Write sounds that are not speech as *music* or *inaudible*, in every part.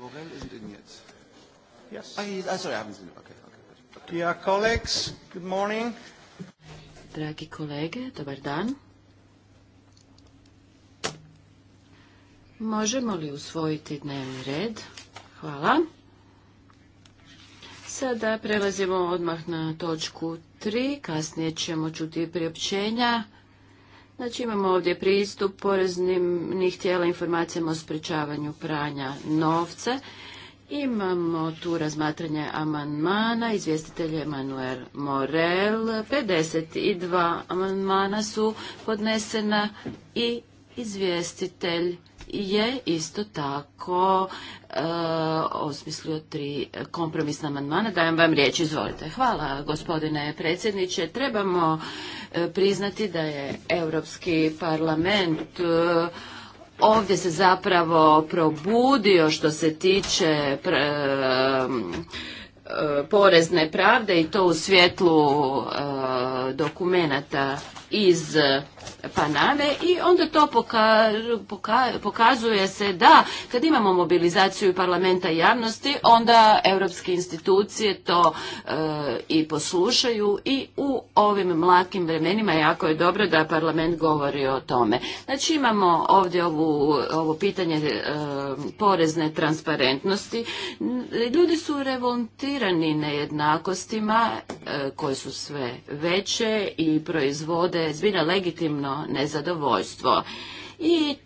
Morel isn't in yet. Yes. I, ah, I ah, sorry, I haven't seen it. Okay, okay. okay. Dear colleagues, good morning. Dragi kolege, dobar dan. Možemo li usvojiti dnevni red? Hvala. Sada prelazimo odmah na točku 3. Kasnije ćemo čuti priopćenja Znači imamo ovdje pristup poreznih tijela informacijama o sprečavanju pranja novca. Imamo tu razmatranje amandmana, izvjestitelj je Manuel Morel. 52 amandmana su podnesena i izvjestitelj je isto tako e, osmislio tri kompromisna amandmana. Dajem vam riječ, izvolite. Hvala gospodine predsjedniče. Trebamo e, priznati da je Europski parlament e, ovdje se zapravo probudio što se tiče porezne pravde i to u svjetlu dokumenata iz Paname i onda to pokazuje se da kad imamo mobilizaciju parlamenta i javnosti onda europske institucije to e, i poslušaju i u ovim mlakim vremenima jako je dobro da parlament govori o tome. Znači imamo ovdje ovu, ovo pitanje e, porezne transparentnosti. Ljudi su revoltirani nejednakostima e, koje su sve veće i proizvode se zbira legitimno nezadovoljstvo. I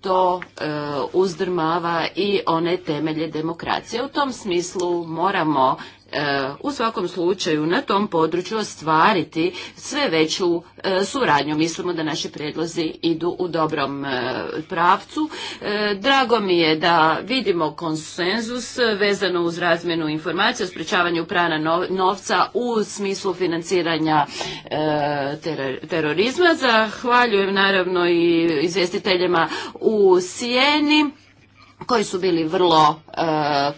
to e, uzdrmava i one temelje demokracije. U tom smislu moramo E, u svakom slučaju na tom području ostvariti sve veću e, suradnju. Mislimo da naši predlozi idu u dobrom e, pravcu. Drago mi je da vidimo konsenzus vezano uz razmjenu informacija o sprečavanju prana novca u smislu financiranja terorizma. Zahvaljujem naravno i izvjestiteljima u Sijeni koji su bili vrlo e,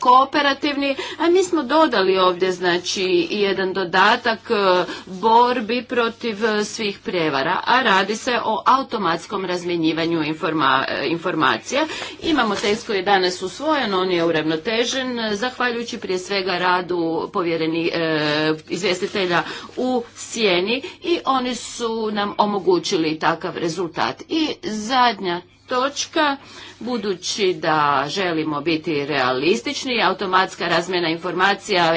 kooperativni, a mi smo dodali ovdje znači jedan dodatak e, borbi protiv e, svih prijevara, a radi se o automatskom razmjenjivanju informacija. Imamo test koji je danas usvojen, on je uravnotežen, zahvaljujući prije svega radu povjerenih izvjestitelja u sjeni i oni su nam omogućili takav rezultat. I zadnja točka, budući da želimo biti realistični, automatska razmjena informacija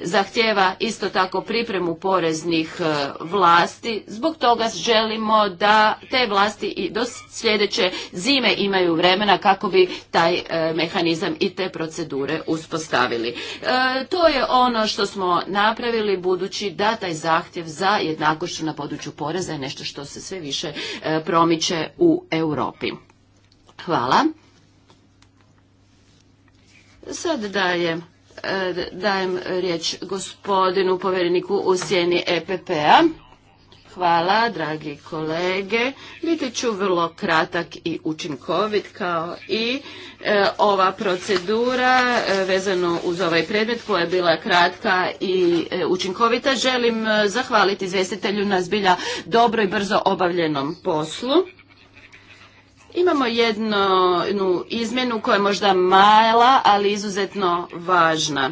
zahtjeva isto tako pripremu poreznih e, vlasti, zbog toga želimo da te vlasti i do sljedeće zime imaju vremena kako bi taj e, mehanizam i te procedure uspostavili. E, to je ono što smo napravili budući da taj zahtjev za jednakošću na području poreza je nešto što se sve više promiče u Europi. Hvala. Sad dajem, e, dajem riječ gospodinu povjereniku u sjeni EPP-a. Hvala, dragi kolege. Biti ću vrlo kratak i učinkovit kao i e, ova procedura e, vezano uz ovaj predmet koja je bila kratka i učinkovita. Želim zahvaliti izvjestitelju na zbilja dobro i brzo obavljenom poslu. Imamo jednu izmjenu koja je možda mala, ali izuzetno važna.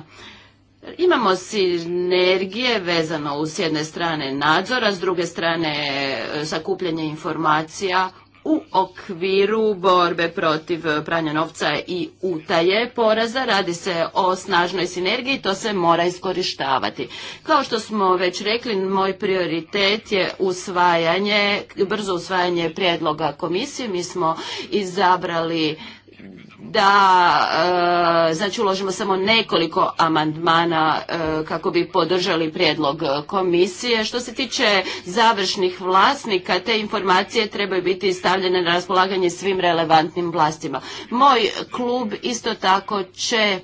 Imamo sinergije vezano s jedne strane nadzora, s druge strane e, sakupljanje informacija u okviru borbe protiv pranja novca i utaje poraza. Radi se o snažnoj sinergiji, to se mora iskorištavati. Kao što smo već rekli, moj prioritet je usvajanje, brzo usvajanje prijedloga komisije. Mi smo izabrali da e, znači uložimo samo nekoliko amandmana e, kako bi podržali prijedlog e, komisije. Što se tiče završnih vlasnika, te informacije trebaju biti stavljene na raspolaganje svim relevantnim vlastima. Moj klub isto tako će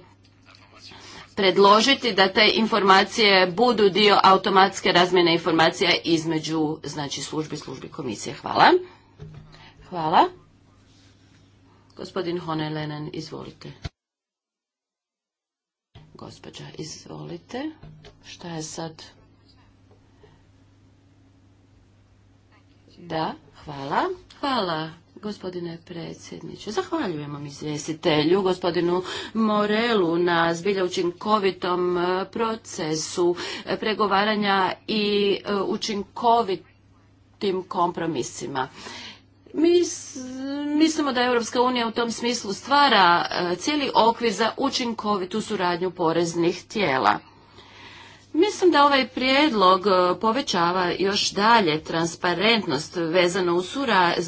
predložiti da te informacije budu dio automatske razmjene informacija između znači službi službi komisije. Hvala. Hvala. Gospodin Honelenen, izvolite. Gospođa, izvolite. Šta je sad? Da, hvala. Hvala, gospodine predsjedniče. Zahvaljujemo izvjestitelju, gospodinu Morelu, na zbilja učinkovitom e, procesu e, pregovaranja i e, učinkovitim kompromisima. Mi Mislimo da Europska unija u tom smislu stvara e, cijeli okvir za učinkovitu suradnju poreznih tijela. Mislim da ovaj prijedlog e, povećava još dalje transparentnost vezano u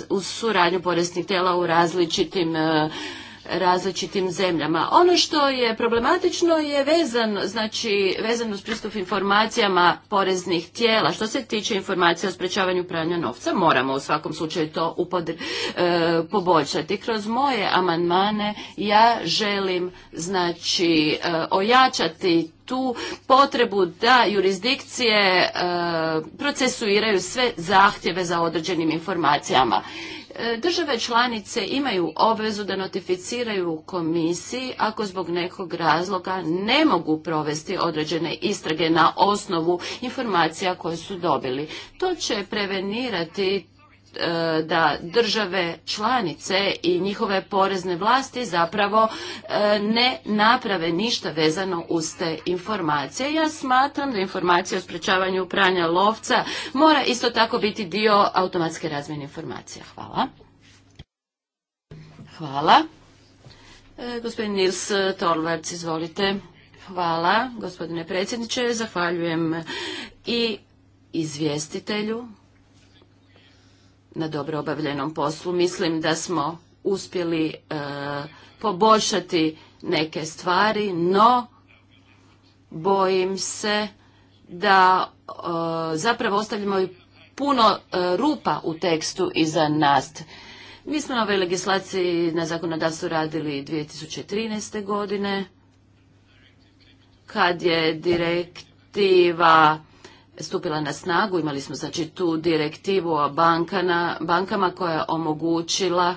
uz suradnju poreznih tijela u različitim e, različitim zemljama. Ono što je problematično je vezano, znači s pristup informacijama poreznih tijela. Što se tiče informacija o sprečavanju pranja novca, moramo u svakom slučaju to upodr, e, poboljšati. Kroz moje amandmane ja želim znači e, ojačati tu potrebu da jurisdikcije e, procesuiraju sve zahtjeve za određenim informacijama Države članice imaju obvezu da notificiraju komisiji ako zbog nekog razloga ne mogu provesti određene istrage na osnovu informacija koje su dobili. To će prevenirati E, da države članice i njihove porezne vlasti zapravo e, ne naprave ništa vezano uz te informacije. Ja smatram da informacija o sprečavanju pranja lovca mora isto tako biti dio automatske razmjene informacija. Hvala. Hvala. E, gospodin Nils Torvarc, izvolite. Hvala, gospodine predsjedniče. Zahvaljujem i izvjestitelju na dobro obavljenom poslu. Mislim da smo uspjeli e, poboljšati neke stvari, no bojim se da e, zapravo ostavljamo i puno e, rupa u tekstu iza nas. Mi smo na ovoj legislaciji na zakonodavstvu radili 2013. godine, kad je direktiva stupila na snagu, imali smo znači tu direktivu o bankana, bankama koja je omogućila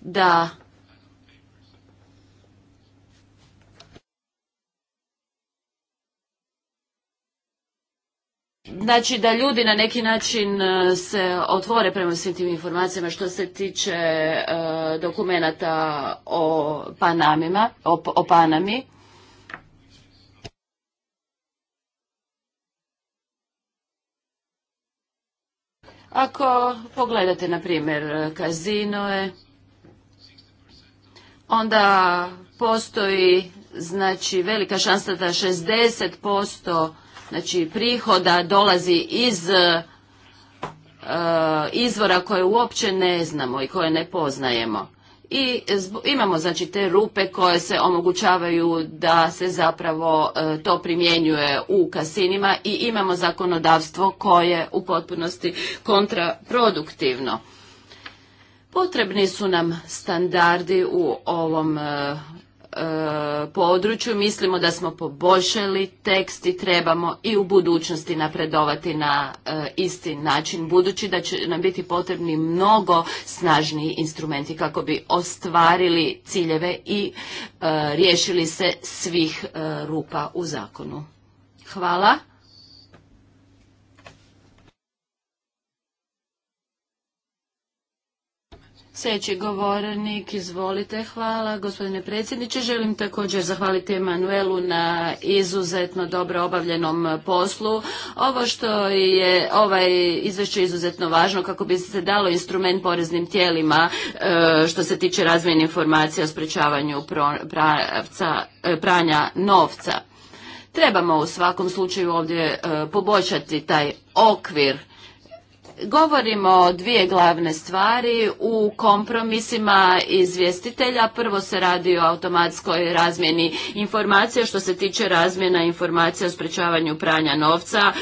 da Znači da ljudi na neki način e, se otvore prema svim tim informacijama što se tiče e, dokumenata o Panamima, o Panami. Ako pogledate, na primjer, kazinoje, onda postoji znači velika šansa da 60% znači prihoda dolazi iz e, izvora koje uopće ne znamo i koje ne poznajemo i imamo znači te rupe koje se omogućavaju da se zapravo e, to primjenjuje u kasinima i imamo zakonodavstvo koje je u potpunosti kontraproduktivno. Potrebni su nam standardi u ovom e, E, području. Mislimo da smo poboljšali tekst i trebamo i u budućnosti napredovati na e, isti način, budući da će nam biti potrebni mnogo snažniji instrumenti kako bi ostvarili ciljeve i e, riješili se svih rupa u zakonu. Hvala. Sljedeći govornik, izvolite, hvala gospodine predsjedniče. Želim također zahvaliti Emanuelu na izuzetno dobro obavljenom poslu. Ovo što je ovaj izvješće izuzetno važno kako bi se dalo instrument poreznim tijelima e, što se tiče razmjene informacija o sprečavanju e, pranja novca. Trebamo u svakom slučaju ovdje e, poboljšati taj okvir Govorimo o dvije glavne stvari u kompromisima izvjestitelja. Prvo se radi o automatskoj razmjeni informacija što se tiče razmjena informacija o sprečavanju pranja novca e,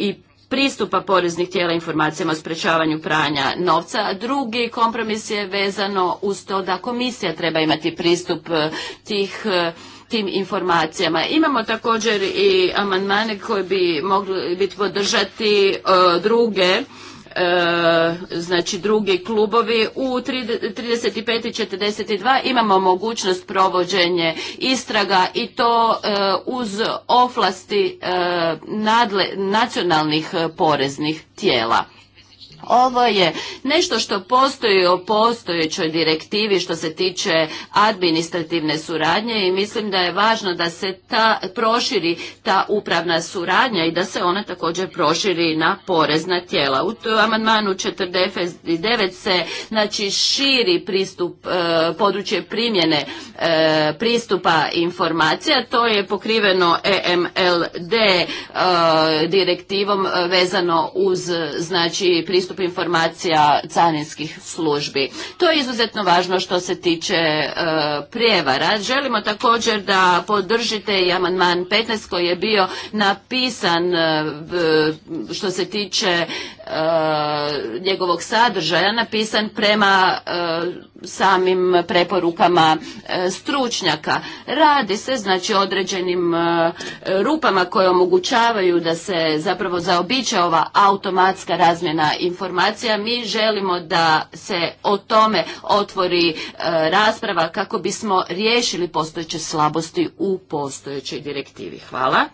i pristupa poreznih tijela informacijama o sprečavanju pranja novca. Drugi kompromis je vezano uz to da komisija treba imati pristup e, tih e, tim informacijama. Imamo također i amandmane koji bi mogli biti podržati druge E, znači drugi klubovi u 35 i 42 imamo mogućnost provođenje istraga i to e, uz ovlasti e, nacionalnih poreznih tijela. Ovo je nešto što postoji o postojećoj direktivi što se tiče administrativne suradnje i mislim da je važno da se ta proširi ta upravna suradnja i da se ona također proširi na porezna tijela. U amandmanu 49 se znači širi pristup e, područje primjene e, pristupa informacija, to je pokriveno EMLD e, direktivom vezano uz znači pristup pristup informacija carinskih službi. To je izuzetno važno što se tiče e, prijevara. Želimo također da podržite i amandman 15 koji je bio napisan e, što se tiče e, njegovog sadržaja, napisan prema samim preporukama e, stručnjaka. Radi se znači određenim e, rupama koje omogućavaju da se zapravo zaobiče ova automatska razmjena informacija. Mi želimo da se o tome otvori e, rasprava kako bismo riješili postojeće slabosti u postojećoj direktivi. Hvala.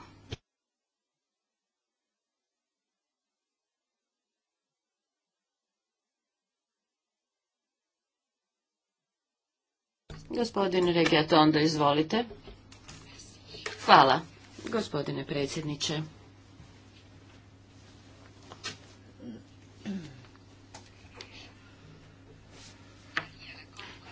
Gospodin Onda, izvolite. Hvala, gospodine predsjedniče.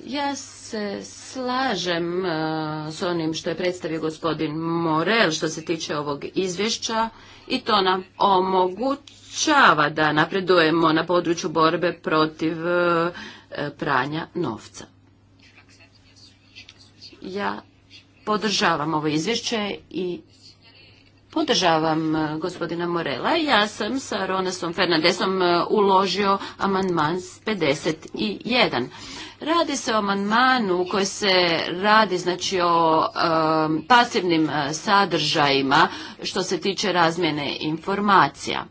Ja se slažem uh, s onim što je predstavio gospodin Morel što se tiče ovog izvješća i to nam omogućava da napredujemo na području borbe protiv uh, pranja novca. Ja podržavam ovo izvješće i podržavam e, gospodina Morela. Ja sam sa Ronasom Fernandesom e, uložio amandman 51. Radi se o amandmanu koji se radi znači o e, pasivnim sadržajima što se tiče razmjene informacija.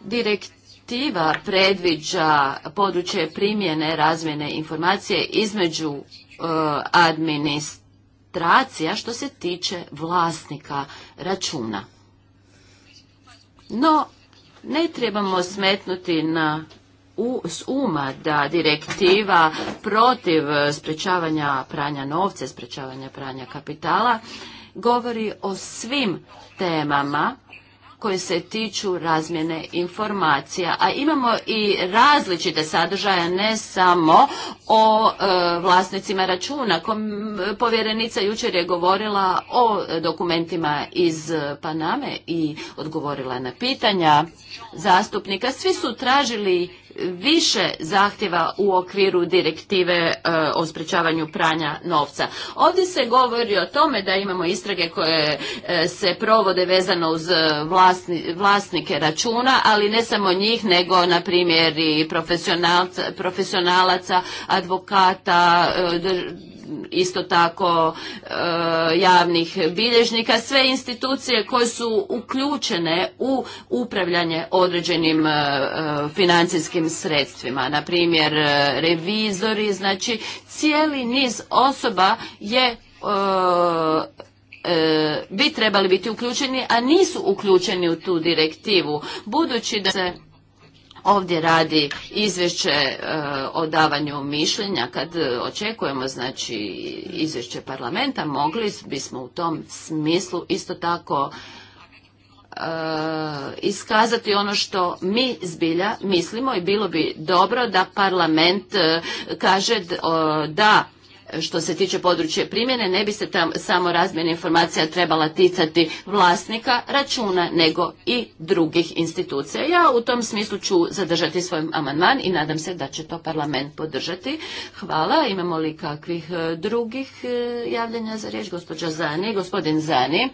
Direkt direktiva predviđa područje primjene razmjene informacije između e, administracija što se tiče vlasnika računa. No, ne trebamo smetnuti na s uma da direktiva protiv sprečavanja pranja novca, sprečavanja pranja kapitala govori o svim temama koje se tiču razmjene informacija. A imamo i različite sadržaje, ne samo o e, vlasnicima računa. povjerenica jučer je govorila o dokumentima iz Paname i odgovorila na pitanja zastupnika. Svi su tražili više zahtjeva u okviru direktive e, o sprečavanju pranja novca. Ovdje se govori o tome da imamo istrage koje e, se provode vezano uz e, vlasnike računa, ali ne samo njih, nego na primjer i profesionalaca, advokata, isto tako e, javnih bilježnika, sve institucije koje su uključene u upravljanje određenim e, financijskim sredstvima. Na primjer, e, revizori, znači cijeli niz osoba je bi trebali biti uključeni, a nisu uključeni u tu direktivu. Budući da se ovdje radi izvješće e, o davanju mišljenja. Kad očekujemo znači izvješće parlamenta, mogli bismo u tom smislu isto tako e, iskazati ono što mi zbilja mislimo i bilo bi dobro da parlament e, kaže da što se tiče područje primjene ne bi se tam samo razmjena informacija trebala ticati vlasnika računa nego i drugih institucija. Ja u tom smislu ću zadržati svoj amandman i nadam se da će to parlament podržati. Hvala. Imamo li kakvih e, drugih e, javljenja za riječ? Gospođa Zani, gospodin Zani.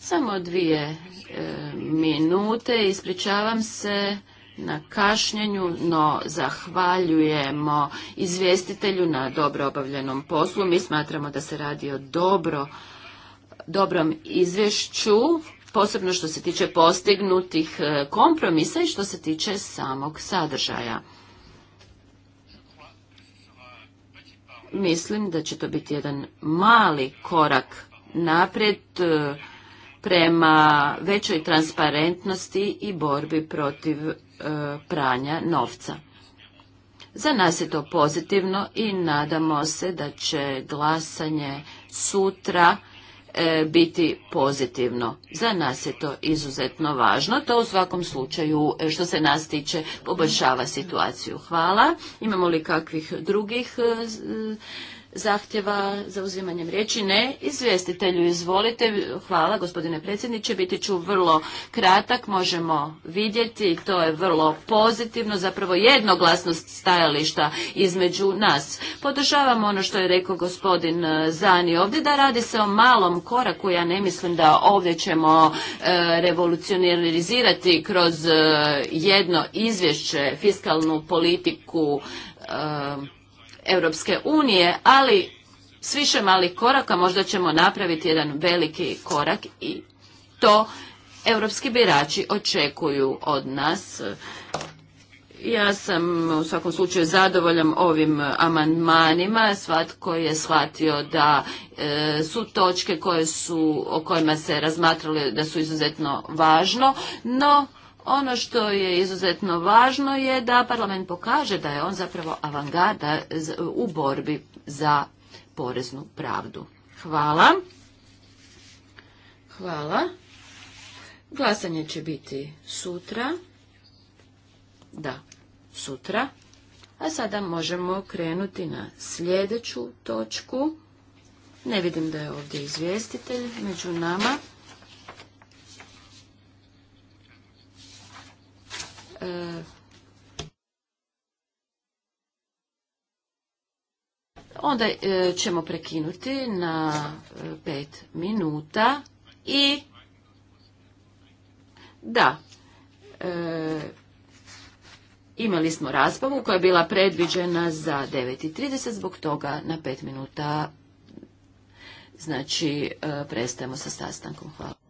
Samo dvije e, minute, ispričavam se na kašnjenju, no zahvaljujemo izvjestitelju na dobro obavljenom poslu. Mi smatramo da se radi o dobro, dobrom izvješću, posebno što se tiče postignutih e, kompromisa i što se tiče samog sadržaja. Mislim da će to biti jedan mali korak naprijed e, prema većoj transparentnosti i borbi protiv E, pranja novca. Za nas je to pozitivno i nadamo se da će glasanje sutra e, biti pozitivno. Za nas je to izuzetno važno. To u svakom slučaju e, što se nas tiče poboljšava situaciju. Hvala. Imamo li kakvih drugih zahtjeva za uzimanjem riječi? Ne. Izvjestitelju izvolite. Hvala gospodine predsjedniče. Biti ću vrlo kratak. Možemo vidjeti. To je vrlo pozitivno. Zapravo jednoglasnost stajališta između nas. Podržavam ono što je rekao gospodin eh, Zani ovdje da radi se o malom koraku. Ja ne mislim da ovdje ćemo e, kroz eh, jedno izvješće fiskalnu politiku Europske unije, ali s više malih koraka možda ćemo napraviti jedan veliki korak i to europski birači očekuju od nas. Ja sam u svakom slučaju zadovoljan ovim amandmanima. Svatko je shvatio da e, su točke koje su, o kojima se razmatrali da su izuzetno važno, no ono što je izuzetno važno je da parlament pokaže da je on zapravo avangarda u borbi za poreznu pravdu. Hvala. Hvala. Glasanje će biti sutra. Da, sutra. A sada možemo krenuti na sljedeću točku. Ne vidim da je ovdje izvjestitelj među nama. E, onda e, ćemo prekinuti na e, pet minuta i da, imali smo raspravu koja je bila predviđena za 9.30, zbog toga na pet minuta znači prestajemo sa sastankom. Hvala.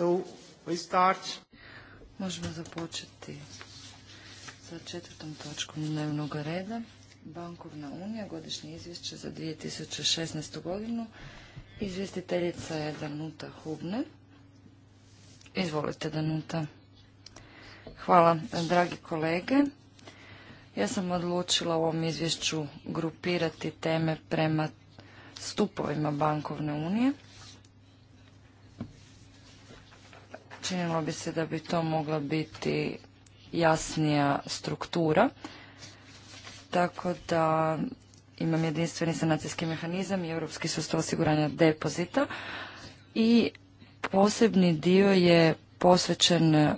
So we Možemo započeti sa četvrtom točkom dnevnog reda. Bankovna unija, godišnje izvješće za 2016. godinu. Izvjestiteljica je Danuta Hubner. Izvolite, Danuta. Hvala, dragi kolege. Ja sam odlučila u ovom izvješću grupirati teme prema stupovima bankovne unije. činilo bi se da bi to mogla biti jasnija struktura, tako da imam jedinstveni sanacijski mehanizam i europski sustav osiguranja depozita i posebni dio je posvećen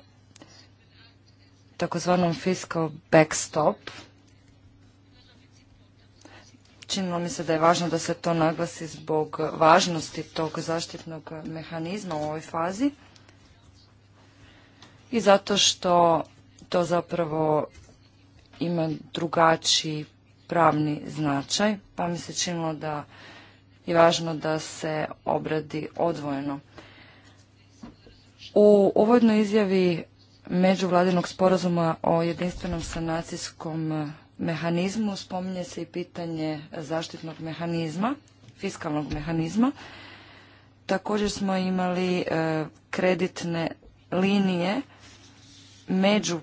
takozvanom fiscal backstop. Činilo mi se da je važno da se to naglasi zbog važnosti tog zaštitnog mehanizma u ovoj fazi i zato što to zapravo ima drugačiji pravni značaj, pa mi se činilo da je važno da se obradi odvojeno. U uvodnoj izjavi međuvladinog sporazuma o jedinstvenom sanacijskom mehanizmu spominje se i pitanje zaštitnog mehanizma, fiskalnog mehanizma. Također smo imali e, kreditne linije među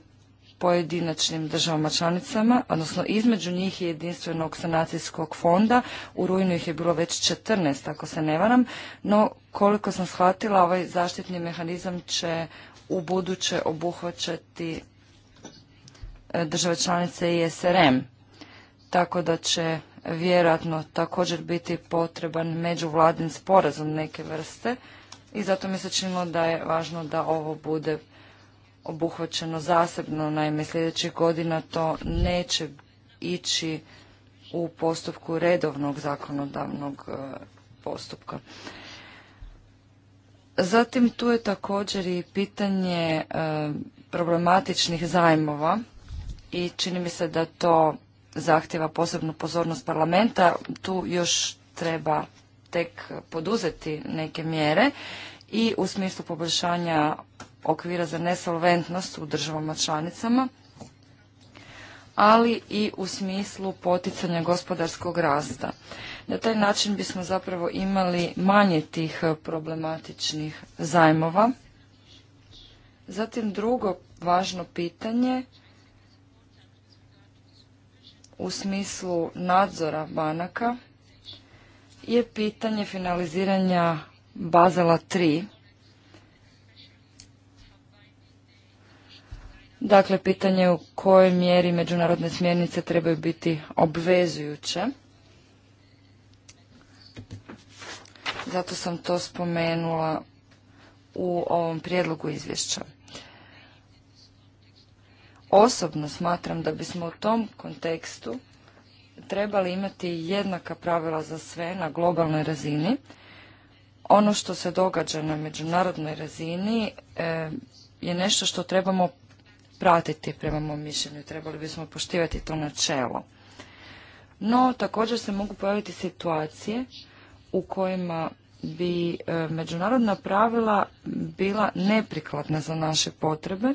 pojedinačnim državama članicama, odnosno između njih i jedinstvenog sanacijskog fonda. U rujnu ih je bilo već 14, ako se ne varam, no koliko sam shvatila, ovaj zaštitni mehanizam će u buduće obuhvaćati e, države članice i SRM, tako da će vjerojatno također biti potreban međuvladin sporazum neke vrste i zato mi se činilo da je važno da ovo bude obuhvaćeno zasebno, naime sljedećih godina to neće ići u postupku redovnog zakonodavnog e, postupka. Zatim tu je također i pitanje e, problematičnih zajmova i čini mi se da to zahtjeva posebnu pozornost parlamenta. Tu još treba tek poduzeti neke mjere i u smislu poboljšanja okvira za nesolventnost u državama članicama, ali i u smislu poticanja gospodarskog rasta. Na taj način bismo zapravo imali manje tih e, problematičnih zajmova. Zatim drugo važno pitanje u smislu nadzora banaka je pitanje finaliziranja Bazela 3 Dakle, pitanje je u kojoj mjeri međunarodne smjernice trebaju biti obvezujuće. Zato sam to spomenula u ovom prijedlogu izvješća. Osobno smatram da bismo u tom kontekstu trebali imati jednaka pravila za sve na globalnoj razini. Ono što se događa na međunarodnoj razini eh, je nešto što trebamo pratiti, prema mom mišljenju. Trebali bismo poštivati to načelo. No, također se mogu pojaviti situacije u kojima bi e, međunarodna pravila bila neprikladna za naše potrebe.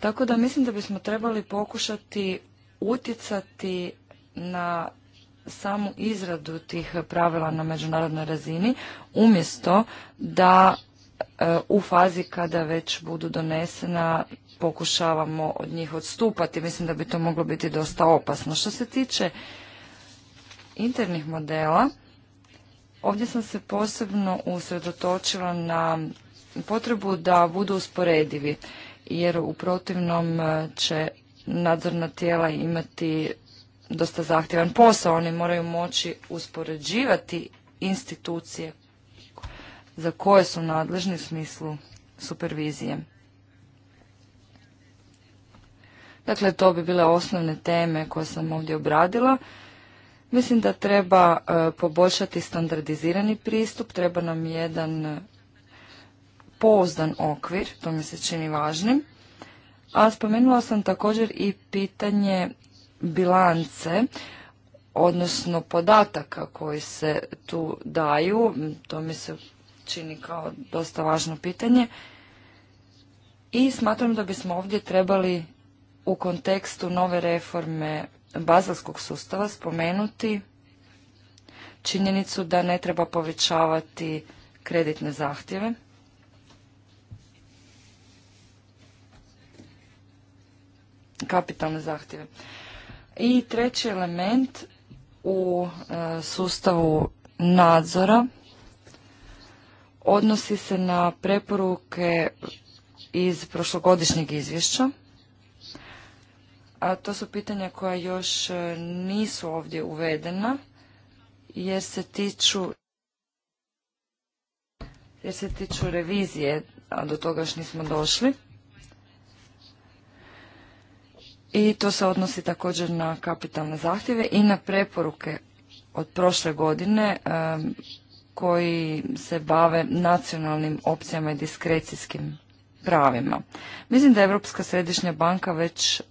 Tako da mislim da bismo trebali pokušati utjecati na samu izradu tih pravila na međunarodnoj razini umjesto da e, u fazi kada već budu donesena pokušavamo od njih odstupati. Mislim da bi to moglo biti dosta opasno. Što se tiče internih modela, ovdje sam se posebno usredotočila na potrebu da budu usporedivi, jer u protivnom e, će nadzorna tijela imati dosta zahtjevan posao. Oni moraju moći uspoređivati institucije za koje su nadležni u smislu supervizije. Dakle, to bi bile osnovne teme koje sam ovdje obradila. Mislim da treba e, poboljšati standardizirani pristup, treba nam jedan pouzdan okvir, to mi se čini važnim. A spomenula sam također i pitanje bilance, odnosno podataka koji se tu daju, to mi se čini kao dosta važno pitanje. I smatram da bismo ovdje trebali u kontekstu nove reforme bazalskog sustava spomenuti činjenicu da ne treba povećavati kreditne zahtjeve. kapitalne zahtjeve. I treći element u e, sustavu nadzora odnosi se na preporuke iz prošlogodišnjeg izvješća a to su pitanja koja još e, nisu ovdje uvedena jer se tiču jer se tiču revizije, a do toga još nismo došli. I to se odnosi također na kapitalne zahtjeve i na preporuke od prošle godine e, koji se bave nacionalnim opcijama i diskrecijskim pravima. Mislim da Europska središnja banka već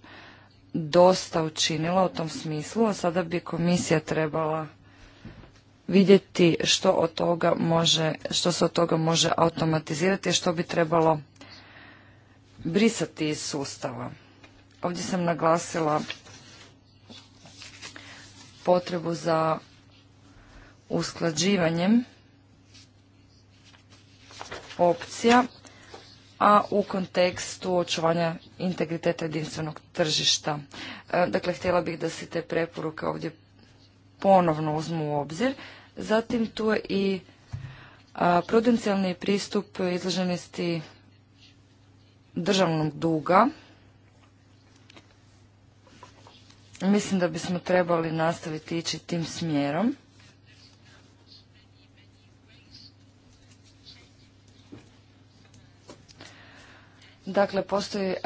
dosta učinila u tom smislu, a sada bi komisija trebala vidjeti što od toga može, što se od toga može automatizirati i što bi trebalo brisati iz sustava. Ovdje sam naglasila potrebu za usklađivanjem opcija a u kontekstu očuvanja integriteta jedinstvenog tržišta. E, dakle, htjela bih da se te preporuke ovdje ponovno uzmu u obzir. Zatim tu je i e, prudencijalni pristup izloženosti državnog duga. Mislim da bismo trebali nastaviti ići tim smjerom. Dakle, postoji e,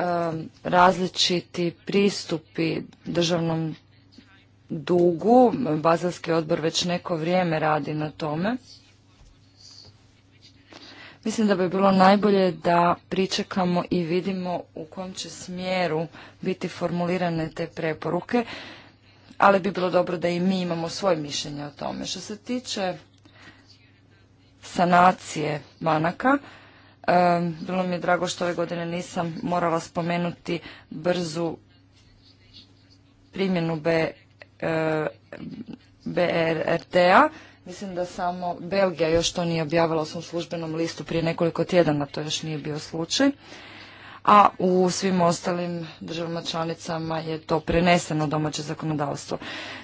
različiti pristupi državnom dugu. bazelski odbor već neko vrijeme radi na tome. Mislim da bi bilo najbolje da pričekamo i vidimo u kom će smjeru biti formulirane te preporuke, ali bi bilo dobro da i mi imamo svoje mišljenje o tome. Što se tiče sanacije banaka, bilo mi je drago što ove godine nisam morala spomenuti brzu primjenu e, a Mislim da samo Belgija još to nije objavila u svom službenom listu prije nekoliko tjedana, to još nije bio slučaj. A u svim ostalim državama članicama je to preneseno domaće zakonodavstvo.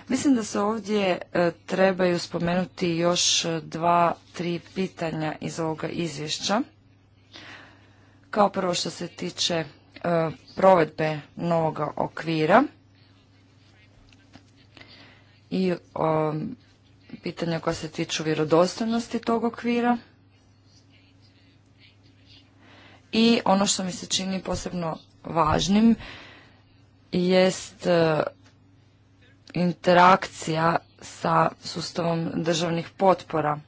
Mislim da se ovdje e, trebaju spomenuti još e, dva, tri pitanja iz ovoga izvješća. Kao prvo što se tiče e, provedbe novog okvira i pitanja koja se tiču vjerodostojnosti tog okvira. I ono što mi se čini posebno važnim jest e, interakcija sa sustavom državnih potpora.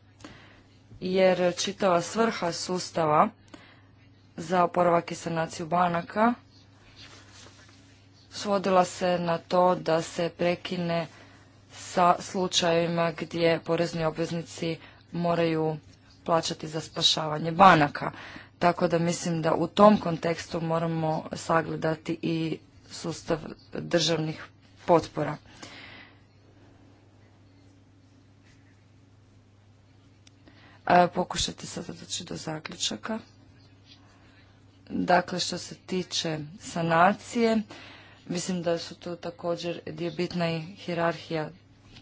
Jer čitava svrha sustava za oporavak i sanaciju banaka svodila se na to da se prekine sa slučajevima gdje porezni obveznici moraju plaćati za spašavanje banaka. Tako da mislim da u tom kontekstu moramo sagledati i sustav državnih potpora. E, pokušajte sada doći do zaključaka. Dakle, što se tiče sanacije, mislim da su tu također je bitna i hirarhija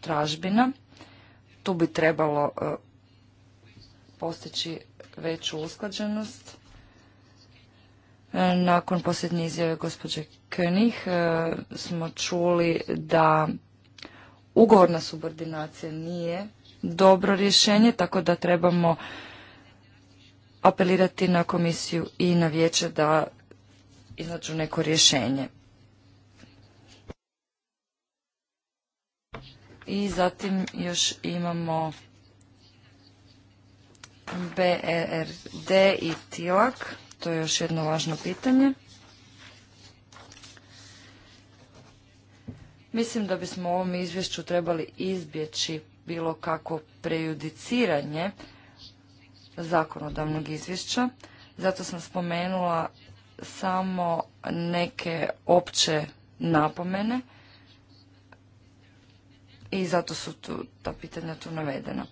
tražbina. Tu bi trebalo e, postići veću usklađenost. E, nakon posljednje izjave gospođe König e, smo čuli da ugovorna subordinacija nije dobro rješenje, tako da trebamo apelirati na komisiju i na vijeće da iznađu neko rješenje. I zatim još imamo BERD i TILAK, to je još jedno važno pitanje. Mislim da bismo u ovom izvješću trebali izbjeći bilo kako prejudiciranje zakonodavnog izvješća. Zato sam spomenula samo neke opće napomene i zato su tu, ta pitanja tu navedena.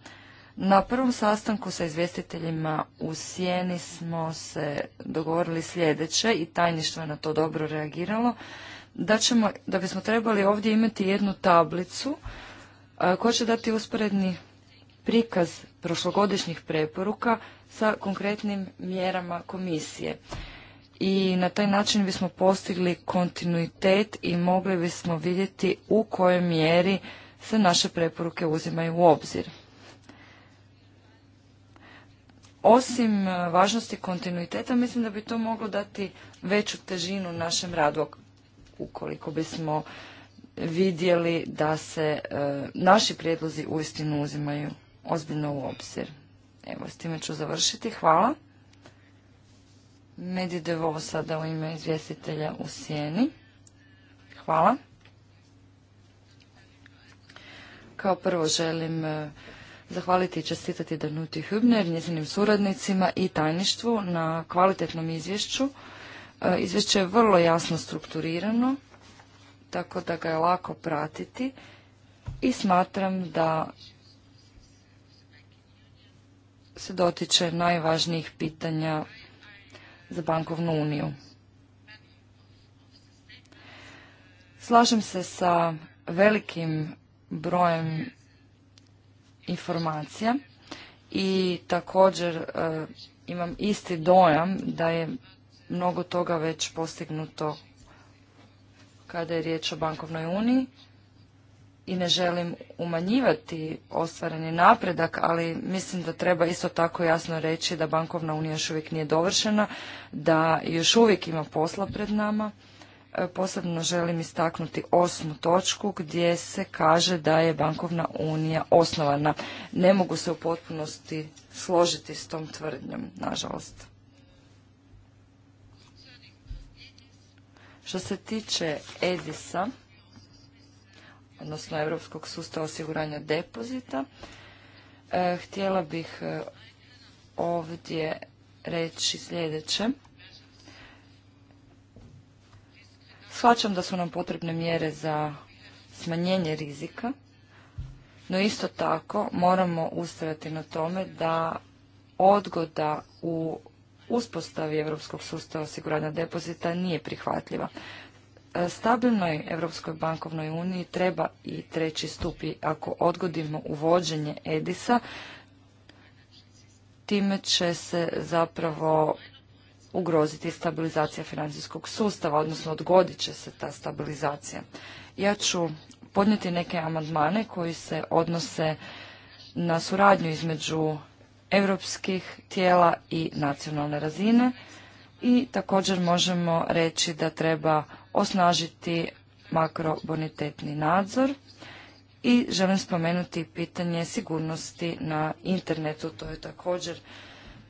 Na prvom sastanku sa izvjestiteljima u Sjeni smo se dogovorili sljedeće i tajništvo je na to dobro reagiralo, da, ćemo, da bismo trebali ovdje imati jednu tablicu koja će dati usporedni prikaz prošlogodišnjih preporuka sa konkretnim mjerama komisije. I na taj način bismo postigli kontinuitet i mogli bismo vidjeti u kojoj mjeri se naše preporuke uzimaju u obzir. Osim e, važnosti kontinuiteta, mislim da bi to moglo dati veću težinu našem radu ukoliko bismo vidjeli da se e, naši prijedlozi uistinu uzimaju ozbiljno u obzir. Evo, s time ću završiti. Hvala. Medi Devo sada u ime izvjestitelja u Sjeni. Hvala. Kao prvo želim e, zahvaliti i čestitati Danuti Hübner, njezinim suradnicima i tajništvu na kvalitetnom izvješću. E, izvješće je vrlo jasno strukturirano, tako da ga je lako pratiti i smatram da se dotiče najvažnijih pitanja za bankovnu uniju. Slažem se sa velikim brojem informacija i također e, imam isti dojam da je mnogo toga već postignuto kada je riječ o bankovnoj uniji i ne želim umanjivati ostvareni napredak, ali mislim da treba isto tako jasno reći da bankovna unija još uvijek nije dovršena, da još uvijek ima posla pred nama. E, posebno želim istaknuti osmu točku gdje se kaže da je bankovna unija osnovana. Ne mogu se u potpunosti složiti s tom tvrdnjom, nažalost. Što se tiče Edisa, odnosno Europskog sustava osiguranja depozita. E, htjela bih e, ovdje reći sljedeće. Shvaćam da su nam potrebne mjere za smanjenje rizika, no isto tako moramo ustrajati na tome da odgoda u uspostavi Europskog sustava osiguranja depozita nije prihvatljiva. E, stabilnoj Europskoj bankovnoj uniji treba i treći stup i ako odgodimo uvođenje Edisa, time će se zapravo ugroziti stabilizacija financijskog sustava, odnosno odgodit će se ta stabilizacija. Ja ću podnijeti neke amandmane koji se odnose na suradnju između europskih tijela i nacionalne razine i također možemo reći da treba osnažiti makrobonitetni nadzor i želim spomenuti pitanje sigurnosti na internetu. To je također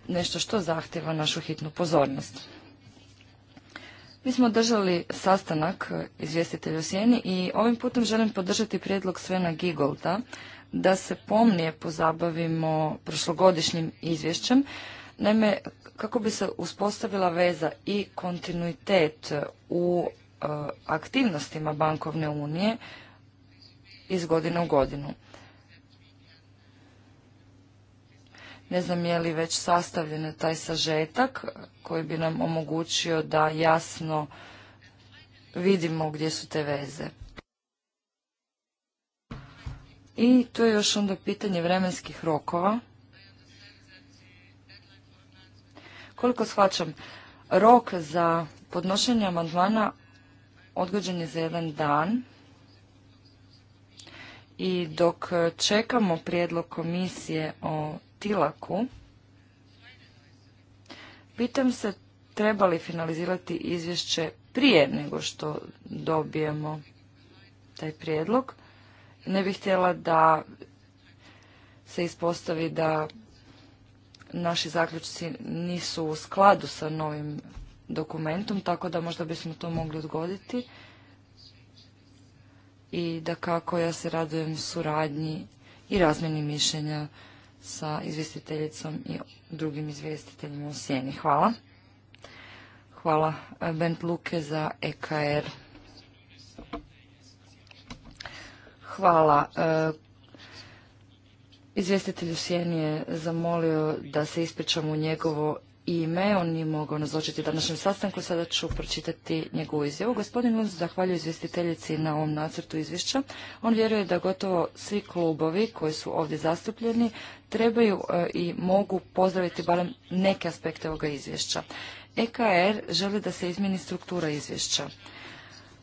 nešto što zahtjeva našu hitnu pozornost. Mi smo držali sastanak izvjestitelja o Sjeni i ovim putem želim podržati prijedlog Svena Gigolta da se pomnije pozabavimo prošlogodišnjim izvješćem. Naime, kako bi se uspostavila veza i kontinuitet u Eh, aktivnostima bankovne unije iz godine u godinu. Ne znam je li već sastavljen taj sažetak koji bi nam omogućio da jasno vidimo gdje su te veze. I tu je još onda pitanje vremenskih rokova. Koliko shvaćam, rok za podnošenje amandmana odgođen je za jedan dan i dok e, čekamo prijedlog komisije o tilaku, pitam se treba li finalizirati izvješće prije nego što dobijemo taj prijedlog. Ne bih htjela da se ispostavi da naši zaključci nisu u skladu sa novim dokumentom, tako da možda bismo to mogli odgoditi. I da kako ja se radujem suradnji i razmjeni mišljenja sa izvjestiteljicom i drugim izvjestiteljima u sjeni. Hvala. Hvala eh, Bent Luke za EKR. Hvala. Eh, izvjestitelj u sjeni je zamolio da se ispričam u njegovo ime, on nije mogao nazočiti današnjem sastanku, sada ću pročitati njegovu izjavu. Gospodin Lunz zahvaljuje izvjestiteljici na ovom nacrtu izvješća. On vjeruje da gotovo svi klubovi koji su ovdje zastupljeni trebaju e, i mogu pozdraviti barem neke aspekte ovoga izvješća. EKR er želi da se izmjeni struktura izvješća.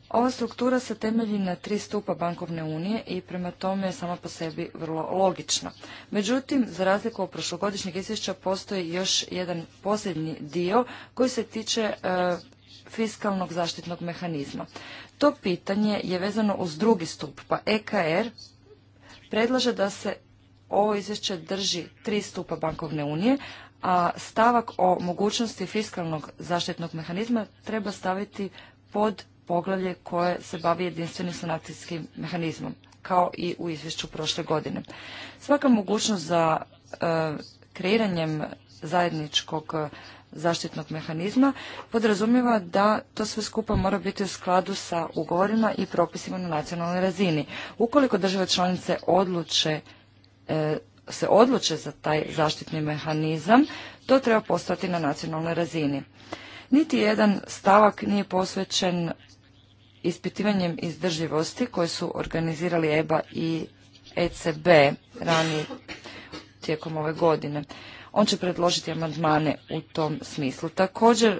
Ova struktura se temelji na tri stupa bankovne unije i prema tome je sama po sebi vrlo logična. Međutim, za razliku od prošlogodišnjeg izvješća postoji još jedan posljednji dio koji se tiče e, fiskalnog zaštitnog mehanizma. To pitanje je vezano uz drugi stup, pa EKR predlaže da se ovo izvješće drži tri stupa bankovne unije, a stavak o mogućnosti fiskalnog zaštitnog mehanizma treba staviti pod poglavlje koje se bavi jedinstvenim sanacijskim mehanizmom, kao i u izvješću prošle godine. Svaka mogućnost za e, kreiranjem zajedničkog e, zaštitnog mehanizma podrazumijeva da to sve skupa mora biti u skladu sa ugovorima i propisima na nacionalnoj razini. Ukoliko države članice odluče e, se odluče za taj zaštitni mehanizam, to treba postati na nacionalnoj razini. Niti jedan stavak nije posvećen ispitivanjem izdrživosti koje su organizirali EBA i ECB ranije tijekom ove godine. On će predložiti amandmane u tom smislu. Također e,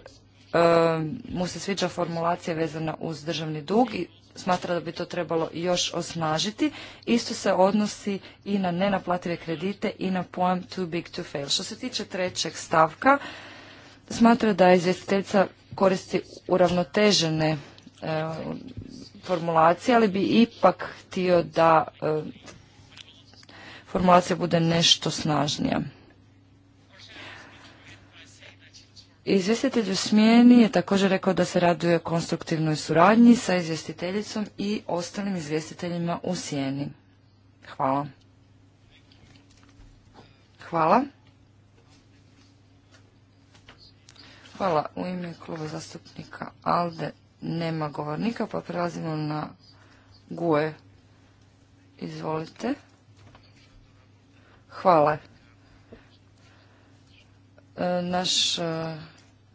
mu se sviđa formulacija vezana uz državni dug i smatra da bi to trebalo još osnažiti. Isto se odnosi i na nenaplative kredite i na pojam too big to fail. Što se tiče trećeg stavka, smatra da izvjestiteljica koristi uravnotežene E, formulacija, ali bi ipak htio da e, formulacija bude nešto snažnija. Izvjestitelj u smjeni je također rekao da se raduje konstruktivnoj suradnji sa izvjestiteljicom i ostalim izvjestiteljima u sjeni. Hvala. Hvala. Hvala u ime kluba zastupnika ALDE nema govornika, pa prelazimo na GUE. Izvolite. Hvala. E, naš e,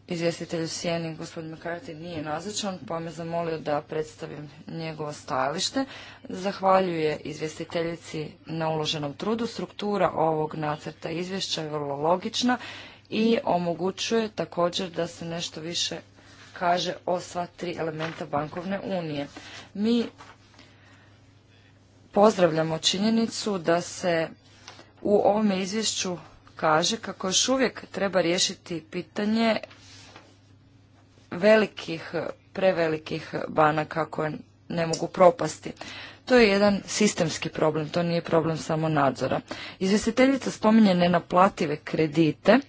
izvjestitelj u Sijeni, gospodin McCarthy, nije nazočan, pa me zamolio da predstavim njegovo stajalište. Zahvaljuje izvjestiteljici na uloženom trudu. Struktura ovog nacrta izvješća je vrlo logična i omogućuje također da se nešto više kaže o sva tri elementa bankovne unije. Mi pozdravljamo činjenicu da se u ovom izvješću kaže kako još uvijek treba riješiti pitanje velikih, prevelikih banaka koje ne mogu propasti. To je jedan sistemski problem, to nije problem samo nadzora. Izvjestiteljica spominje nenaplative kredite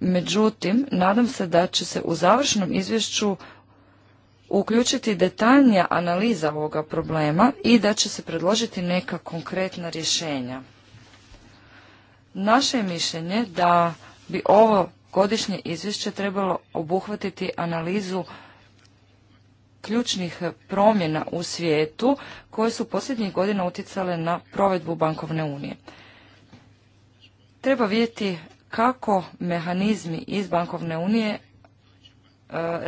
Međutim, nadam se da će se u završnom izvješću uključiti detaljnija analiza ovoga problema i da će se predložiti neka konkretna rješenja. Naše je mišljenje da bi ovo godišnje izvješće trebalo obuhvatiti analizu ključnih promjena u svijetu koje su posljednjih godina utjecale na provedbu bankovne unije. Treba vidjeti kako mehanizmi iz bankovne unije e,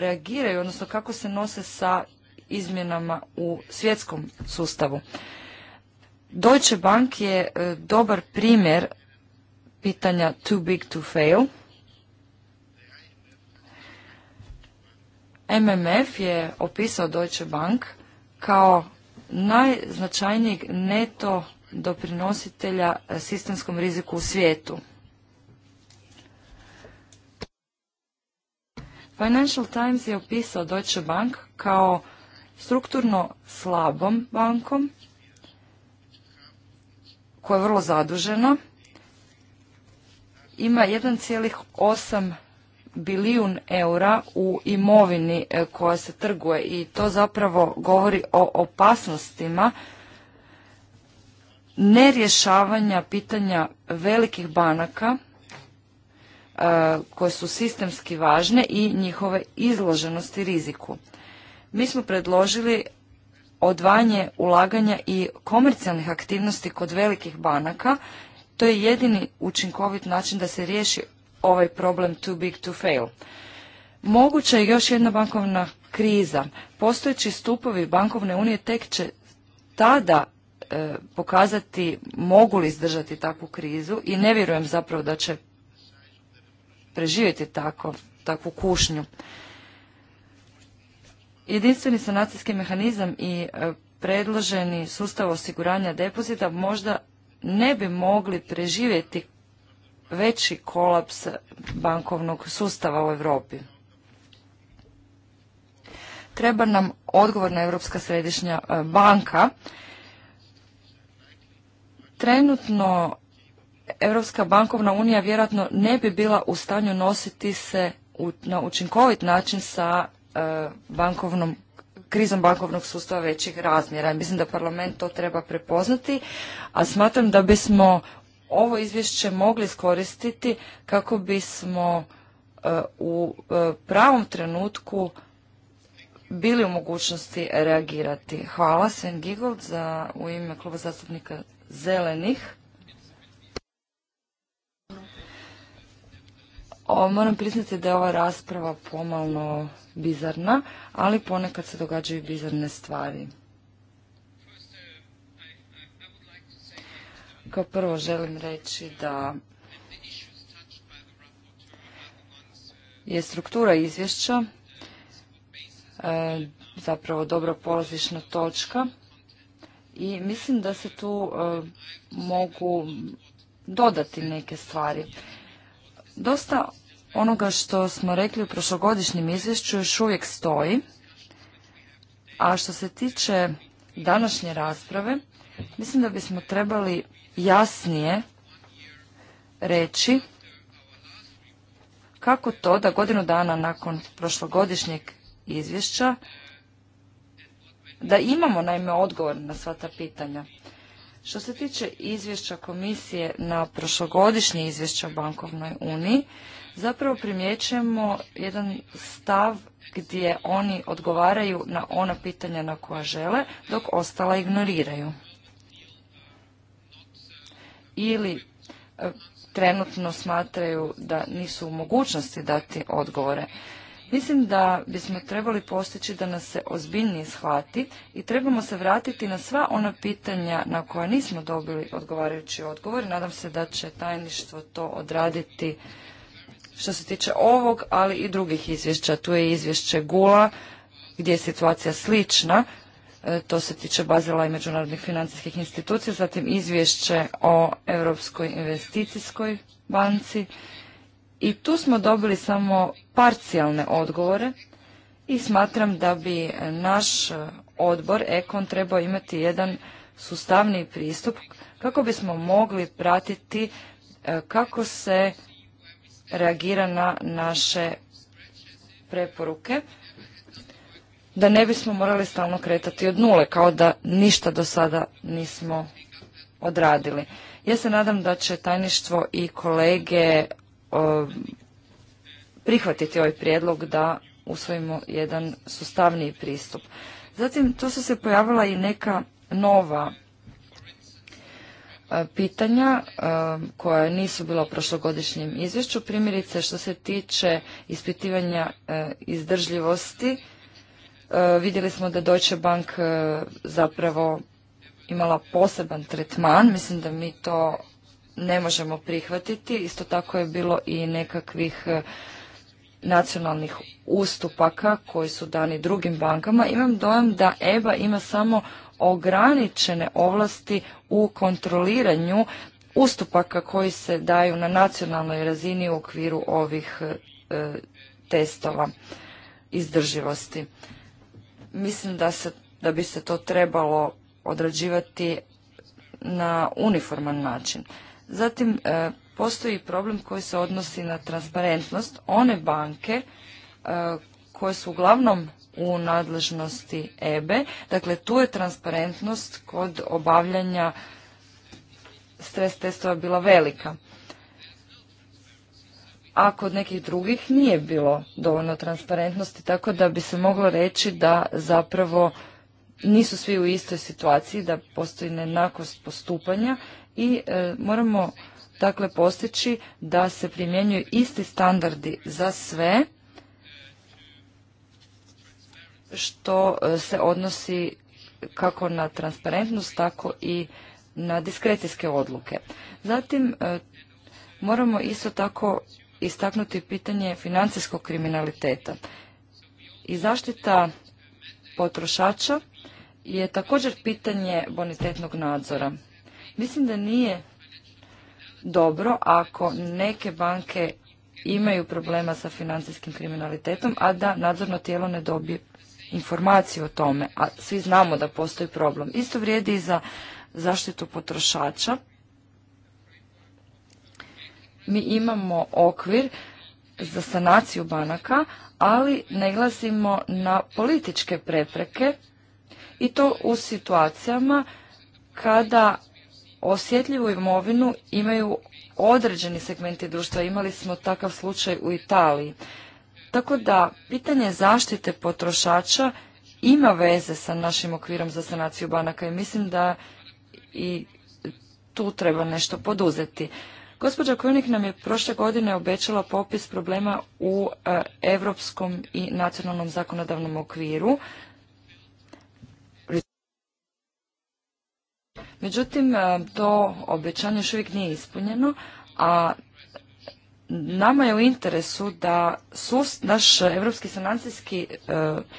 reagiraju, odnosno kako se nose sa izmjenama u svjetskom sustavu. Deutsche Bank je e, dobar primjer pitanja too big to fail. MMF je opisao Deutsche Bank kao najznačajnijeg neto doprinositelja e, sistemskom riziku u svijetu. Financial Times je opisao Deutsche Bank kao strukturno slabom bankom koja je vrlo zadužena. Ima 1,8 bilijun eura u imovini e, koja se trguje i to zapravo govori o opasnostima nerješavanja pitanja velikih banaka E, koje su sistemski važne i njihove izloženosti riziku. Mi smo predložili odvajanje ulaganja i komercijalnih aktivnosti kod velikih banaka. To je jedini učinkovit način da se riješi ovaj problem too big to fail. Moguća je još jedna bankovna kriza. Postojeći stupovi bankovne unije tek će tada e, pokazati mogu li izdržati takvu krizu i ne vjerujem zapravo da će preživjeti tako, takvu kušnju. Jedinstveni sanacijski mehanizam i e, predloženi sustav osiguranja depozita možda ne bi mogli preživjeti veći kolaps bankovnog sustava u Europi. Treba nam odgovorna Europska središnja e, banka. Trenutno Europska bankovna unija vjerojatno ne bi bila u stanju nositi se na učinkovit način sa e, bankovnom krizom bankovnog sustava većih razmjera. Mislim da parlament to treba prepoznati, a smatram da bismo ovo izvješće mogli iskoristiti kako bismo e, u e, pravom trenutku bili u mogućnosti reagirati. Hvala Sven Gigold za, u ime kluba zastupnika Zelenih. moram priznati da je ova rasprava pomalno bizarna, ali ponekad se događaju bizarne stvari. Kao prvo želim reći da je struktura izvješća e, zapravo dobra polazišna točka i mislim da se tu e, mogu dodati neke stvari. Dosta onoga što smo rekli u prošlogodišnjem izvješću još uvijek stoji. A što se tiče današnje rasprave, mislim da bismo trebali jasnije reći kako to da godinu dana nakon prošlogodišnjeg izvješća da imamo naime odgovor na sva ta pitanja. Što se tiče izvješća komisije na prošlogodišnje izvješće o bankovnoj uniji, zapravo primjećujemo jedan stav gdje oni odgovaraju na ona pitanja na koja žele, dok ostala ignoriraju. Ili e, trenutno smatraju da nisu u mogućnosti dati odgovore. Mislim da bismo trebali postići da nas se ozbiljnije shvati i trebamo se vratiti na sva ona pitanja na koja nismo dobili odgovarajući odgovor. Nadam se da će tajništvo to odraditi što se tiče ovog, ali i drugih izvješća. Tu je izvješće Gula, gdje je situacija slična, e, to se tiče Bazela i međunarodnih financijskih institucija, zatim izvješće o Europskoj investicijskoj banci i tu smo dobili samo parcijalne odgovore i smatram da bi naš odbor Ekon trebao imati jedan sustavni pristup kako bismo mogli pratiti e, kako se reagira na naše preporuke da ne bismo morali stalno kretati od nule, kao da ništa do sada nismo odradili. Ja se nadam da će tajništvo i kolege prihvatiti ovaj prijedlog da usvojimo jedan sustavniji pristup. Zatim tu su se pojavila i neka nova E, pitanja e, koja nisu bila u prošlogodišnjem izvješću, primjerice što se tiče ispitivanja e, izdržljivosti, vidjeli smo da Deutsche Bank zapravo imala poseban tretman, mislim da mi to ne možemo prihvatiti. Isto tako je bilo i nekakvih nacionalnih ustupaka koji su dani drugim bankama. Imam dojam da EBA ima samo ograničene ovlasti u kontroliranju ustupaka koji se daju na nacionalnoj razini u okviru ovih e, testova izdrživosti. Mislim da, se, da bi se to trebalo odrađivati na uniforman način. Zatim, e, postoji problem koji se odnosi na transparentnost. One banke e, koje su uglavnom u nadležnosti EBE. E. Dakle, tu je transparentnost kod obavljanja stres testova bila velika. A kod nekih drugih nije bilo dovoljno transparentnosti, tako da bi se moglo reći da zapravo nisu svi u istoj situaciji, da postoji nejednakost postupanja i e, moramo dakle postići da se primjenjuju isti standardi za sve što e, se odnosi kako na transparentnost, tako i na diskrecijske odluke. Zatim, e, moramo isto tako istaknuti pitanje financijskog kriminaliteta. I zaštita potrošača je također pitanje bonitetnog nadzora. Mislim da nije dobro ako neke banke imaju problema sa financijskim kriminalitetom, a da nadzorno tijelo ne dobije informaciju o tome, a svi znamo da postoji problem. Isto vrijedi i za zaštitu potrošača. Mi imamo okvir za sanaciju banaka, ali ne glasimo na političke prepreke i to u situacijama kada osjetljivu imovinu imaju određeni segmenti društva. Imali smo takav slučaj u Italiji. Tako da pitanje zaštite potrošača ima veze sa našim okvirom za sanaciju banaka i mislim da i tu treba nešto poduzeti. Gospođa Kojunik nam je prošle godine obećala popis problema u europskom i nacionalnom zakonodavnom okviru. Međutim, e, to obećanje još uvijek nije ispunjeno, a nama je u interesu da naš europski sanacijski e,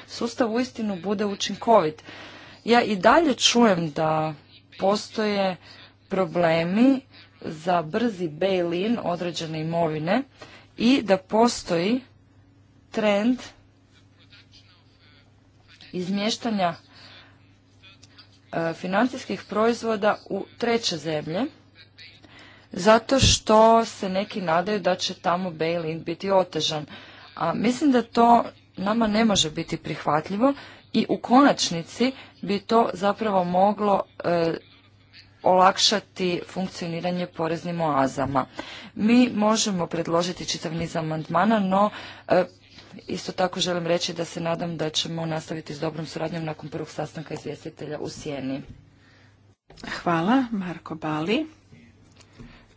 sustav uistinu bude učinkovit. Ja i dalje čujem da postoje problemi za brzi bail-in određene imovine i da postoji trend izmještanja e, financijskih proizvoda u treće zemlje zato što se neki nadaju da će tamo bail biti otežan. A mislim da to nama ne može biti prihvatljivo i u konačnici bi to zapravo moglo e, olakšati funkcioniranje poreznim oazama. Mi možemo predložiti čitav niz amandmana, no e, isto tako želim reći da se nadam da ćemo nastaviti s dobrom suradnjom nakon prvog sastanka izvjestitelja u Sjeni. Hvala, Marko Bali.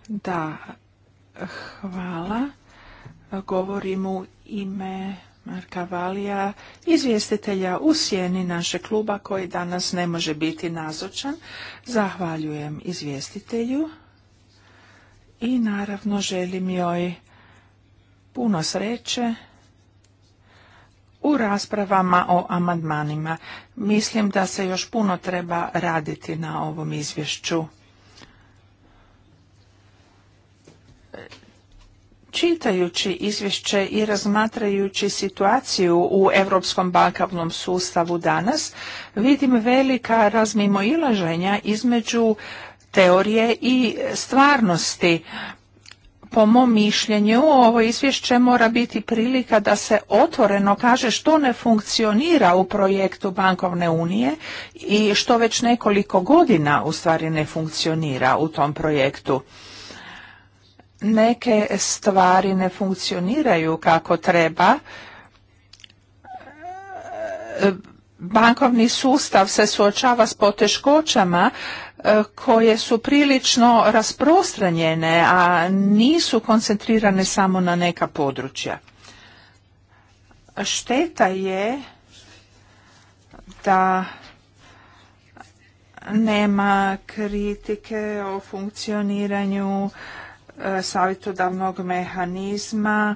Da, hvala. Govorim u ime Marka Valija, izvjestitelja u sjeni naše kluba koji danas ne može biti nazočan. Zahvaljujem izvjestitelju i naravno želim joj puno sreće u raspravama o amandmanima. Mislim da se još puno treba raditi na ovom izvješću. čitajući izvješće i razmatrajući situaciju u europskom bankavnom sustavu danas vidim velika razmimoilaženja između teorije i stvarnosti po mom mišljenju ovo izvješće mora biti prilika da se otvoreno kaže što ne funkcionira u projektu bankovne unije i što već nekoliko godina u stvari ne funkcionira u tom projektu neke stvari ne funkcioniraju kako treba, bankovni sustav se suočava s poteškoćama e, koje su prilično rasprostranjene, a nisu koncentrirane samo na neka područja. Šteta je da nema kritike o funkcioniranju savjetodavnog mehanizma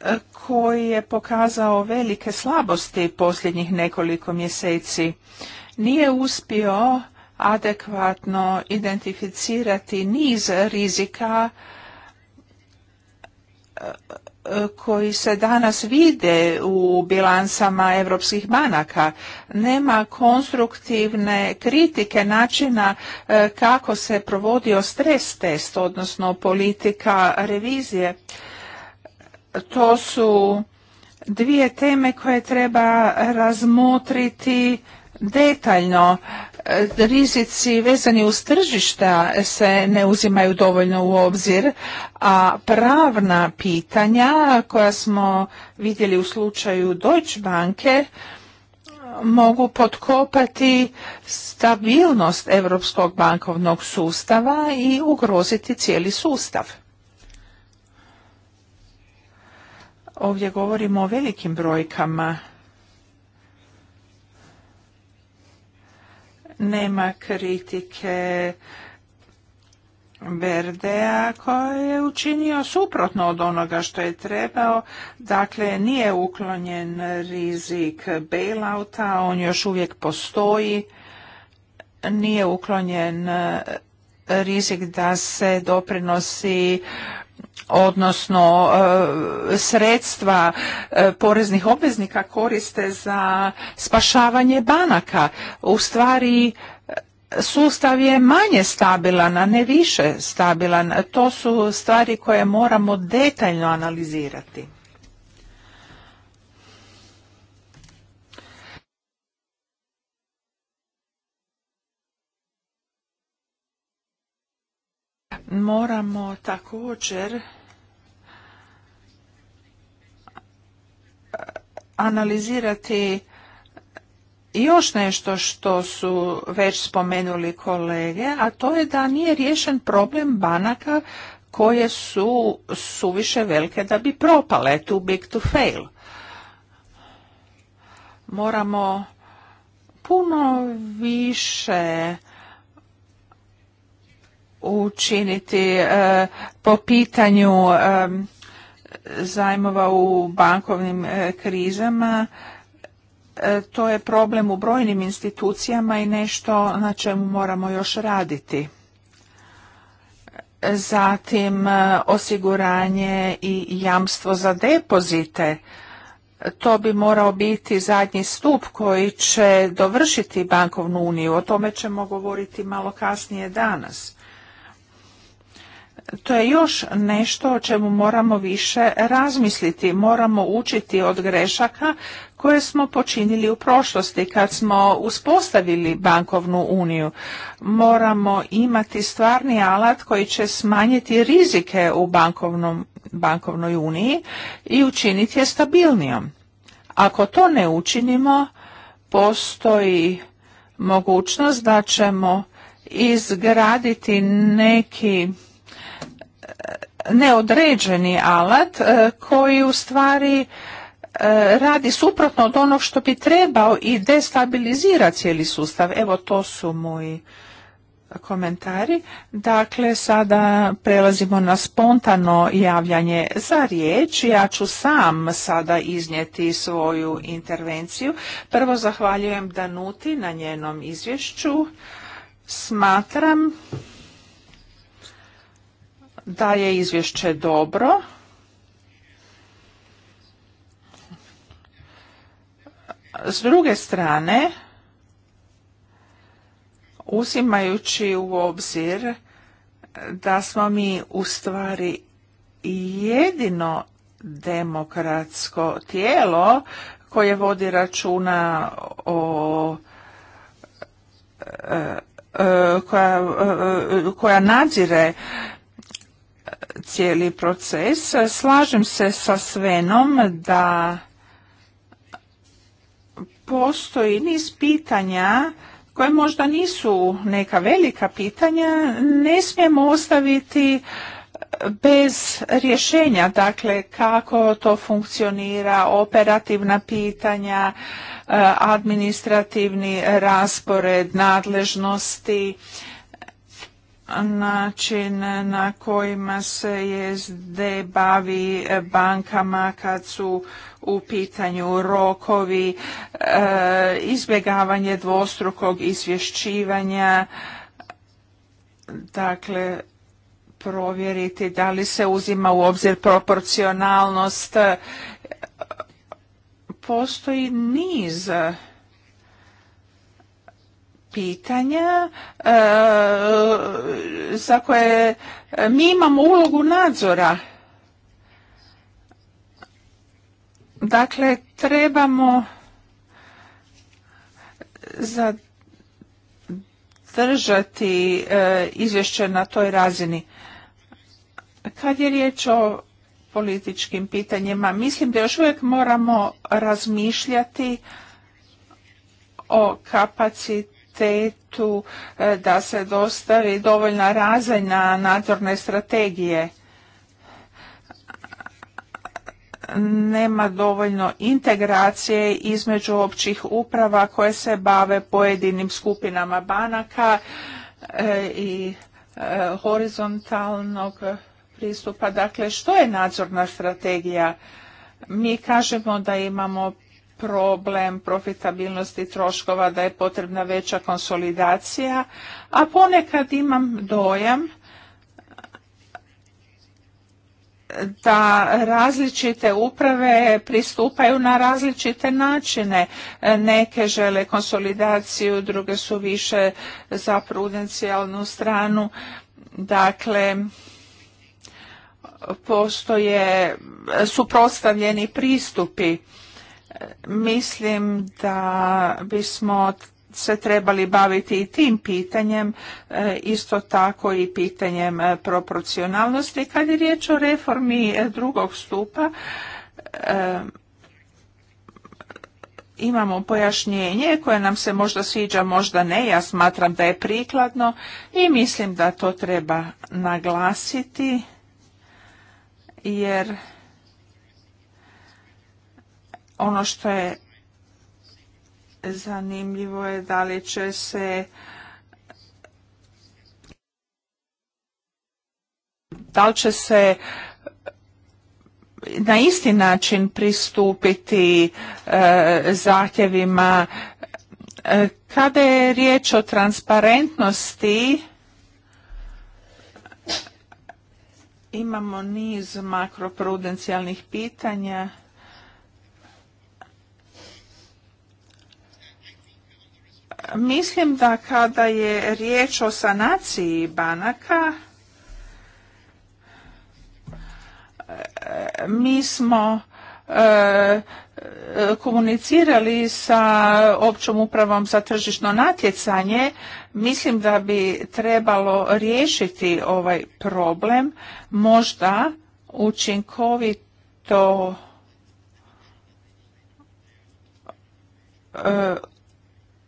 e, koji je pokazao velike slabosti posljednjih nekoliko mjeseci. Nije uspio adekvatno identificirati niz rizika e, E, koji se danas vide u bilansama europskih banaka. Nema konstruktivne kritike načina e, kako se provodio stres test, odnosno politika revizije. To su dvije teme koje treba razmotriti detaljno E, rizici vezani uz tržišta se ne uzimaju dovoljno u obzir, a pravna pitanja koja smo vidjeli u slučaju Deutsche banke e, mogu potkopati stabilnost europskog bankovnog sustava i ugroziti cijeli sustav. Ovdje govorimo o velikim brojkama nema kritike Verdea koji je učinio suprotno od onoga što je trebao. Dakle, nije uklonjen rizik bailouta, on još uvijek postoji. Nije uklonjen rizik da se doprinosi odnosno e, sredstva e, poreznih obveznika koriste za spašavanje banaka. U stvari sustav je manje stabilan, a ne više stabilan. To su stvari koje moramo detaljno analizirati. Moramo također analizirati još nešto što su već spomenuli kolege, a to je da nije riješen problem banaka koje su suviše velike da bi propale, too big to fail. Moramo puno više učiniti eh, po pitanju zajmova u bankovnim e, krizama. E, to je problem u brojnim institucijama i nešto na čemu moramo još raditi. Zatim e, osiguranje i jamstvo za depozite. To bi morao biti zadnji stup koji će dovršiti bankovnu uniju. O tome ćemo govoriti malo kasnije danas to je još nešto o čemu moramo više razmisliti. Moramo učiti od grešaka koje smo počinili u prošlosti kad smo uspostavili bankovnu uniju. Moramo imati stvarni alat koji će smanjiti rizike u bankovnom, bankovnoj uniji i učiniti je stabilnijom. Ako to ne učinimo, postoji mogućnost da ćemo izgraditi neki neodređeni alat e, koji u stvari e, radi suprotno od onog što bi trebao i destabilizira cijeli sustav. Evo to su moji komentari. Dakle, sada prelazimo na spontano javljanje za riječ. Ja ću sam sada iznijeti svoju intervenciju. Prvo zahvaljujem Danuti na njenom izvješću. Smatram da je izvješće dobro. S druge strane, uzimajući u obzir da smo mi u stvari jedino demokratsko tijelo koje vodi računa o e, e, koja, e, koja nadzire cijeli proces. Slažem se sa Svenom da postoji niz pitanja koje možda nisu neka velika pitanja, ne smijemo ostaviti bez rješenja, dakle kako to funkcionira, operativna pitanja, e, administrativni raspored nadležnosti način na kojima se JSD bavi bankama kad su u pitanju rokovi, e, izbjegavanje dvostrukog izvješćivanja, dakle provjeriti da li se uzima u obzir proporcionalnost. Postoji niz pitanja e, za koje mi imamo ulogu nadzora. Dakle, trebamo zadržati e, izvješće na toj razini. Kad je riječ o političkim pitanjima, mislim da još uvijek moramo razmišljati o kapacitetu E, da se dostavi dovoljna razina nadzorne strategije. Nema dovoljno integracije između općih uprava koje se bave pojedinim skupinama banaka e, i e, horizontalnog pristupa. Dakle, što je nadzorna strategija? Mi kažemo da imamo problem profitabilnosti troškova, da je potrebna veća konsolidacija, a ponekad imam dojam da različite uprave pristupaju na različite načine. Neke žele konsolidaciju, druge su više za prudencijalnu stranu. Dakle, postoje suprotstavljeni pristupi. Mislim da bismo se trebali baviti i tim pitanjem, e, isto tako i pitanjem e, proporcionalnosti. Kad je riječ o reformi e, drugog stupa, imamo pojašnjenje koje nam se možda sviđa, možda ne. Ja smatram da je prikladno i mislim da to treba naglasiti jer ono što je zanimljivo je da li će se da li će se na isti način pristupiti e, zahtjevima e, kada je riječ o transparentnosti imamo niz makroprudencijalnih pitanja Mislim da kada je riječ o sanaciji banaka, mi smo e, komunicirali sa općom upravom za tržišno natjecanje, mislim da bi trebalo riješiti ovaj problem, možda učinkovito e,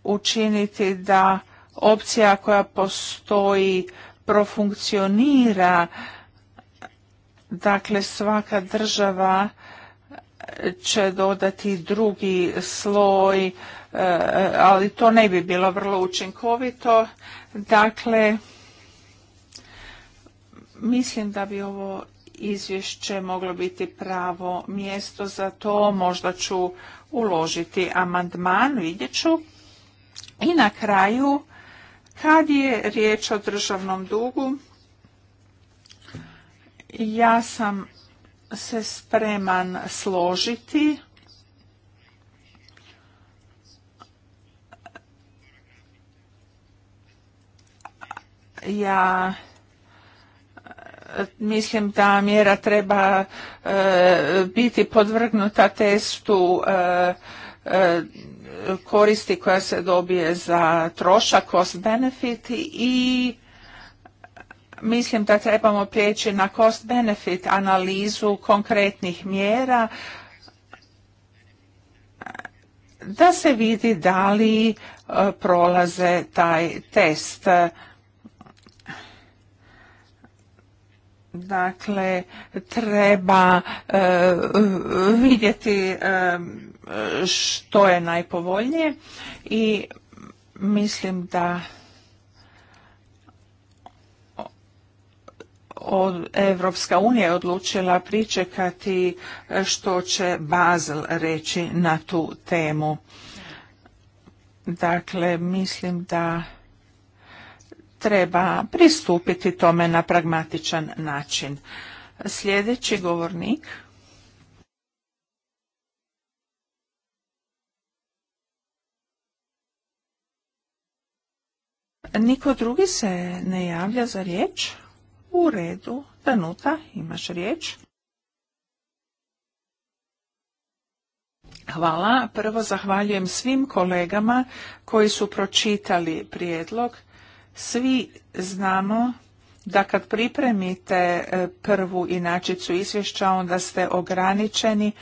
učiniti da opcija koja postoji profunkcionira, dakle svaka država će dodati drugi sloj, e, ali to ne bi bilo vrlo učinkovito. Dakle, mislim da bi ovo izvješće moglo biti pravo mjesto za to. Možda ću uložiti amandman, vidjet ću. I na kraju, kad je riječ o državnom dugu, ja sam se spreman složiti ja e, mislim da mjera treba e, biti podvrgnuta testu e, koristi koja se dobije za trošak, cost benefit i mislim da trebamo prijeći na cost benefit analizu konkretnih mjera da se vidi da li e, prolaze taj test. Dakle, treba e, vidjeti e, što je najpovoljnije i mislim da Evropska unija je odlučila pričekati što će Basel reći na tu temu. Dakle, mislim da treba pristupiti tome na pragmatičan način. Sljedeći govornik. Niko drugi se ne javlja za riječ? U redu. Danuta, imaš riječ. Hvala. Prvo zahvaljujem svim kolegama koji su pročitali prijedlog. Svi znamo da kad pripremite e, prvu inačicu izvješća onda ste ograničeni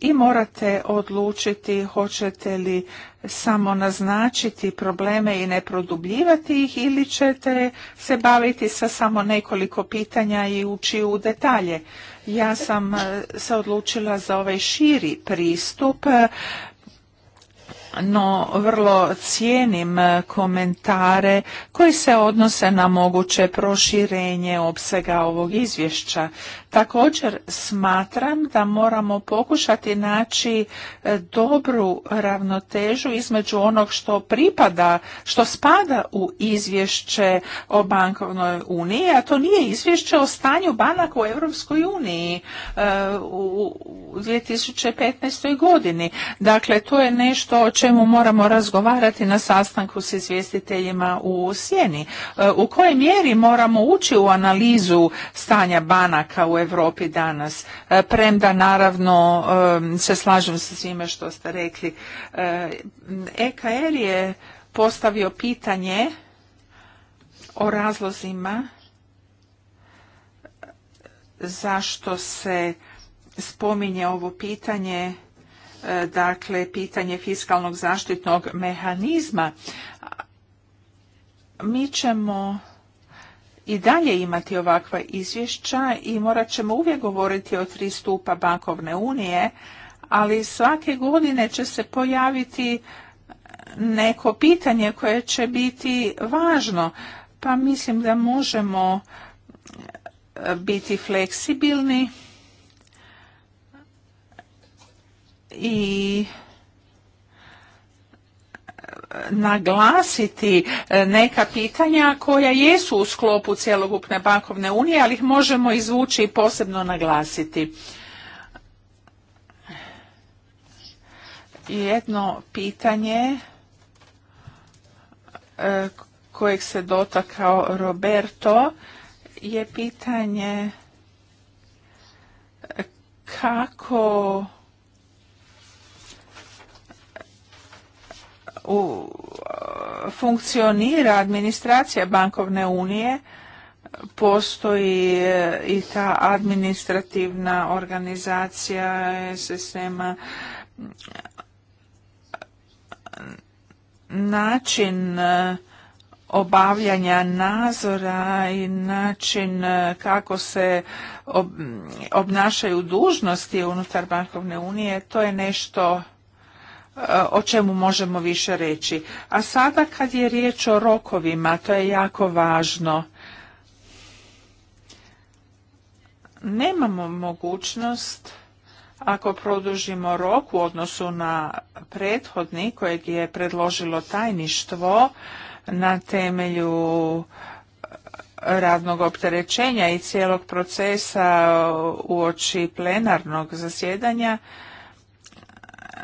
i morate odlučiti hoćete li samo naznačiti probleme i ne produbljivati ih ili ćete se baviti sa samo nekoliko pitanja i ući u detalje. Ja sam e, se odlučila za ovaj širi pristup, e, no vrlo cijenim e, komentare koji se odnose na moguće proširenje opsega ovog izvješća. Također smatram da moramo pokušati naći e, dobru ravnotežu između onog što pripada, što spada u izvješće o bankovnoj uniji, a to nije izvješće o stanju banaka u Europskoj uniji e, u 2015. godini. Dakle, to je nešto o čemu moramo razgovarati na sastanku s izvjestiteljima u Sjeni. E, u kojoj mjeri moramo ući u analizu stanja banaka u Europskoj Europi danas. E, premda naravno e, se slažem sa svime što ste rekli. EKR e je postavio pitanje o razlozima zašto se spominje ovo pitanje dakle pitanje fiskalnog zaštitnog mehanizma mi ćemo i dalje imati ovakva izvješća i morat ćemo uvijek govoriti o tri stupa bankovne unije, ali svake godine će se pojaviti neko pitanje koje će biti važno, pa mislim da možemo e, biti fleksibilni i naglasiti e, neka pitanja koja jesu u sklopu cjelokupne bankovne unije, ali ih možemo izvući i posebno naglasiti. Jedno pitanje e, kojeg se dotakao Roberto je pitanje e, kako u, e, funkcionira administracija bankovne unije, postoji e, i ta administrativna organizacija SSM-a, način e, obavljanja nazora i način kako se obnašaju dužnosti unutar bankovne unije, to je nešto o čemu možemo više reći. A sada kad je riječ o rokovima, to je jako važno. Nemamo mogućnost ako produžimo rok u odnosu na prethodni kojeg je predložilo tajništvo na temelju e, radnog opterećenja i cijelog procesa uoči plenarnog zasjedanja,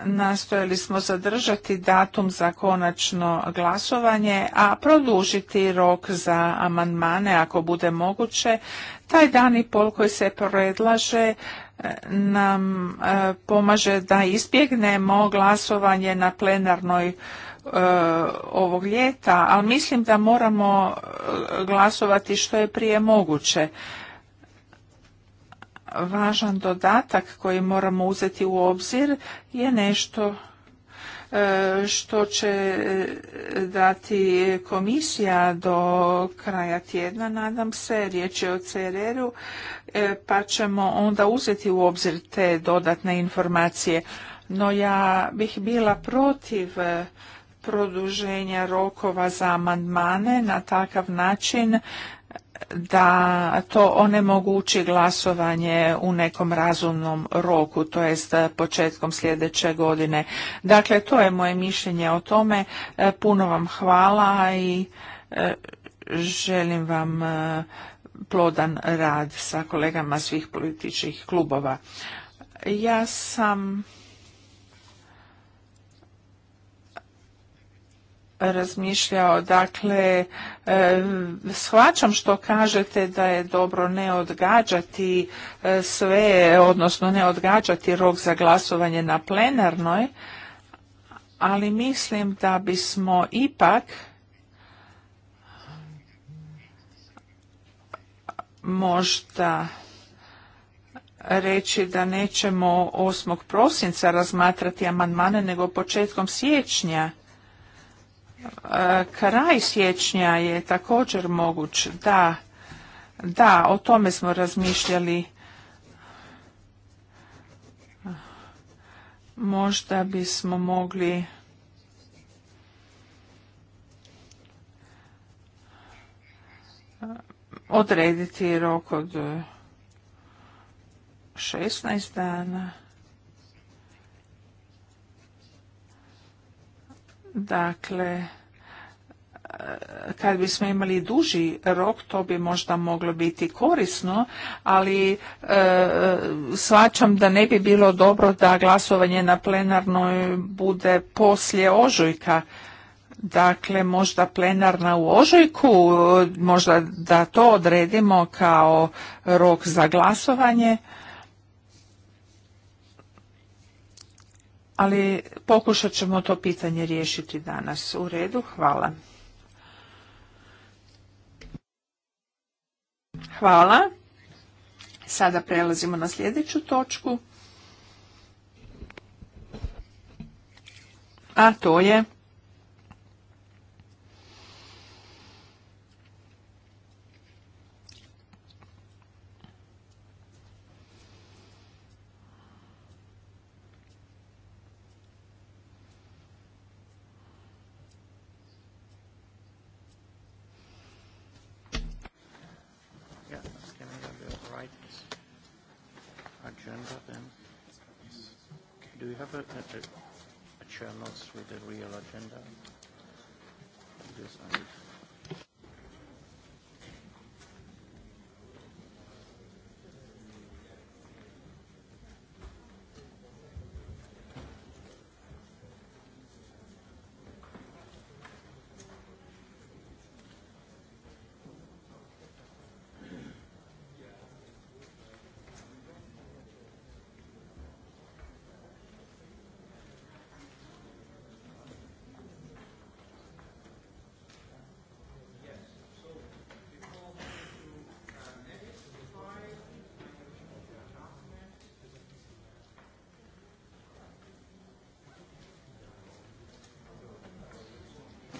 nastojali smo zadržati datum za konačno glasovanje, a produžiti rok za amandmane ako bude moguće. Taj dan i pol koji se predlaže eh, nam eh, pomaže da izbjegnemo glasovanje na plenarnoj eh, ovog ljeta, ali mislim da moramo glasovati što je prije moguće važan dodatak koji moramo uzeti u obzir je nešto e, što će e, dati komisija do kraja tjedna, nadam se, riječ je o CRR-u, e, pa ćemo onda uzeti u obzir te dodatne informacije. No ja bih bila protiv produženja rokova za amandmane na takav način da to onemogući glasovanje u nekom razumnom roku, to jest eh, početkom sljedeće godine. Dakle, to je moje mišljenje o tome. Eh, puno vam hvala i eh, želim vam plodan rad sa kolegama svih političkih klubova. Ja sam razmišljao. Dakle, e, shvaćam što kažete da je dobro ne odgađati e, sve, odnosno ne odgađati rok za glasovanje na plenarnoj, ali mislim da bismo ipak možda reći da nećemo 8. prosinca razmatrati amandmane nego početkom siječnja E, kraj siječnja je također moguć. Da, da, o tome smo razmišljali. Možda bismo mogli odrediti rok od 16 dana. Dakle, e, kad bismo imali duži rok, to bi možda moglo biti korisno, ali e, svačam da ne bi bilo dobro da glasovanje na plenarnoj bude poslije ožujka. Dakle, možda plenarna u ožujku, možda da to odredimo kao rok za glasovanje. ali pokušat ćemo to pitanje riješiti danas. U redu, hvala. Hvala. Sada prelazimo na sljedeću točku. A to je a, a, a chair with the real agenda.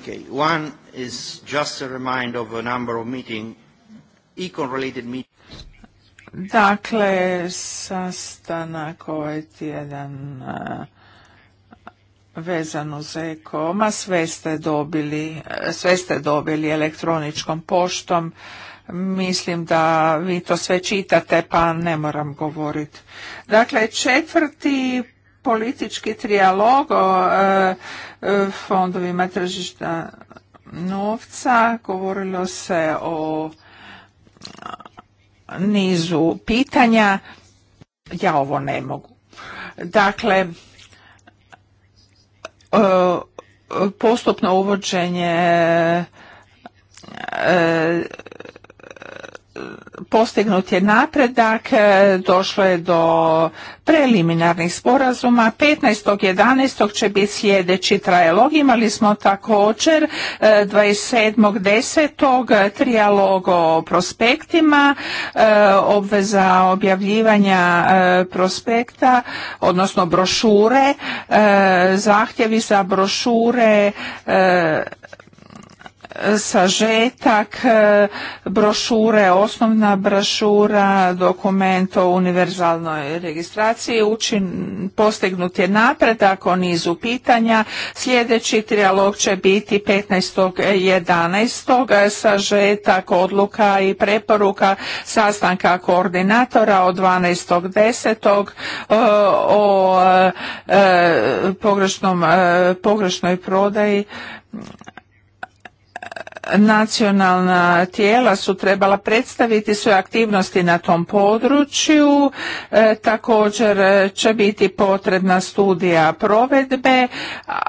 Okay, one is just a reminder of a number of meeting, econ related Dakle, sastanak ovaj tjedan vezan uz ma sve ste dobili, sve ste dobili elektroničkom poštom. Mislim da vi to sve čitate, pa ne moram govoriti. Dakle, četvrti politički trijalog o e, e, fondovima tržišta novca. Govorilo se o nizu pitanja. Ja ovo ne mogu. Dakle, e, postupno uvođenje postignut je napredak, e, došlo je do preliminarnih sporazuma. 15.11. će biti sljedeći trajalog. Imali smo također 27.10. E, trijalog o prospektima, e, obveza objavljivanja prospekta, odnosno brošure, zahtjevi za brošure sažetak e, brošure, osnovna brošura, dokument o univerzalnoj registraciji. Učin, postignut je napredak o nizu pitanja. Sljedeći trijalog će biti 15.11. sažetak odluka i preporuka sastanka koordinatora od 12.10. E, o e, pogrešnom, pogrešnoj prodaji nacionalna tijela su trebala predstaviti svoje aktivnosti na tom području. E, također e, će biti potrebna studija provedbe,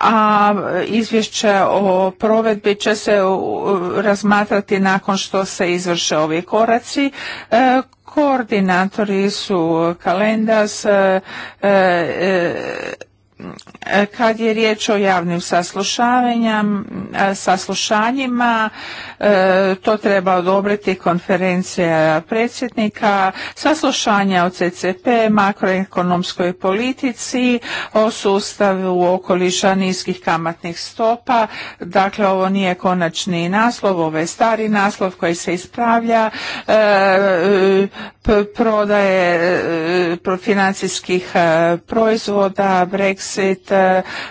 a izvješće o provedbi će se razmatrati nakon što se izvrše ovi koraci. E, koordinatori su Kalendas, e, kad je riječ o javnim saslušanjima, e, to treba odobriti konferencija predsjednika, saslušanja o CCP, makroekonomskoj politici, o sustavu okoliša niskih kamatnih stopa. Dakle, ovo nije konačni naslov, ovo je stari naslov koji se ispravlja e, prodaje e, financijskih proizvoda, Brexit, E,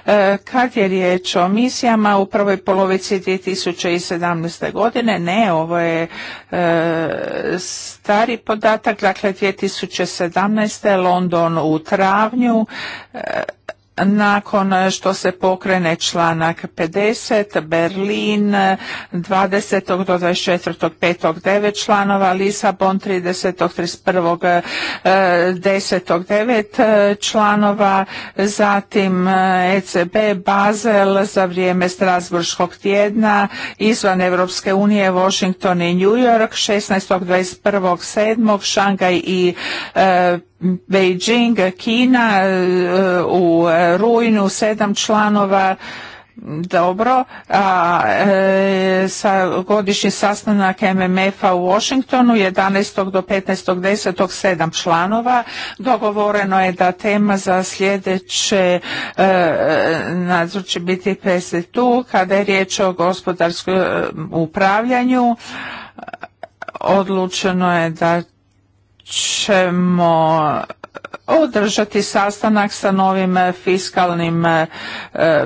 e, kad je riječ o misijama u prvoj polovici 2017. godine. Ne, ovo je e, stari podatak, dakle 2017. London u travnju nakon što se pokrene članak 50, Berlin 20. do 24. 5. 9 članova, Lisabon 30. 31. 10. 9 članova, zatim ECB, eh, e Basel za vrijeme Strasburskog tjedna, izvan Evropske unije, Washington i New York 16. 21. 7. Šangaj i e, Beijing, Kina eh, u rujnu, sedam članova dobro, a e, sa godišnji sastanak MMF-a u Washingtonu 11. do petnaestdeset sedam članova. Dogovoreno je da tema za sljedeće e, nadzor će biti tu kada je riječ o gospodarskom e, upravljanju. Odlučeno je da ćemo održati sastanak sa novim e, fiskalnim e, e,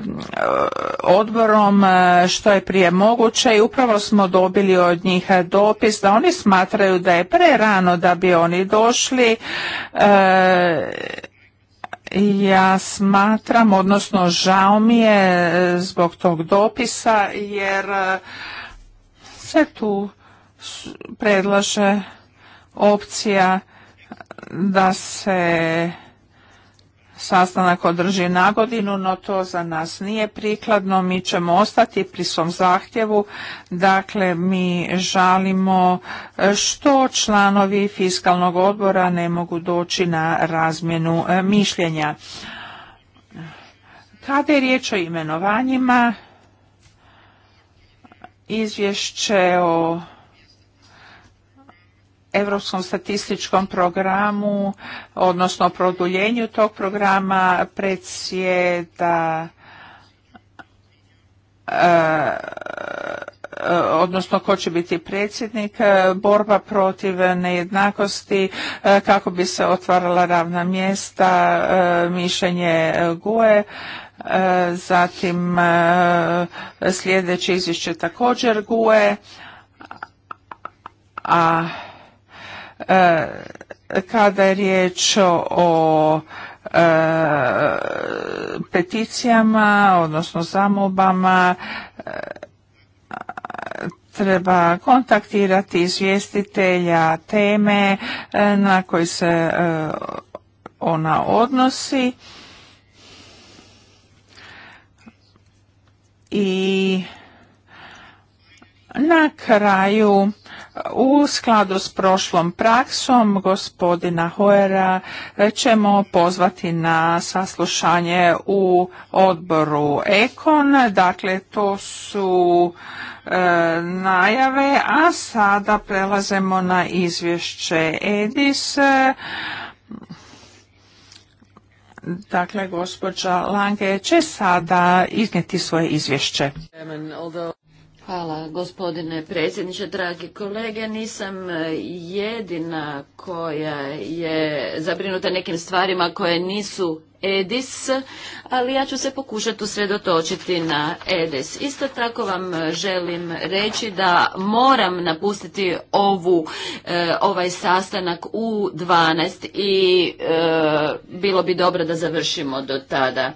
odborom što je prije moguće i upravo smo dobili od njih dopis da oni smatraju da je pre rano da bi oni došli ja smatram, odnosno žao mi je zbog tog dopisa jer se tu predlaže opcija da se sastanak održi na godinu, no to za nas nije prikladno. Mi ćemo ostati pri svom zahtjevu. Dakle, mi žalimo što članovi fiskalnog odbora ne mogu doći na razmjenu e, mišljenja. Kada je riječ o imenovanjima, izvješće o Europskom statističkom programu, odnosno produljenju tog programa predsjeda e, odnosno ko će biti predsjednik, e, borba protiv nejednakosti e, kako bi se otvarala ravna mjesta, mišljenje GUE, zatim sljedeće izvješće također GUE, a E, kada je riječ o e, peticijama, odnosno zamobama, e, treba kontaktirati izvjestitelja teme na koji se ona odnosi i na kraju u skladu s prošlom praksom gospodina Hoera ćemo pozvati na saslušanje u odboru Ekon. Dakle, to su e, najave, a sada prelazemo na izvješće EDIS. Dakle, gospođa Lange će sada iznijeti svoje izvješće. Hvala gospodine predsjedniče, dragi kolege. Nisam e, jedina koja je zabrinuta nekim stvarima koje nisu EDIS, ali ja ću se pokušati usredotočiti na EDIS. Isto tako vam želim reći da moram napustiti ovu, e, ovaj sastanak u 12 i e, bilo bi dobro da završimo do tada.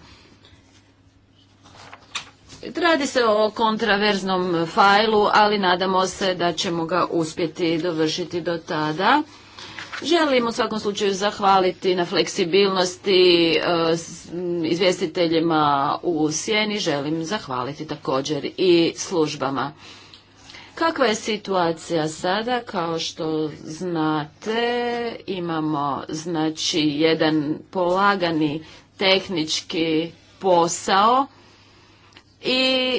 Radi se o kontraverznom fajlu, ali nadamo se da ćemo ga uspjeti dovršiti do tada. Želim u svakom slučaju zahvaliti na fleksibilnosti e, izvjestiteljima u Sjeni, želim zahvaliti također i službama. Kakva je situacija sada? Kao što znate, imamo znači jedan polagani tehnički posao i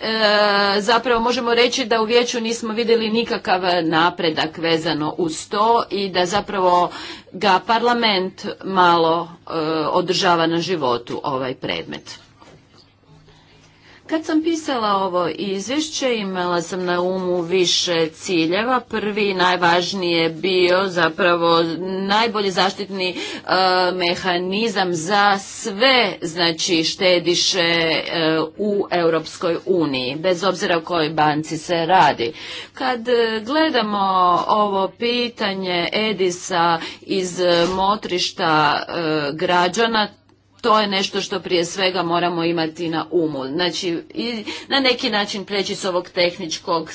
e, zapravo možemo reći da u vijeću nismo vidjeli nikakav napredak vezano uz to i da zapravo ga parlament malo e, održava na životu ovaj predmet. Kad sam pisala ovo izvješće imala sam na umu više ciljeva. Prvi najvažniji je bio zapravo najbolji zaštitni e, mehanizam za sve znači štediše e, u Europskoj uniji, bez obzira o kojoj banci se radi. Kad e, gledamo ovo pitanje Edisa iz motrišta građana, to je nešto što prije svega moramo imati na umu. Znači, i na neki način preći s ovog tehničkog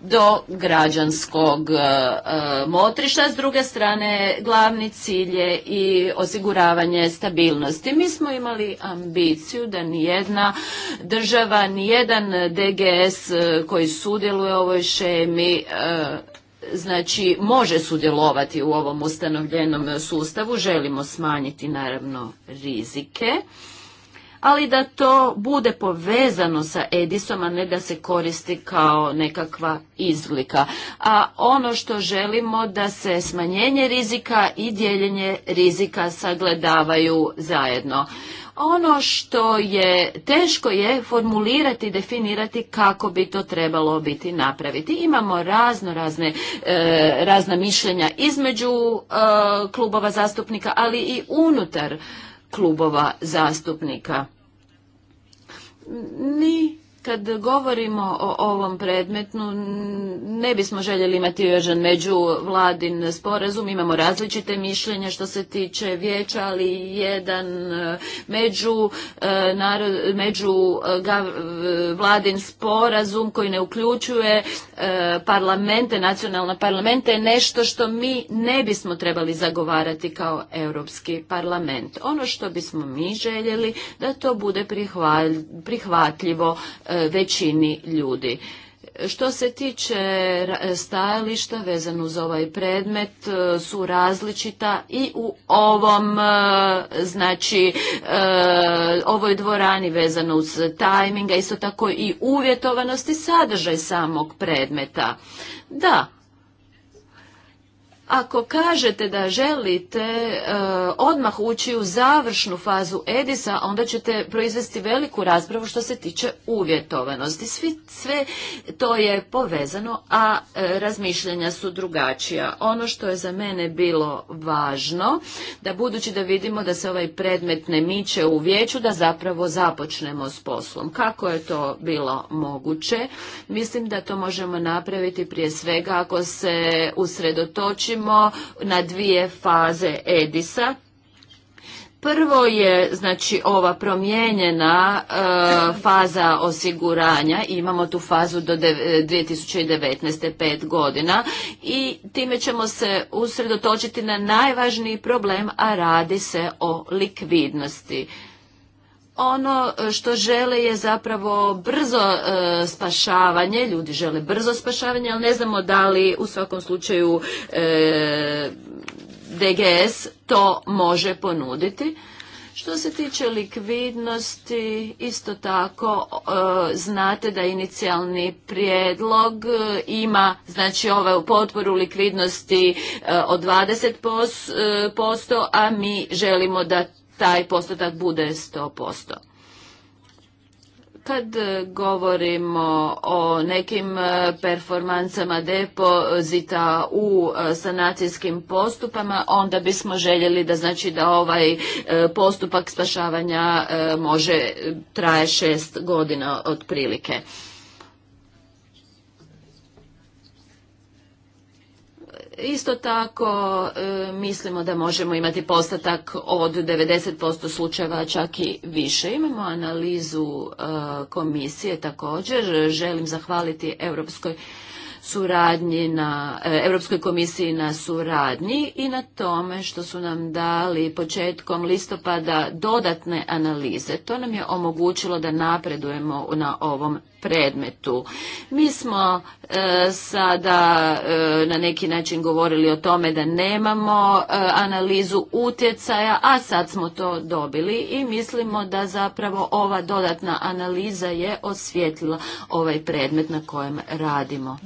do građanskog e, e, motrišta. S druge strane, glavni cilj je i osiguravanje stabilnosti. Mi smo imali ambiciju da ni jedna država, nijedan DGS e, koji sudjeluje u ovoj šemi znači može sudjelovati u ovom ustanovljenom sustavu. Želimo smanjiti naravno rizike, ali da to bude povezano sa Edisom, a ne da se koristi kao nekakva izlika. A ono što želimo da se smanjenje rizika i dijeljenje rizika sagledavaju zajedno. Ono što je teško je formulirati definirati kako bi to trebalo biti napraviti. Imamo razno razne e, razna mišljenja između e, klubova zastupnika, ali i unutar klubova zastupnika. Ni kad govorimo o ovom predmetnu, ne bismo željeli imati još među vladin sporazum, imamo različite mišljenja što se tiče vijeća, ali jedan e, među, e, narod, među e, vladin sporazum koji ne uključuje parlamente, nacionalne parlamente je nešto što mi ne bismo trebali zagovarati kao Europski parlament. Ono što bismo mi željeli da to bude prihvatljivo E, većini ljudi. Što se tiče stajališta vezano za ovaj predmet e, su različita i u ovom e, znači ovoj dvorani vezano uz tajminga, isto tako i uvjetovanosti i sadržaj samog predmeta. Da, ako kažete da želite e, odmah ući u završnu fazu Edisa, onda ćete proizvesti veliku raspravu što se tiče uvjetovanosti. sve to je povezano, a razmišljenja razmišljanja su drugačija. Ono što je za mene bilo važno, da budući da vidimo da se ovaj predmet ne miče u vijeću, da zapravo započnemo s poslom. Kako je to bilo moguće? Mislim da to možemo napraviti prije svega ako se usredotočimo na dvije faze Edisa. Prvo je znači ova promijenjena e, faza osiguranja, imamo tu fazu do de, 2019. E, pet godina i time ćemo se usredotočiti na najvažniji problem, a radi se o likvidnosti ono e, što žele je zapravo brzo e, spašavanje, ljudi žele brzo spašavanje, ali ne znamo da li u svakom slučaju e, DGS to može ponuditi. Što se tiče likvidnosti, isto tako znate da inicijalni prijedlog ima znači ovaj potporu likvidnosti od 20%, posto, a mi želimo da taj postotak bude 100%. Kad e, govorimo o nekim e, performancama depozita u e, sanacijskim postupama, onda bismo željeli da znači da ovaj postupak spašavanja može traje šest godina otprilike. Isto tako e, mislimo da možemo imati postatak od 90% slučajeva čak i više. Imamo analizu e, komisije također. Želim zahvaliti Europskoj suradnji na e, Europskoj komisiji na suradnji i na tome što su nam dali početkom listopada dodatne analize. To nam je omogućilo da napredujemo na ovom predmetu. Mi smo e, sada e, na neki način govorili o tome da nemamo analizu utjecaja, a sad smo to dobili i mislimo da zapravo ova dodatna analiza je osvjetlila ovaj predmet na kojem radimo.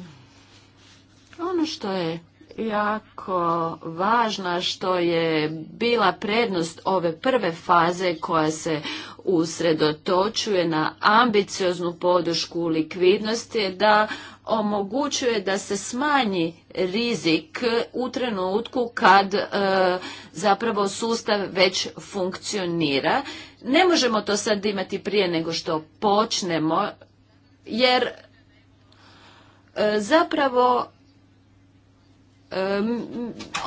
Ono što je jako važno, što je bila prednost ove prve faze koja se usredotočuje na ambicioznu podršku likvidnosti da omogućuje da se smanji rizik u trenutku kad e, zapravo sustav već funkcionira. Ne možemo to sad imati prije nego što počnemo jer e, zapravo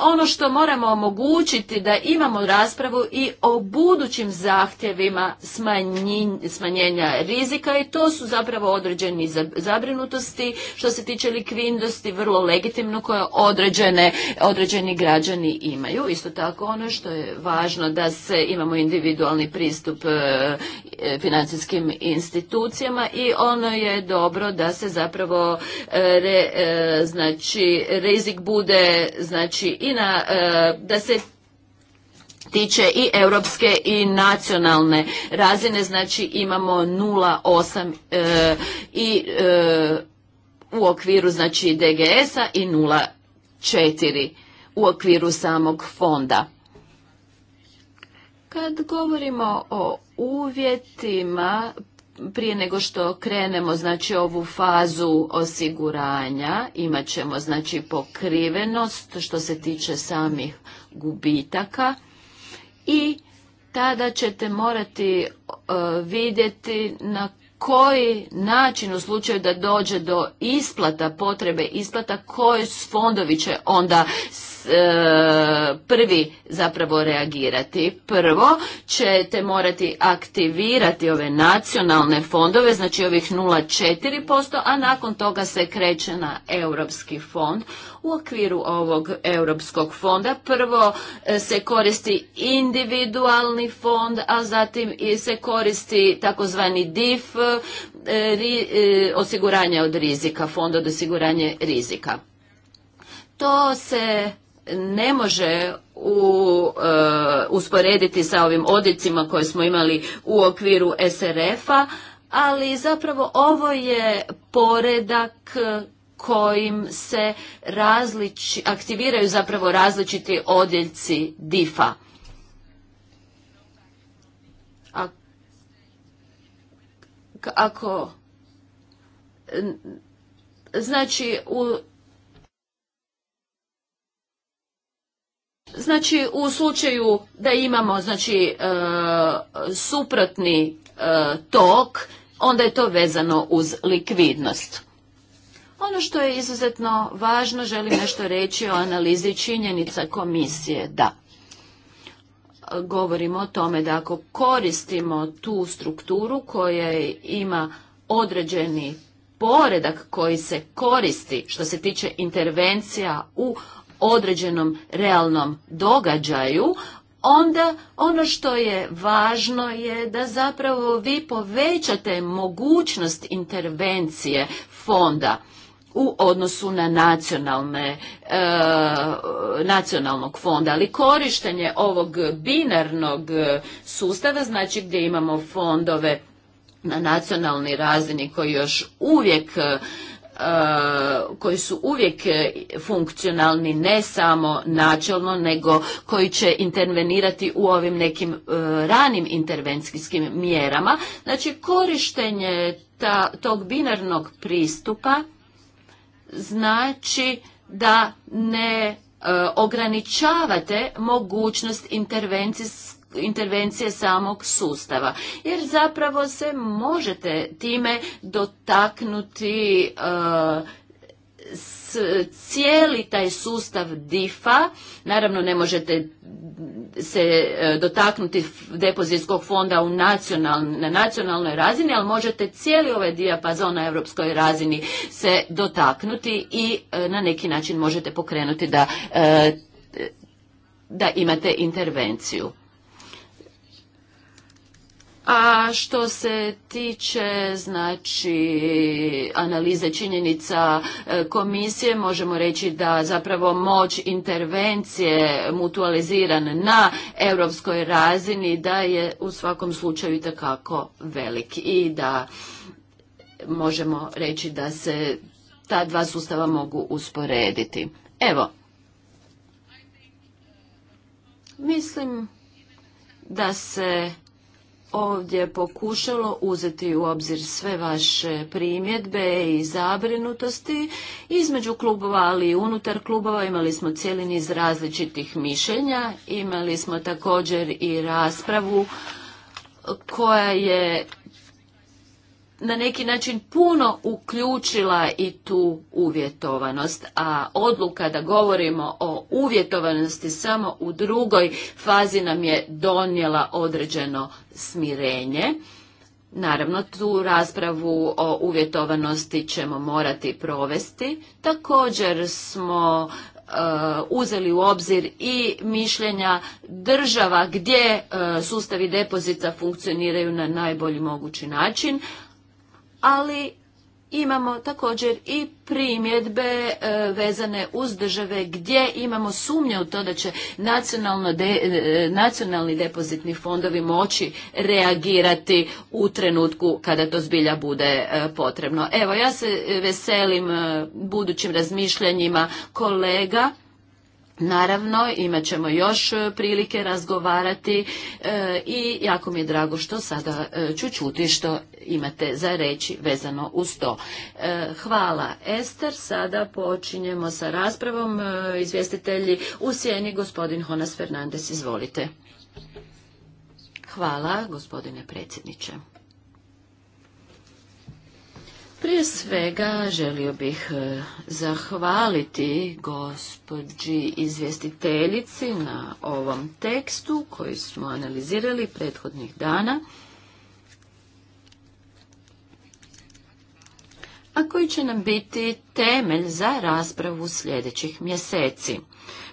ono što moramo omogućiti da imamo raspravu i o budućim zahtjevima smanjenja rizika i to su zapravo određeni zabrinutosti što se tiče likvidnosti vrlo legitimno koje određene, određeni građani imaju. Isto tako ono što je važno da se imamo individualni pristup e, e, financijskim institucijama i ono je dobro da se zapravo e, znači rizik bude znači i na e, da se tiče i europske i nacionalne razine znači imamo 0,8 e, i e, u okviru znači DGS-a i 0,4 u okviru samog fonda kad govorimo o uvjetima prije nego što krenemo znači ovu fazu osiguranja imat ćemo znači pokrivenost što se tiče samih gubitaka i tada ćete morati e, vidjeti na koji način u slučaju da dođe do isplata, potrebe isplata, koji fondovi će onda e, prvi zapravo reagirati. Prvo ćete morati aktivirati ove nacionalne fondove, znači ovih 0,4%, a nakon toga se kreće na Europski fond. U okviru ovog europskog fonda prvo e, se koristi individualni fond, a zatim i se koristi takozvani DIF, e, e, osiguranje od rizika, fond od osiguranje rizika. To se ne može u, usporediti sa ovim odicima koje smo imali u okviru SRF-a, ali zapravo ovo je poredak kojim se aktiviraju zapravo različiti odjeljci diFA. a Ako znači u Znači, u slučaju da imamo znači, e, suprotni e, tok, onda je to vezano uz likvidnost. Ono što je izuzetno važno, želim nešto reći o analizi činjenica komisije. Da, govorimo o tome da ako koristimo tu strukturu koja ima određeni poredak koji se koristi što se tiče intervencija u određenom realnom događaju, onda ono što je važno je da zapravo vi povećate mogućnost intervencije fonda u odnosu na nacionalne, e, nacionalnog fonda. Ali korištenje ovog binarnog sustava, znači gdje imamo fondove na nacionalni razini koji još uvijek e, koji su uvijek funkcionalni ne samo načelno nego koji će intervenirati u ovim nekim e, ranim intervencijskim mjerama znači korištenje ta, tog binarnog pristupa znači da ne e, ograničavate mogućnost intervencije samog sustava jer zapravo se možete time dotaknuti e, cijeli taj sustav DIFA, naravno ne možete se e, dotaknuti depozitskog fonda u na nacionalnoj razini, ali možete cijeli ovaj dijapazon na europskoj razini se dotaknuti i e, na neki način možete pokrenuti da, e, da imate intervenciju. A što se tiče znači analize činjenica e, komisije možemo reći da zapravo moć intervencije mutualiziran na europskoj razini da je u svakom slučaju itekako velik i da možemo reći da se ta dva sustava mogu usporediti. Evo. Mislim da se ovdje pokušalo uzeti u obzir sve vaše primjedbe i zabrinutosti. Između klubova, ali i unutar klubova imali smo cijeli niz različitih mišljenja. Imali smo također i raspravu koja je na neki način puno uključila i tu uvjetovanost, a odluka da govorimo o uvjetovanosti samo u drugoj fazi nam je donijela određeno smirenje. Naravno, tu raspravu o uvjetovanosti ćemo morati provesti. Također smo e, uzeli u obzir i mišljenja država gdje e, sustavi depozita funkcioniraju na najbolji mogući način, ali imamo također i primjedbe e, vezane uz države gdje imamo sumnje u to da će e, nacionalni depozitni fondovi moći reagirati u trenutku kada to zbilja bude e, potrebno. Evo, ja se veselim budućim razmišljanjima kolega Naravno, imat ćemo još e, prilike razgovarati e, i jako mi je drago što sada e, ću čuti što imate za reći vezano uz to. hvala Ester, sada počinjemo sa raspravom. izvjestitelji u sjeni, gospodin Honas Fernandez, izvolite. Hvala, gospodine predsjedniče. Prije svega želio bih e, zahvaliti gospođi izvjestiteljici na ovom tekstu koji smo analizirali prethodnih dana. a koji će nam biti temelj za raspravu sljedećih mjeseci.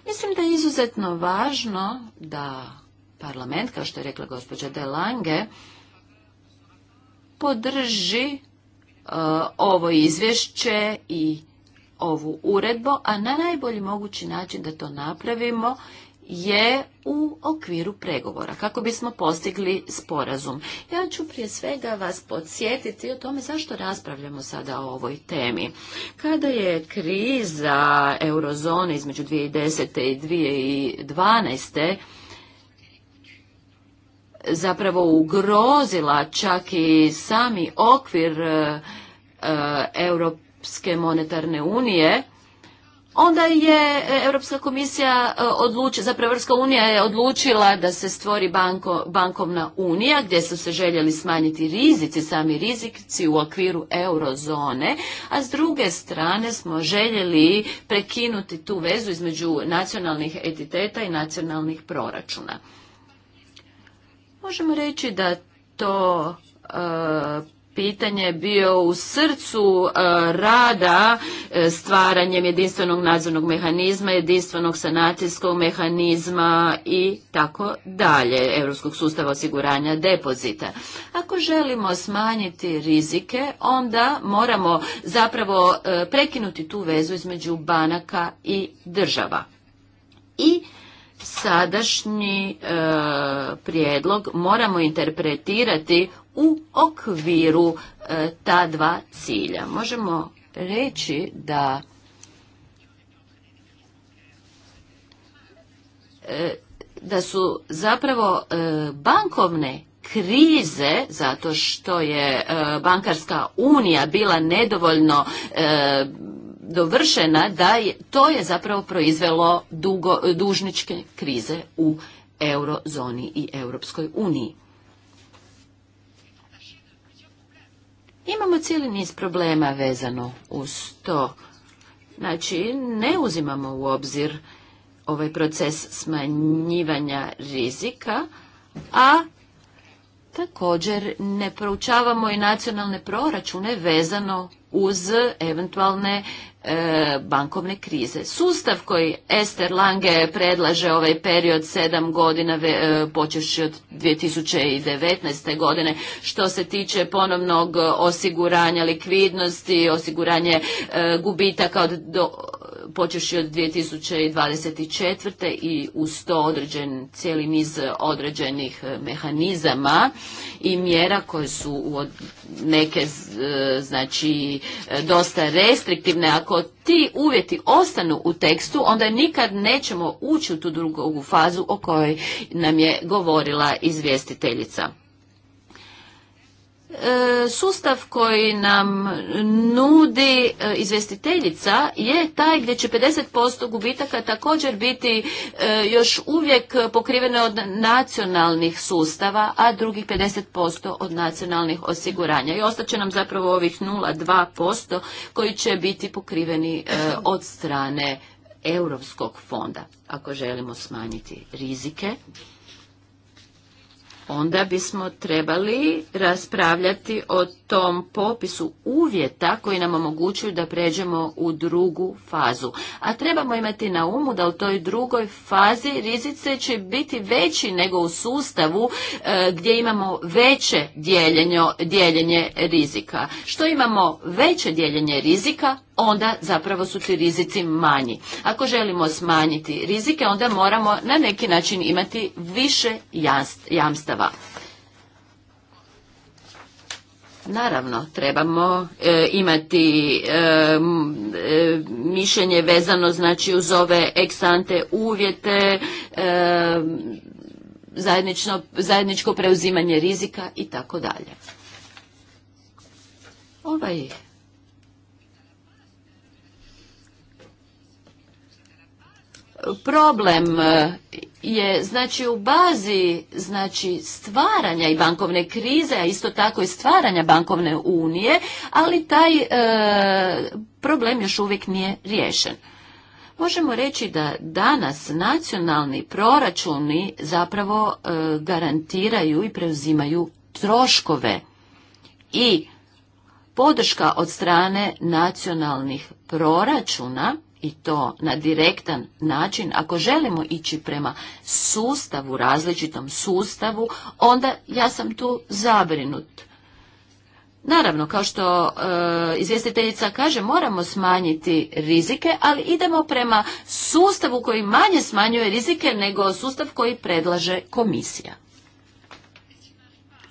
Mislim da je izuzetno važno da parlament, kao što je rekla gospođa De Lange, podrži E, ovo izvješće i ovu uredbu, a na najbolji mogući način da to napravimo je u okviru pregovora, kako bismo postigli sporazum. Ja ću prije svega vas podsjetiti o tome zašto raspravljamo sada o ovoj temi. Kada je kriza eurozone između 2010. i 2012 zapravo ugrozila čak i sami okvir e, e, Europske monetarne unije, onda je Europska komisija e, odlučila, zapravo Europska unija je odlučila da se stvori bankovna unija gdje su se željeli smanjiti rizici, sami rizici u okviru eurozone, a s druge strane smo željeli prekinuti tu vezu između nacionalnih entiteta i nacionalnih proračuna. Možemo reći da to e, pitanje je bio u srcu e, rada e, stvaranjem jedinstvenog nadzornog mehanizma, jedinstvenog sanacijskog mehanizma i tako dalje, Europskog sustava osiguranja depozita. Ako želimo smanjiti rizike, onda moramo zapravo prekinuti tu vezu između banaka i država. I sadašnji e, prijedlog moramo interpretirati u okviru e, ta dva cilja. Možemo reći da e, da su zapravo bankovne krize zato što je bankarska unija bila nedovoljno dovršena da je, to je zapravo proizvelo dugo, dužničke krize u eurozoni i Europskoj uniji. Imamo cijeli niz problema vezano uz to. Znači, ne uzimamo u obzir ovaj proces smanjivanja rizika, a također ne proučavamo i nacionalne proračune vezano uz eventualne E, bankovne krize. Sustav koji Ester Lange predlaže ovaj period sedam godina e, počevši od 2019. godine što se tiče ponovnog osiguranja likvidnosti, osiguranje e, gubitaka od do, počevši od 2024. i uz to određen cijeli niz određenih mehanizama i mjera koje su neke znači dosta restriktivne ako ti uvjeti ostanu u tekstu, onda nikad nećemo ući u tu drugu fazu o kojoj nam je govorila izvjestiteljica. E, sustav koji nam nudi e, izvestiteljica je taj gdje će 50% gubitaka također biti e, još uvijek pokrivene od nacionalnih sustava, a drugih 50% od nacionalnih osiguranja. I ostaće nam zapravo ovih 0,2% koji će biti pokriveni od strane Europskog fonda, ako želimo smanjiti rizike onda bismo trebali raspravljati o tom popisu uvjeta koji nam omogućuju da pređemo u drugu fazu. A trebamo imati na umu da u toj drugoj fazi rizice će biti veći nego u sustavu e, gdje imamo veće dijeljenje, dijeljenje rizika. Što imamo veće dijeljenje rizika, onda zapravo su ti rizici manji. Ako želimo smanjiti rizike, onda moramo na neki način imati više jamstva sustava. Naravno, trebamo e, imati e, e, mišljenje vezano znači uz ove eksante uvjete, zajednično, zajedničko preuzimanje rizika i tako dalje. Ovaj problem e, je znači u bazi znači stvaranja i bankovne krize, a isto tako i stvaranja bankovne unije, ali taj e, problem još uvijek nije riješen. Možemo reći da danas nacionalni proračuni zapravo e, garantiraju i preuzimaju troškove i podrška od strane nacionalnih proračuna i to na direktan način, ako želimo ići prema sustavu, različitom sustavu, onda ja sam tu zabrinut. Naravno, kao što e, izvjestiteljica kaže, moramo smanjiti rizike, ali idemo prema sustavu koji manje smanjuje rizike nego sustav koji predlaže komisija.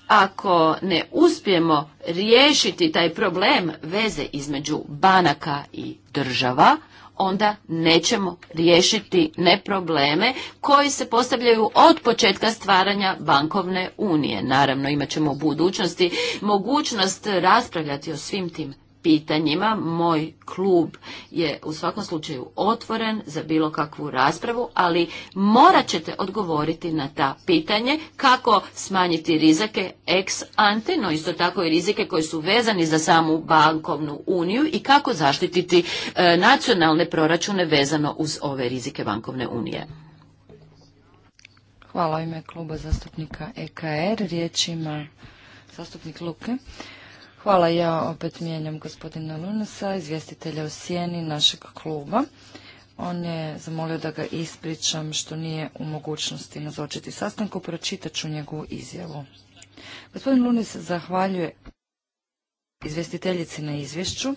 Ako ne uspijemo riješiti taj problem veze između banaka i država, onda nećemo riješiti ne probleme koji se postavljaju od početka stvaranja bankovne unije. Naravno, imat ćemo u budućnosti mogućnost raspravljati o svim tim pitanjima. Moj klub je u svakom slučaju otvoren za bilo kakvu raspravu, ali morat ćete odgovoriti na ta pitanje kako smanjiti rizike ex ante, no isto tako i rizike koji su vezani za samu bankovnu uniju i kako zaštititi e, nacionalne proračune vezano uz ove rizike bankovne unije. Hvala ime kluba zastupnika EKR. Er. Riječ ima zastupnik Luke. Hvala, ja opet mijenjam gospodina Lunasa, izvjestitelja u sjeni našeg kluba. On je zamolio da ga ispričam što nije u mogućnosti nazočiti sastanku, pročitat ću njegovu izjavu. Gospodin Lunas zahvaljuje izvjestiteljici na izvješću.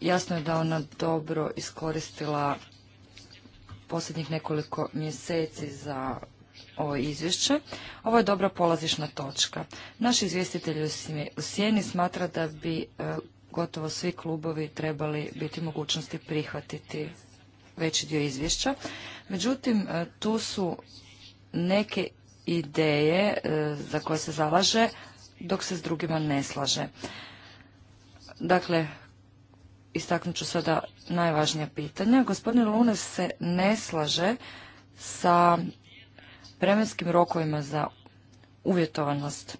Jasno je da ona dobro iskoristila posljednjih nekoliko mjeseci za ovo izvješće. Ovo je dobra polazišna točka. Naš izvjestitelj u Sjeni smatra da bi e, gotovo svi klubovi trebali biti mogućnosti prihvatiti veći dio izvješća. Međutim, e, tu su neke ideje e, za koje se zalaže dok se s drugima ne slaže. Dakle, istaknut ću sada najvažnija pitanja. Gospodin Lunes se ne slaže sa vremenskim rokovima za uvjetovanost.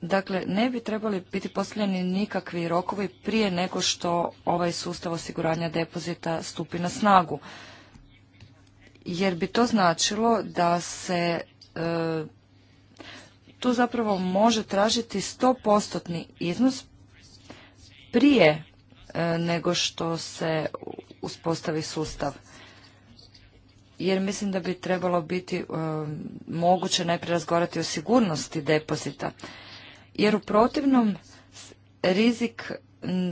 Dakle, ne bi trebali biti postavljeni nikakvi rokovi prije nego što ovaj sustav osiguranja depozita stupi na snagu. Jer bi to značilo da se e, tu zapravo može tražiti 100% iznos prije e, nego što se uspostavi sustav jer mislim da bi trebalo biti e, moguće najprije razgovarati o sigurnosti depozita. Jer u protivnom rizik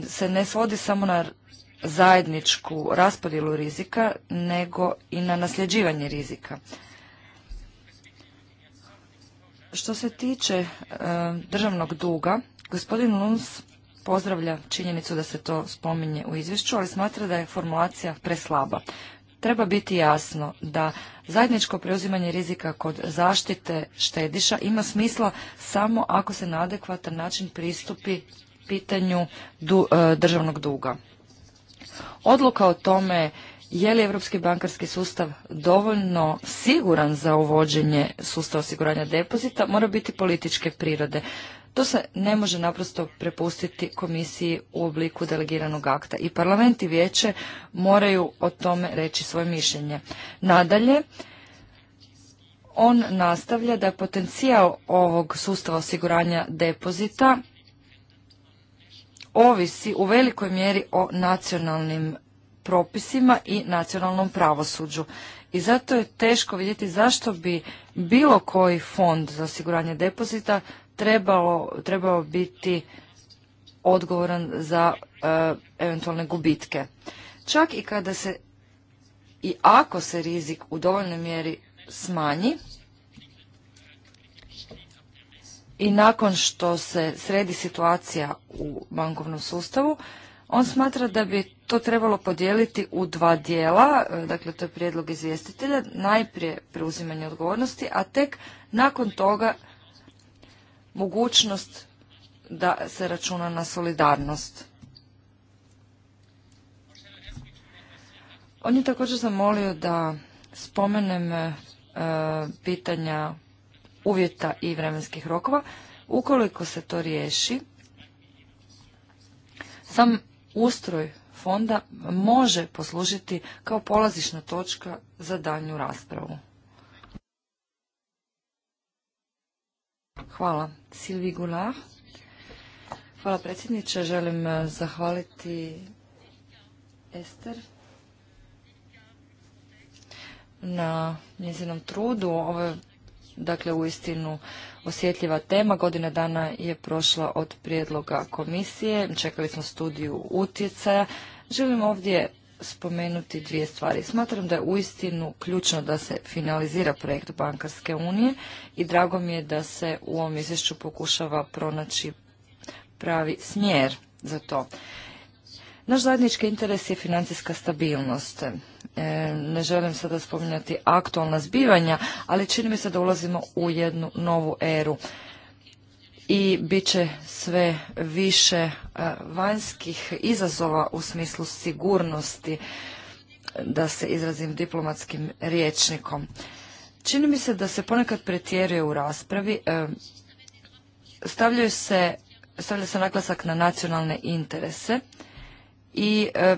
se ne svodi samo na zajedničku raspodjelu rizika, nego i na nasljeđivanje rizika. Što se tiče e, državnog duga, gospodin Luns pozdravlja činjenicu da se to spominje u izvješću, ali smatra da je formulacija preslaba treba biti jasno da zajedničko preuzimanje rizika kod zaštite štediša ima smisla samo ako se na adekvatan način pristupi pitanju e, državnog duga. Odluka o tome je li europski bankarski sustav dovoljno siguran za uvođenje sustava osiguranja depozita mora biti političke prirode. To se ne može naprosto prepustiti komisiji u obliku delegiranog akta i parlament i vijeće moraju o tome reći svoje mišljenje. Nadalje, on nastavlja da je potencijal ovog sustava osiguranja depozita ovisi u velikoj mjeri o nacionalnim propisima i nacionalnom pravosuđu. I zato je teško vidjeti zašto bi bilo koji fond za osiguranje depozita trebalo, trebao biti odgovoran za e, eventualne gubitke. Čak i kada se i ako se rizik u dovoljnoj mjeri smanji i nakon što se sredi situacija u bankovnom sustavu, on smatra da bi to trebalo podijeliti u dva dijela, e, dakle to je prijedlog izvjestitelja, najprije preuzimanje odgovornosti, a tek nakon toga mogućnost da se računa na solidarnost. On je također zamolio da spomenem e, pitanja uvjeta i vremenskih rokova. Ukoliko se to riješi, sam ustroj fonda može poslužiti kao polazišna točka za daljnju raspravu. Hvala. Silvi Hvala predsjedniče. Želim e, zahvaliti Ester na njezinom trudu. Ovo je dakle uistinu osjetljiva tema. Godina dana je prošla od prijedloga komisije. Čekali smo studiju utjecaja. Želim ovdje spomenuti dvije stvari. Smatram da je uistinu ključno da se finalizira projekt Bankarske unije i drago mi je da se u ovom izvješću pokušava pronaći pravi smjer za to. Naš zajednički interes je financijska stabilnost. E, ne želim sada spominjati aktualna zbivanja, ali čini mi se da ulazimo u jednu novu eru i bit će sve više e, vanjskih izazova u smislu sigurnosti, da se izrazim diplomatskim riječnikom. Čini mi se da se ponekad pretjeruje u raspravi, e, stavljaju se, stavlja se naglasak na nacionalne interese i e,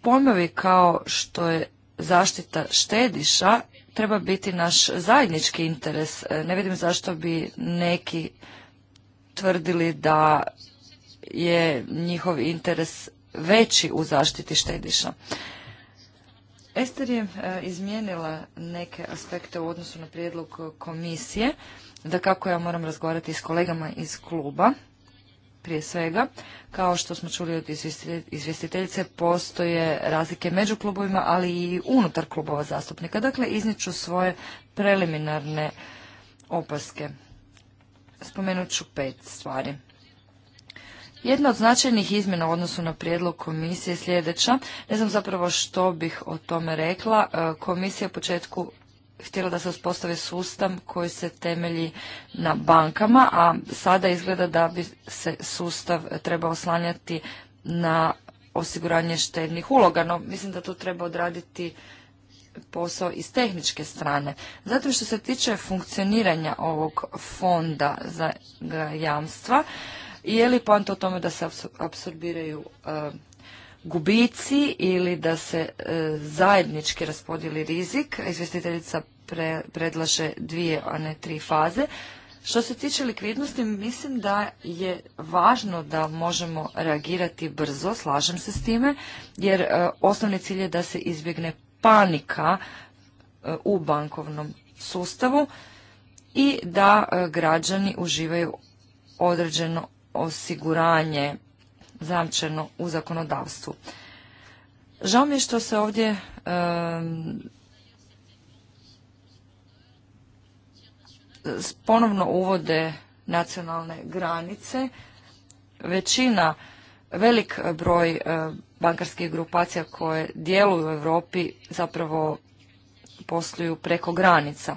pojmovi kao što je zaštita štediša treba biti naš zajednički interes. E, ne vidim zašto bi neki tvrdili da je njihov interes veći u zaštiti štediša. Ester je e, izmijenila neke aspekte u odnosu na prijedlog komisije, da kako ja moram razgovarati s kolegama iz kluba prije svega. Kao što smo čuli od izvjestiteljice, postoje razlike među klubovima, ali i unutar klubova zastupnika. Dakle, izniču svoje preliminarne opaske. Spomenut ću pet stvari. Jedna od značajnih izmjena u odnosu na prijedlog komisije je sljedeća. Ne znam zapravo što bih o tome rekla. E, komisija početku htjela da se uspostavi sustav koji se temelji na bankama, a sada izgleda da bi se sustav trebao oslanjati na osiguranje štednih uloga, no mislim da tu treba odraditi posao iz tehničke strane. Zato što se tiče funkcioniranja ovog fonda za jamstva, je li poanta o tome da se apsorbiraju eh, gubici ili da se e, zajednički raspodijeli rizik. Izvjestiteljica predlaže dvije, a ne tri faze. Što se tiče likvidnosti, mislim da je važno da možemo reagirati brzo, slažem se s time, jer e, osnovni cilj je da se izbjegne panika e, u bankovnom sustavu i da građani uživaju određeno osiguranje zamčeno u zakonodavstvu. Žao mi je što se ovdje ponovno uvode nacionalne granice. Većina, velik broj bankarskih grupacija koje djeluju u Europi zapravo posluju preko granica.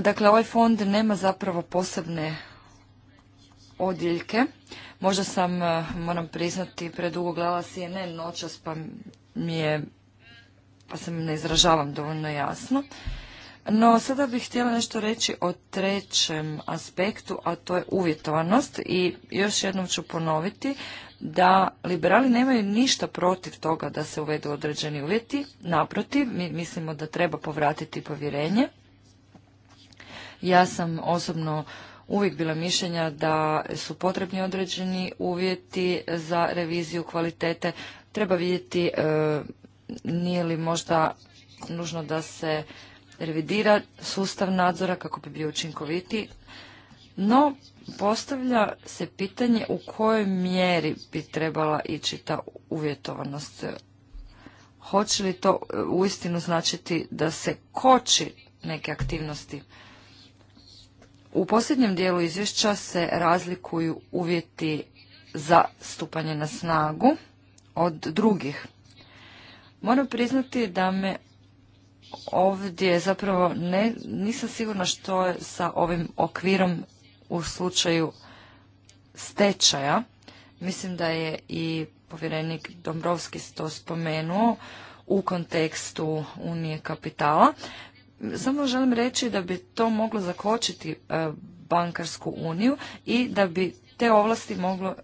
Dakle, ovaj fond nema zapravo posebne odjeljke Možda sam, e, moram priznati, predugo gledala CNN noćas pa mi je, pa se ne izražavam dovoljno jasno. No, sada bih htjela nešto reći o trećem aspektu, a to je uvjetovanost i još jednom ću ponoviti da liberali nemaju ništa protiv toga da se uvedu određeni uvjeti, naprotiv, mi mislimo da treba povratiti povjerenje. Ja sam osobno uvijek bila mišljenja da su potrebni određeni uvjeti za reviziju kvalitete. Treba vidjeti e, nije li možda nužno da se revidira sustav nadzora kako bi bio učinkovitiji. No, postavlja se pitanje u kojoj mjeri bi trebala ići ta uvjetovanost. Hoće li to e, uistinu značiti da se koči neke aktivnosti? U posljednjem dijelu izvješća se razlikuju uvjeti za stupanje na snagu od drugih. Moram priznati da me ovdje zapravo ne, nisam sigurna što je sa ovim okvirom u slučaju stečaja. Mislim da je i povjerenik Dombrovski to spomenuo u kontekstu Unije kapitala samo želim reći da bi to moglo zakočiti e, bankarsku uniju i da bi te ovlasti moglo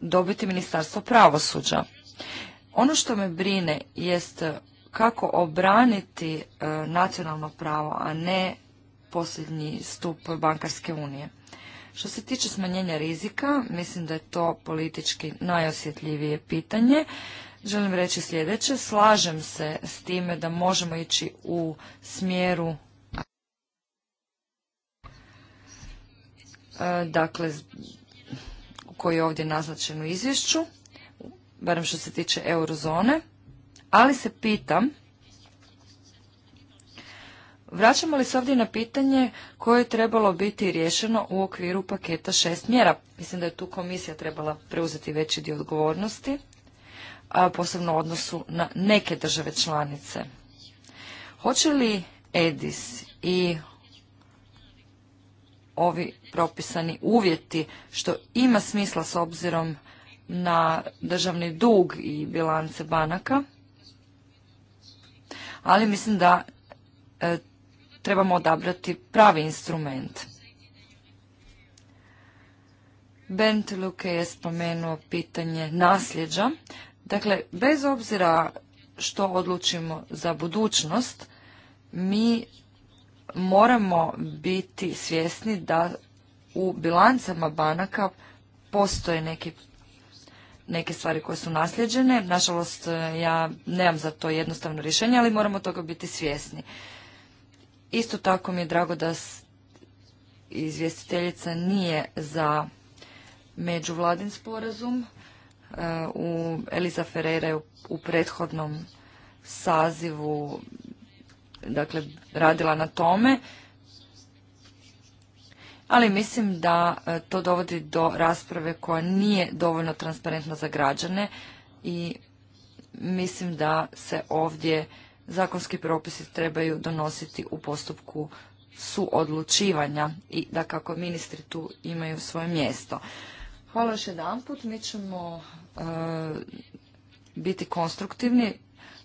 dobiti ministarstvo pravosuđa. Ono što me brine jest kako obraniti e, nacionalno pravo, a ne posljednji stup bankarske unije. Što se tiče smanjenja rizika, mislim da je to politički najosjetljivije pitanje želim reći sljedeće. Slažem se s time da možemo ići u smjeru e, dakle koji je ovdje naznačen u izvješću, barem što se tiče eurozone, ali se pitam Vraćamo li se ovdje na pitanje koje je trebalo biti rješeno u okviru paketa šest mjera? Mislim da je tu komisija trebala preuzeti veći dio odgovornosti posebno u odnosu na neke države članice. Hoće li EDIS i ovi propisani uvjeti, što ima smisla s obzirom na državni dug i bilance banaka, ali mislim da e, trebamo odabrati pravi instrument. Bent je spomenuo pitanje nasljeđa. Dakle, bez obzira što odlučimo za budućnost, mi moramo biti svjesni da u bilancama banaka postoje neke stvari koje su nasljeđene. Nažalost, ja nemam za to jednostavno rješenje, ali moramo toga biti svjesni. Isto tako mi je drago da izvjestiteljica nije za međuvladin sporazum u Eliza Ferreira je u prethodnom sazivu dakle radila na tome. Ali mislim da e, to dovodi do rasprave koja nije dovoljno transparentna za građane i mislim da se ovdje zakonski propisi trebaju donositi u postupku suodlučivanja i da kako ministri tu imaju svoje mjesto. Hvala još jedan Mi ćemo e, biti konstruktivni.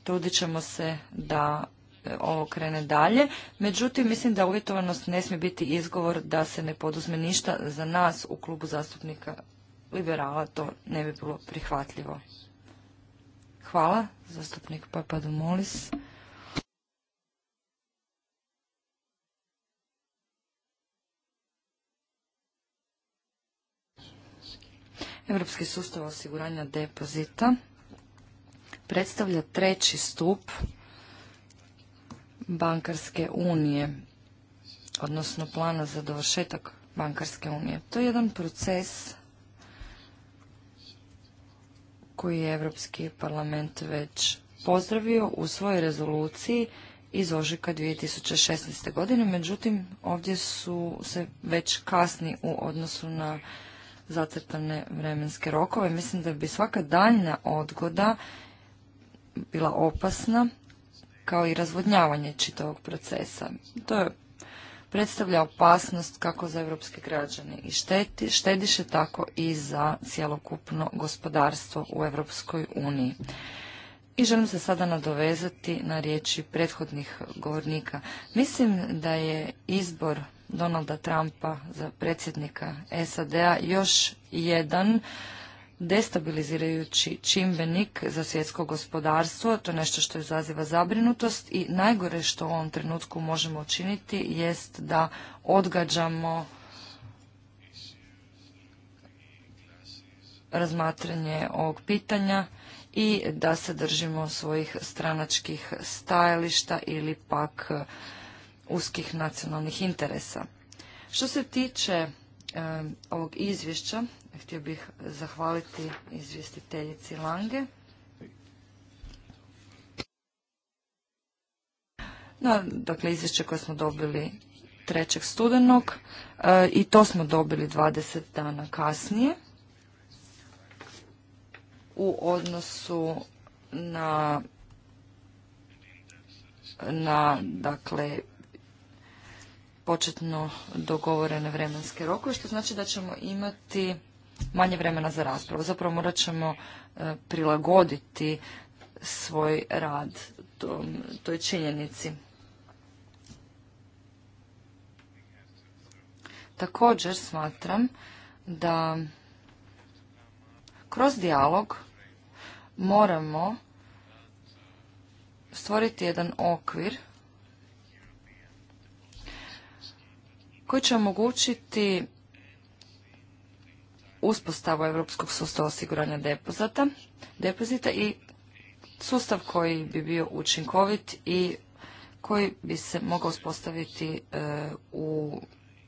Trudit ćemo se da e, ovo krene dalje. Međutim, mislim da uvjetovanost ne smije biti izgovor da se ne poduzme ništa. Za nas u klubu zastupnika liberala to ne bi bilo prihvatljivo. Hvala, zastupnik Papadomolis. Europski sustav osiguranja depozita predstavlja treći stup bankarske unije, odnosno plana za dovršetak bankarske unije. To je jedan proces koji je Europski parlament već pozdravio u svojoj rezoluciji iz ožujka 2016. godine, međutim ovdje su se već kasni u odnosu na zacrtane vremenske rokove. Mislim da bi svaka daljna odgoda bila opasna kao i razvodnjavanje čitavog procesa. To je predstavlja opasnost kako za europske građane i šteti, štediše tako i za cjelokupno gospodarstvo u Europskoj uniji. I želim se sada nadovezati na riječi prethodnih govornika. Mislim da je izbor Donalda Trumpa za predsjednika SAD-a još jedan destabilizirajući čimbenik za svjetsko gospodarstvo, to je nešto što izaziva zabrinutost i najgore što u ovom trenutku možemo učiniti jest da odgađamo razmatranje ovog pitanja i da se držimo svojih stranačkih stajališta ili pak uskih nacionalnih interesa. Što se tiče e, ovog izvješća, htio bih zahvaliti izvjestiteljici Lange. dakle, izvješće koje smo dobili 3. studenog e, i to smo dobili 20 dana kasnije u odnosu na na dakle početno dogovorene vremenske rokove, što znači da ćemo imati manje vremena za raspravu. Zapravo morat ćemo e, prilagoditi svoj rad toj činjenici. Također smatram da kroz dijalog moramo stvoriti jedan okvir koji će omogućiti uspostavu europskog sustava osiguranja depozita, depozita i sustav koji bi bio učinkovit i koji bi se mogao uspostaviti e, u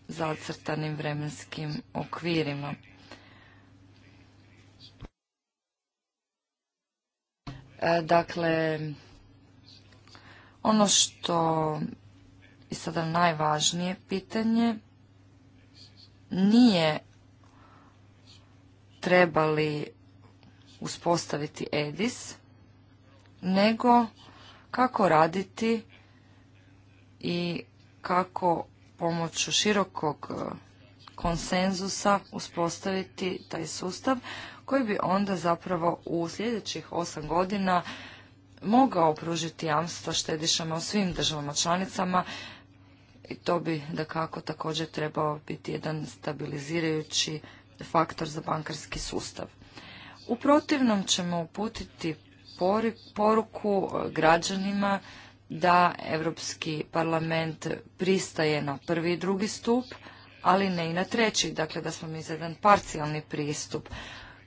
zacrtanim vremenskim okvirima. E, dakle, ono što i sada najvažnije pitanje, nije trebali uspostaviti EDIS, nego kako raditi i kako pomoću širokog e, konsenzusa uspostaviti taj sustav koji bi onda zapravo u sljedećih osam godina mogao pružiti jamstva štedišama u svim državama članicama i to bi da kako također trebao biti jedan stabilizirajući faktor za bankarski sustav. U protivnom ćemo uputiti poruku e, građanima da Europski parlament pristaje na prvi i drugi stup, ali ne i na treći, dakle da smo mi za jedan parcijalni pristup.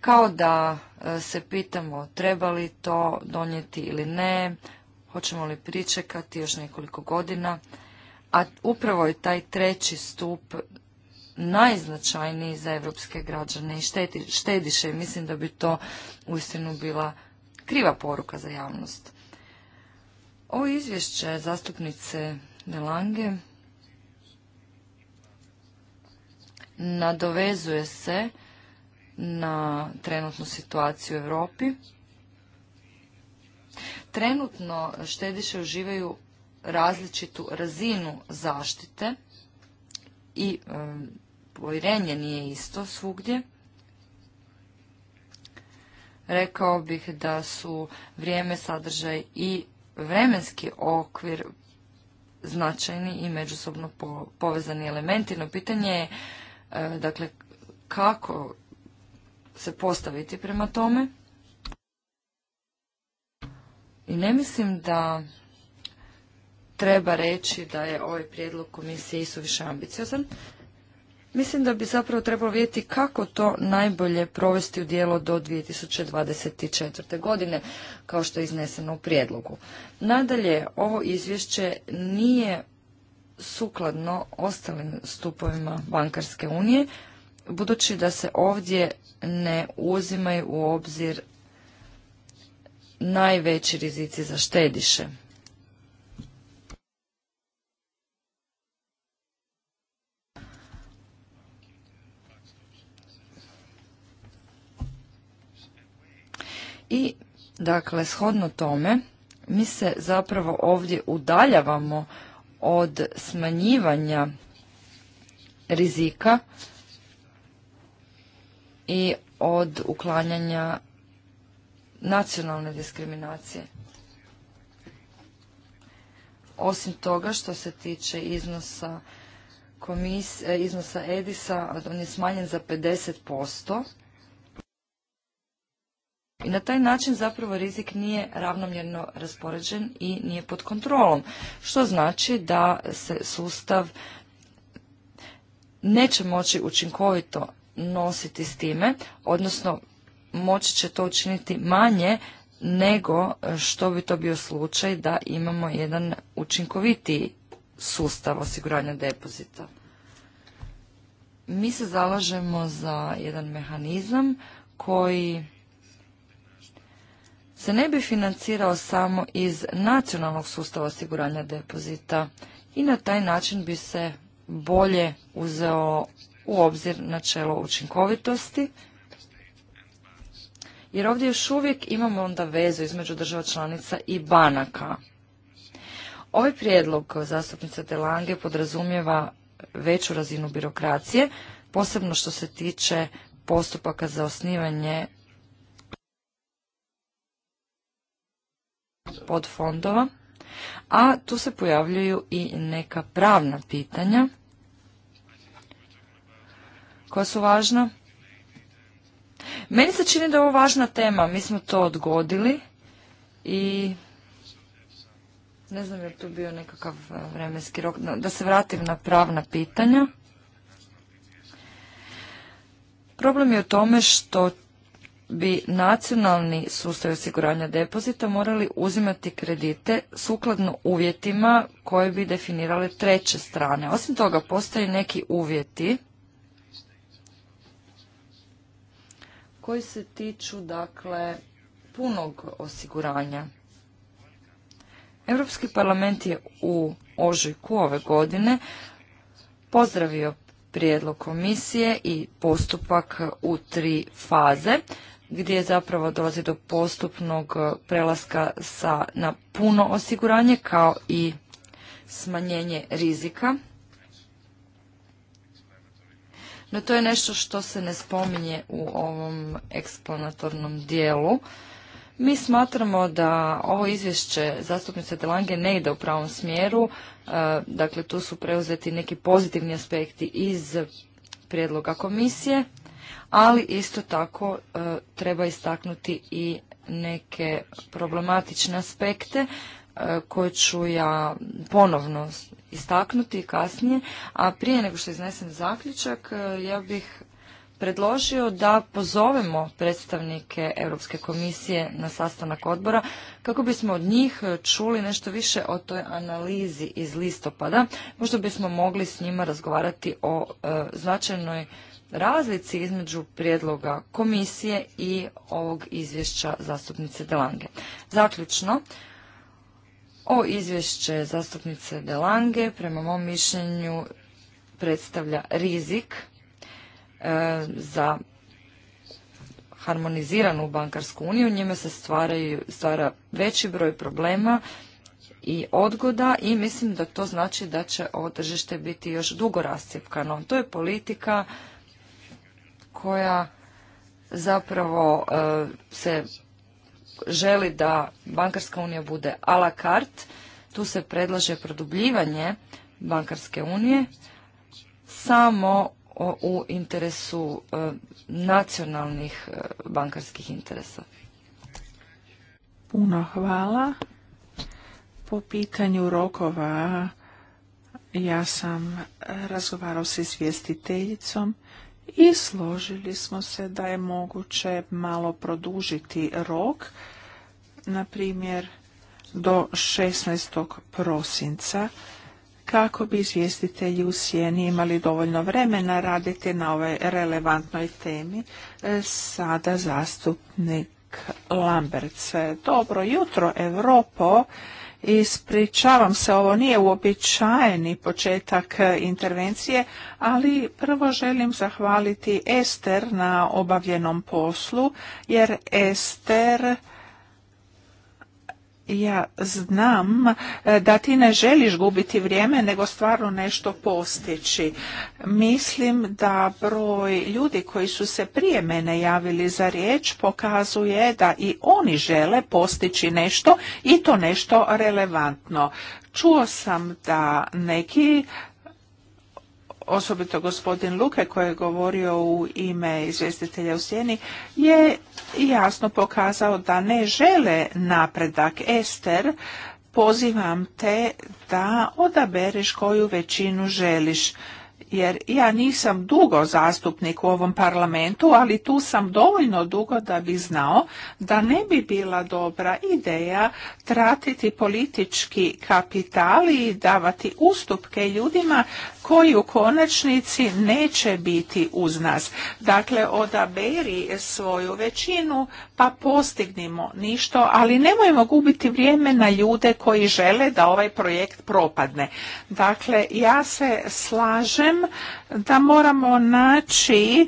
Kao da e, se pitamo treba li to donijeti ili ne, hoćemo li pričekati još nekoliko godina, a upravo je taj treći stup najznačajniji za evropske građane i šteti, štediše. Mislim da bi to uistinu bila kriva poruka za javnost. Ovo izvješće zastupnice Delange nadovezuje se na trenutnu situaciju u Europi. Trenutno štediše uživaju različitu razinu zaštite i povjerenje nije isto svugdje. Rekao bih da su vrijeme, sadržaj i vremenski okvir značajni i međusobno povezani elementi, no pitanje je dakle kako se postaviti prema tome. I ne mislim da treba reći da je ovaj prijedlog komisije isuviše ambiciozan. Mislim da bi zapravo trebalo vidjeti kako to najbolje provesti u dijelo do 2024. godine, kao što je izneseno u prijedlogu. Nadalje, ovo izvješće nije sukladno ostalim stupovima bankarske unije, budući da se ovdje ne uzimaju u obzir najveći rizici za štediše. I dakle, shodno tome, mi se zapravo ovdje udaljavamo od smanjivanja rizika i od uklanjanja nacionalne diskriminacije. Osim toga što se tiče iznosa komis, e, iznosa Edisa, on je smanjen za 50%, i na taj način zapravo rizik nije ravnomjerno raspoređen i nije pod kontrolom, što znači da se sustav neće moći učinkovito nositi s time, odnosno moći će to učiniti manje nego što bi to bio slučaj da imamo jedan učinkovitiji sustav osiguranja depozita. Mi se zalažemo za jedan mehanizam koji se ne bi financirao samo iz nacionalnog sustava osiguranja depozita i na taj način bi se bolje uzeo u obzir načelo učinkovitosti, jer ovdje još uvijek imamo onda vezu između država članica i banaka. Ovaj prijedlog zastupnice Delange podrazumijeva veću razinu birokracije, posebno što se tiče postupaka za osnivanje pod fondova, a tu se pojavljaju i neka pravna pitanja koja su važna. Meni se čini da je ovo važna tema, mi smo to odgodili i ne znam je li tu bio nekakav e, vremenski rok, da se vratim na pravna pitanja. Problem je u tome što bi nacionalni sustav osiguranja depozita morali uzimati kredite sukladno uvjetima koje bi definirale treće strane. Osim toga, postoje neki uvjeti koji se tiču dakle punog osiguranja. Europski parlament je u ožujku ove godine pozdravio prijedlog komisije i postupak u tri faze gdje zapravo dolazi do postupnog e, prelaska sa, na puno osiguranje kao i smanjenje rizika. No to je nešto što se ne spominje u ovom eksplanatornom dijelu. Mi smatramo da ovo izvješće zastupnice Delange ne ide u pravom smjeru. E, dakle, tu su preuzeti neki pozitivni aspekti iz prijedloga komisije ali isto tako e, treba istaknuti i neke problematične aspekte e, koje ću ja ponovno istaknuti kasnije, a prije nego što iznesem zaključak, e, ja bih predložio da pozovemo predstavnike Europske komisije na sastanak odbora kako bismo od njih čuli nešto više o toj analizi iz listopada. Možda bismo mogli s njima razgovarati o značajnoj razlici između prijedloga komisije i ovog izvješća zastupnice Delange. Zaključno, ovo izvješće zastupnice Delange prema mom mišljenju predstavlja rizik e, za harmoniziranu bankarsku uniju. Njime se stvara veći broj problema i odgoda i mislim da to znači da će ovo tržište biti još dugo rascijepkano. To je politika koja zapravo e, se želi da bankarska unija bude a la carte. Tu se predlaže produbljivanje bankarske unije samo u interesu e, nacionalnih e, bankarskih interesa. Puno hvala. Po pitanju rokova ja sam razgovarao s izvjestiteljicom i složili smo se da je moguće malo produžiti rok, na primjer do 16. prosinca, kako bi izvjestitelji u sjeni imali dovoljno vremena raditi na ovoj relevantnoj temi. E, sada zastupnik Lamberts. Dobro jutro, Europo. Ispričavam se, ovo nije uobičajeni početak e, intervencije, ali prvo želim zahvaliti Ester na obavljenom poslu, jer Ester ja znam e, da ti ne želiš gubiti vrijeme nego stvarno nešto postići. Mislim da broj ljudi koji su se prije mene javili za riječ pokazuje da i oni žele postići nešto i to nešto relevantno. Čuo sam da neki osobito gospodin Luke koji je govorio u ime izvjestitelja u sjeni, je jasno pokazao da ne žele napredak. Ester, pozivam te da odabereš koju većinu želiš. Jer ja nisam dugo zastupnik u ovom parlamentu, ali tu sam dovoljno dugo da bi znao da ne bi bila dobra ideja tratiti politički kapital i davati ustupke ljudima koji u konačnici neće biti uz nas. Dakle, odaberi svoju većinu pa postignimo ništo, ali nemojmo gubiti vrijeme na ljude koji žele da ovaj projekt propadne. Dakle, ja se slažem da moramo naći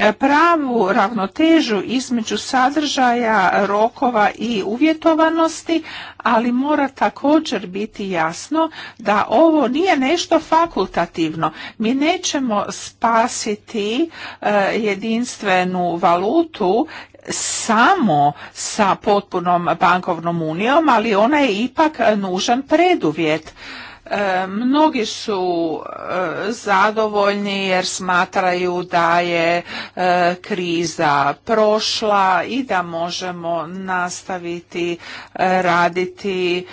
e, pravu ravnotežu između sadržaja, rokova i uvjetovanosti, ali mora također biti jasno da ovo nije nešto fakultativno. Mi nećemo spasiti e, jedinstvenu valutu samo sa potpunom bankovnom unijom, ali ona je ipak nužan preduvjet. E, mnogi su e, zadovoljni jer smatraju da je e, kriza prošla i da možemo nastaviti raditi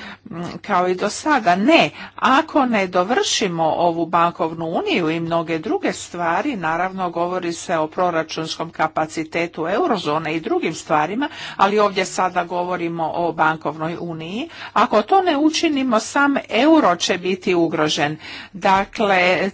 kao i do sada. Ne, ako ne dovršimo ovu bankovnu uniju i mnoge druge stvari, naravno govori se o proračunskom kapacitetu eurozone i drugim stvarima, ali ovdje sada govorimo o bankovnoj uniji. Ako to ne učinimo, sam euro će biti biti ugrožen. Dakle,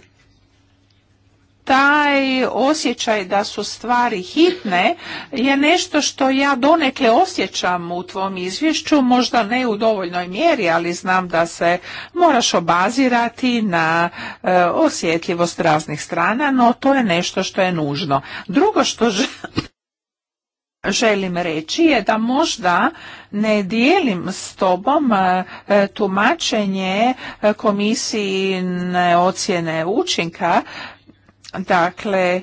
taj osjećaj da su stvari hitne je nešto što ja donekle osjećam u tvom izvješću, možda ne u dovoljnoj mjeri, ali znam da se moraš obazirati na e, osjetljivost raznih strana, no to je nešto što je nužno. Drugo što želim želim reći je da možda ne dijelim s tobom e, e, tumačenje e, komisijine ocjene učinka. Dakle,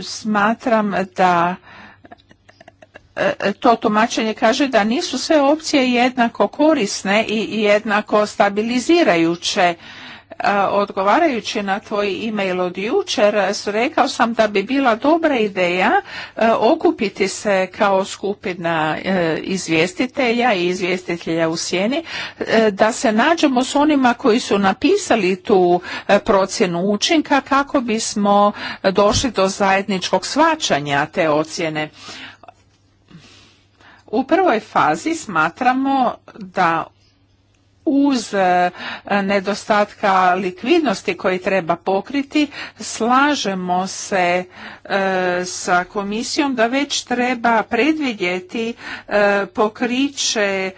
smatram da to tumačenje kaže da nisu sve opcije jednako korisne i jednako stabilizirajuće Odgovarajući na tvoj e-mail od jučer e, rekao sam da bi bila dobra ideja e, okupiti se kao skupina e, izvjestitelja i izvjestitelja u sjeni, da se nađemo s onima koji su napisali tu procjenu učinka kako bismo došli do zajedničkog svačanja te ocjene. U prvoj fazi smatramo da uz e, nedostatka likvidnosti koji treba pokriti, slažemo se e, sa komisijom da već treba predvidjeti e, pokriće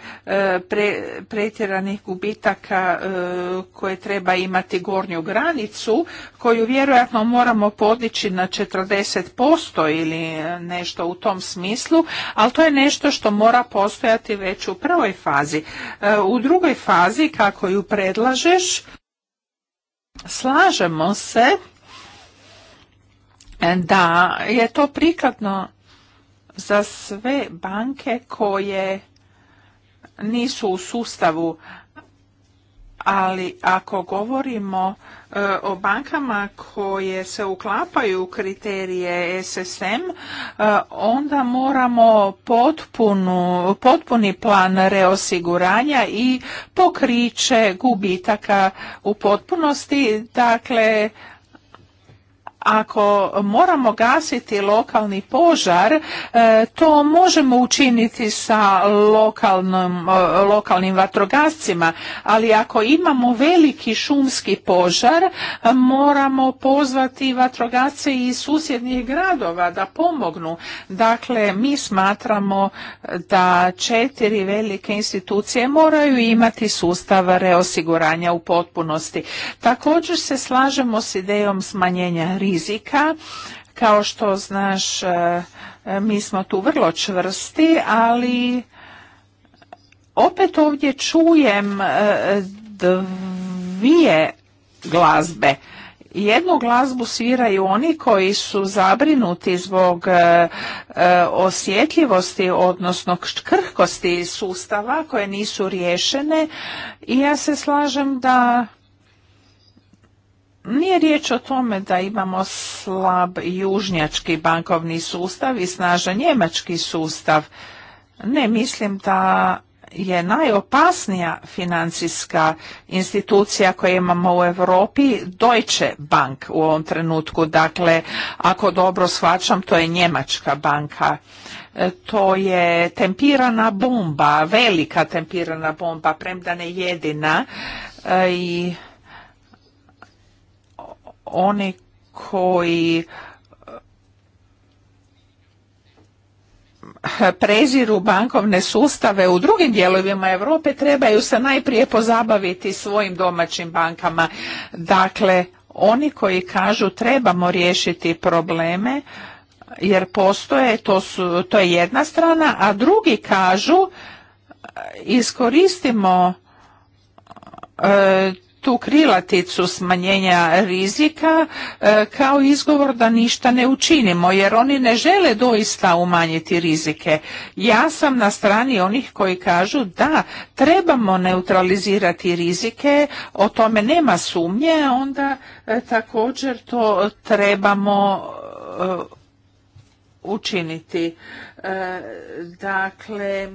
pretjeranih gubitaka koje treba imati gornju granicu, koju vjerojatno moramo podići na 40% ili nešto u tom smislu, ali to je nešto što mora postojati već u prvoj fazi. U drugoj fazi fazi kako ju predlažeš. Slažemo se e, da je to prikladno za sve banke koje nisu u sustavu, ali ako govorimo E, o bankama koje se uklapaju u kriterije SSM, e, onda moramo potpuni plan reosiguranja i pokriće gubitaka u potpunosti. Dakle, ako moramo gasiti lokalni požar, e, to možemo učiniti sa e, lokalnim vatrogascima, ali ako imamo veliki šumski požar, moramo pozvati vatrogasce iz susjednih gradova da pomognu. Dakle, mi smatramo da četiri velike institucije moraju imati sustav reosiguranja u potpunosti. Također se slažemo s idejom smanjenja rizika rizika. Kao što znaš, e, mi smo tu vrlo čvrsti, ali opet ovdje čujem e, dvije glazbe. Jednu glazbu sviraju oni koji su zabrinuti zbog e, osjetljivosti, odnosno krhkosti sustava koje nisu riješene i ja se slažem da nije riječ o tome da imamo slab južnjački bankovni sustav i snažan njemački sustav. Ne mislim da je najopasnija financijska institucija koju imamo u Europi Deutsche Bank u ovom trenutku. Dakle, ako dobro shvaćam, to je njemačka banka. E, to je tempirana bomba, velika tempirana bomba, premda ne jedina e, i oni koji eh, preziru bankovne sustave u drugim dijelovima Europe trebaju se najprije pozabaviti svojim domaćim bankama. Dakle, oni koji kažu trebamo riješiti probleme jer postoje, to, su, to je jedna strana, a drugi kažu eh, iskoristimo eh, tu krilaticu smanjenja rizika e, kao izgovor da ništa ne učinimo jer oni ne žele doista umanjiti rizike. Ja sam na strani onih koji kažu da trebamo neutralizirati rizike, o tome nema sumnje, onda e, također to trebamo e, učiniti. Dakle,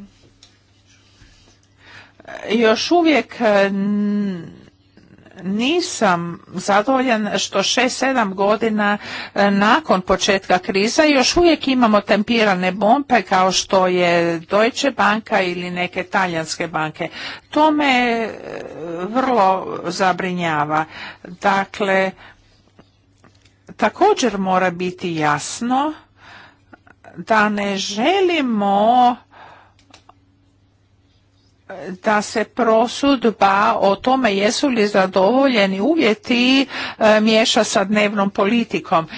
još uvijek nisam zadovoljan što 6-7 godina e, nakon početka kriza još uvijek imamo tempirane bombe kao što je Deutsche banka ili neke talijanske banke. To me e, vrlo zabrinjava. Dakle, također mora biti jasno da ne želimo da se prosudba o tome jesu li zadovoljeni uvjeti e, miješa sa dnevnom politikom. E,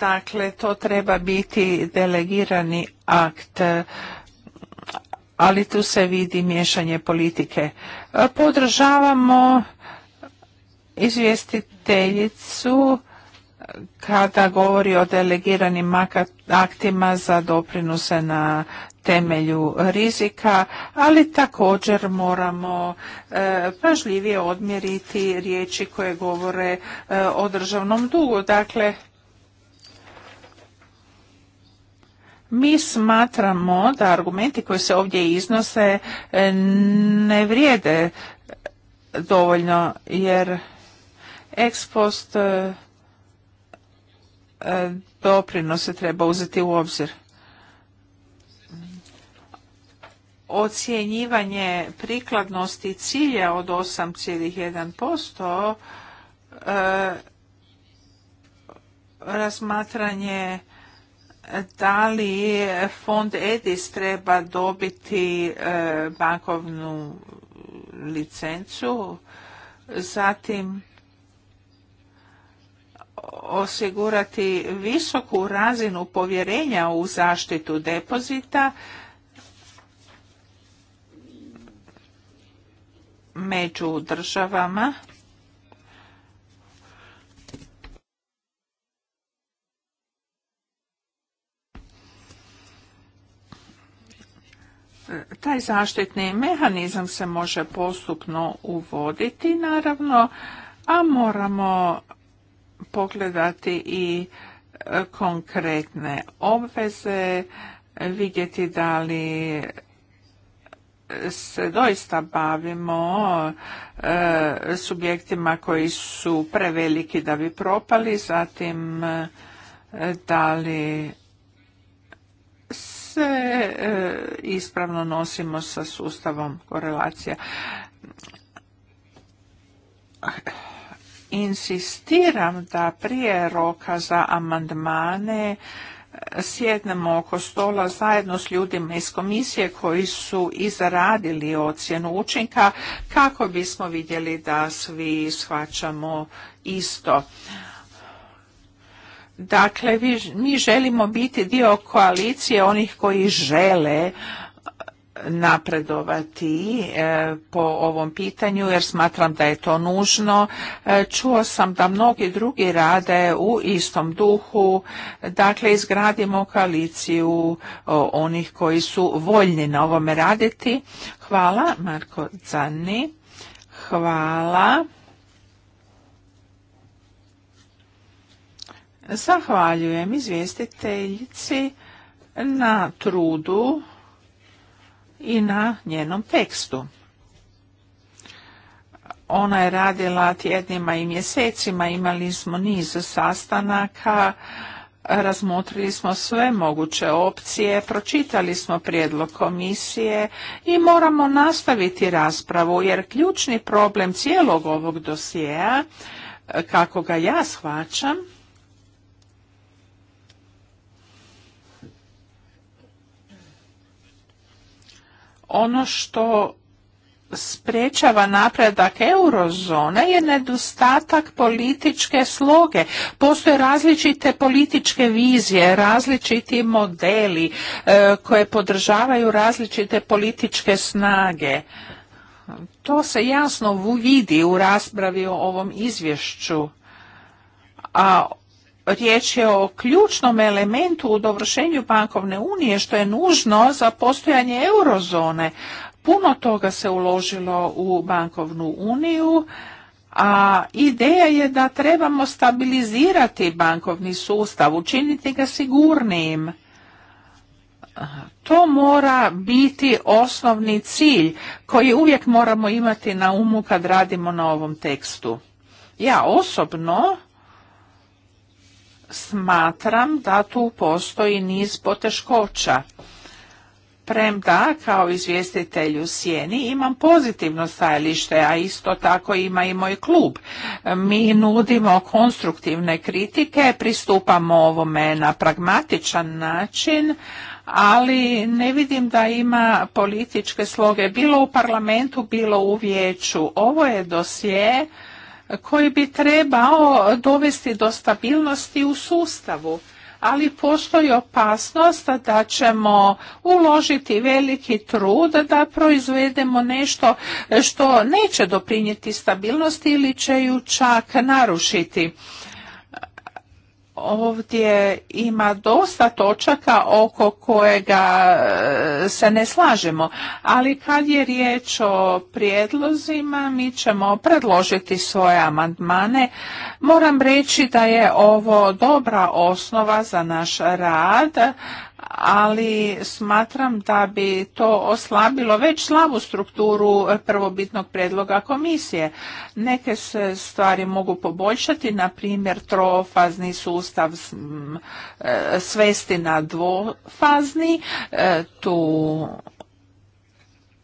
dakle, to treba biti delegirani akt, e, ali tu se vidi miješanje politike. Podržavamo izvjestiteljicu kada govori o delegiranim aktima za doprinuse na temelju rizika, ali također moramo e, pažljivije odmjeriti riječi koje govore e, o državnom dugu. Dakle, Mi smatramo da argumenti koji se ovdje iznose e, ne vrijede dovoljno jer ex post doprinose treba uzeti u obzir. ocjenjivanje prikladnosti cilja od 8,1%, e, razmatranje da li fond EDIS treba dobiti e, bankovnu licencu, zatim osigurati visoku razinu povjerenja u zaštitu depozita među državama. Taj zaštitni mehanizam se može postupno uvoditi, naravno, a moramo pogledati i e, konkretne obveze, vidjeti da li se doista bavimo e, subjektima koji su preveliki da bi propali, zatim e, da li se e, ispravno nosimo sa sustavom korelacija. Insistiram da prije roka za amandmane sjednemo oko stola zajedno s ljudima iz komisije koji su i zaradili ocjenu učinka kako bismo vidjeli da svi shvaćamo isto. Dakle, mi želimo biti dio koalicije onih koji žele napredovati e, po ovom pitanju jer smatram da je to nužno. E, čuo sam da mnogi drugi rade u istom duhu, dakle izgradimo koaliciju onih koji su voljni na ovome raditi. Hvala Marko Zanni, hvala. Zahvaljujem izvjestiteljici na trudu i na njenom tekstu. Ona je radila tjednima i mjesecima, imali smo niz sastanaka, razmotrili smo sve moguće opcije, pročitali smo prijedlog komisije i moramo nastaviti raspravu jer ključni problem cijelog ovog dosijeja, kako ga ja shvaćam, ono što sprečava napredak eurozone je nedostatak političke sloge. Postoje različite političke vizije, različiti modeli e, koje podržavaju različite političke snage. To se jasno vidi u raspravi o ovom izvješću. A riječ je o ključnom elementu u dovršenju bankovne unije što je nužno za postojanje eurozone. Puno toga se uložilo u bankovnu uniju, a ideja je da trebamo stabilizirati bankovni sustav, učiniti ga sigurnijim. To mora biti osnovni cilj koji uvijek moramo imati na umu kad radimo na ovom tekstu. Ja osobno smatram da tu postoji niz poteškoća. Premda, kao izvjestitelj u Sjeni, imam pozitivno stajalište, a isto tako ima i moj klub. Mi nudimo konstruktivne kritike, pristupamo ovome na pragmatičan način, ali ne vidim da ima političke sloge bilo u parlamentu, bilo u vijeću. Ovo je dosje koji bi trebao dovesti do stabilnosti u sustavu ali postoji opasnost da ćemo uložiti veliki trud da proizvedemo nešto što neće doprinijeti stabilnosti ili će ju čak narušiti ovdje ima dosta točaka oko kojega e, se ne slažemo, ali kad je riječ o prijedlozima mi ćemo predložiti svoje amandmane. Moram reći da je ovo dobra osnova za naš rad, ali smatram da bi to oslabilo već slabu strukturu prvobitnog predloga komisije. Neke se stvari mogu poboljšati, na primjer trofazni sustav e, svesti na dvofazni, e, tu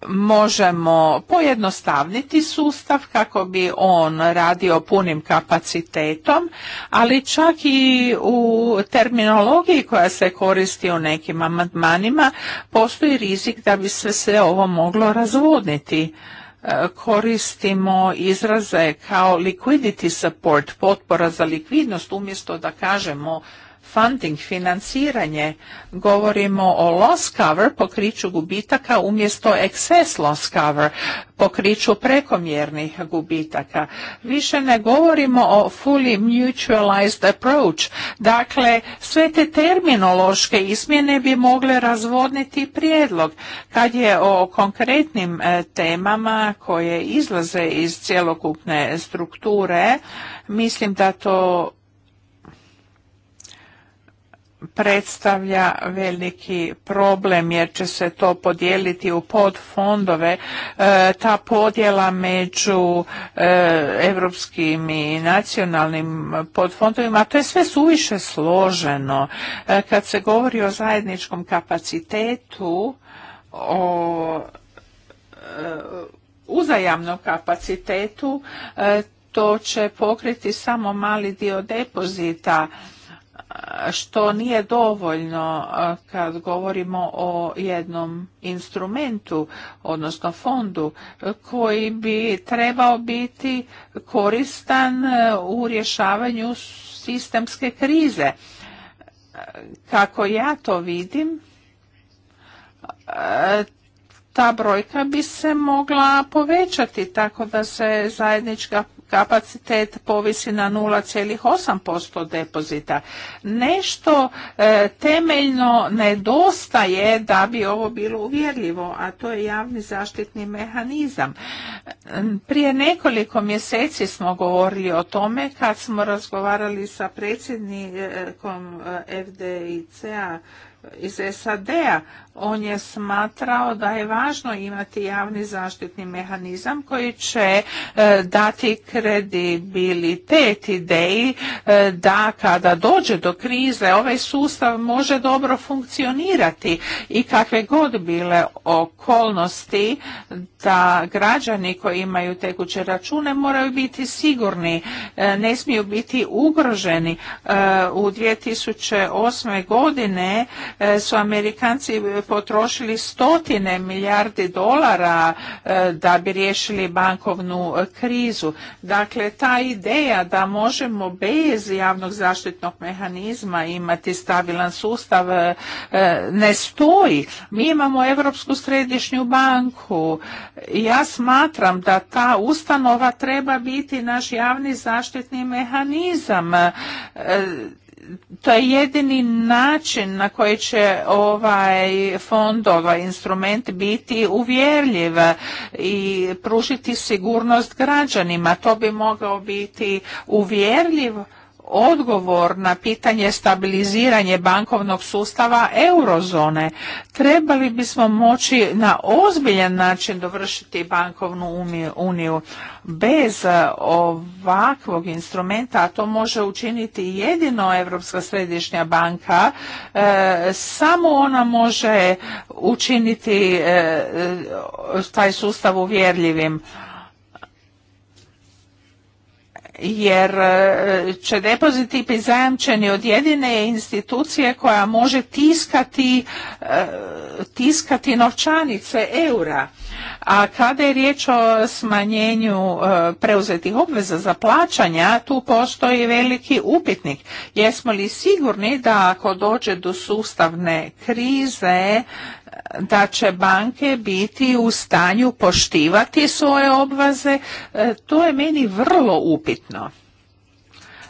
možemo pojednostavniti sustav kako bi on radio punim kapacitetom, ali čak i u terminologiji koja se koristi u nekim amandmanima postoji rizik da bi se sve ovo moglo razvodniti e, koristimo izraze kao liquidity support, potpora za likvidnost, umjesto da kažemo funding, financiranje. Govorimo o loss cover, pokriću gubitaka umjesto excess loss cover, pokriću prekomjernih gubitaka. Više ne govorimo o fully mutualized approach. Dakle, sve te terminološke izmjene bi mogle razvodniti prijedlog. Kad je o konkretnim e, temama koje izlaze iz cjelokupne strukture, mislim da to predstavlja veliki problem jer će se to podijeliti u podfondove. E, ta podjela među e, europskim i nacionalnim podfondovima, to je sve suviše složeno. E, kad se govori o zajedničkom kapacitetu, o e, uzajamnom kapacitetu, to će pokriti samo mali dio depozita što nije dovoljno kad govorimo o jednom instrumentu, odnosno fondu, koji bi trebao biti koristan e, u rješavanju sistemske krize. Kako ja to vidim, e, ta brojka bi se mogla povećati tako da se zajednička kapacitet povisi na 0,8% depozita. Nešto e, temeljno nedostaje da bi ovo bilo uvjerljivo, a to je javni zaštitni mehanizam. Prije nekoliko mjeseci smo govorili o tome kad smo razgovarali sa predsjednikom e, e, FDIC-a iz SAD-a. On je smatrao da je važno imati javni zaštitni mehanizam koji će e, dati kredibilitet ideji e, da kada dođe do krize ovaj sustav može dobro funkcionirati i kakve god bile okolnosti da građani koji imaju tekuće račune moraju biti sigurni, e, ne smiju biti ugroženi. U 2008. godine E, su Amerikanci e, potrošili stotine milijardi dolara e, da bi riješili bankovnu krizu. Dakle, ta ideja da možemo bez javnog zaštitnog mehanizma imati stabilan sustav ne stoji. Mi imamo Europsku središnju banku. Ja smatram da ta ustanova treba biti naš javni zaštitni mehanizam to je jedini način na koji će ovaj fond, ovaj instrument biti uvjerljiv i pružiti sigurnost građanima. To bi mogao biti uvjerljiv odgovor na pitanje stabiliziranje bankovnog sustava eurozone. Trebali bismo moći na ozbiljan način dovršiti bankovnu uniju. Bez e, ovakvog instrumenta, a to može učiniti jedino Europska središnja banka, e, samo ona može učiniti e, taj sustav uvjerljivim jer e, će depoziti biti zajamčeni od jedine institucije koja može tiskati, e, tiskati novčanice eura. A kada je riječ o smanjenju e, preuzetih obveza za plaćanja, tu postoji veliki upitnik. Jesmo li sigurni da ako dođe do sustavne krize, da će banke biti u stanju poštivati svoje obveze, e, to je meni vrlo upitno.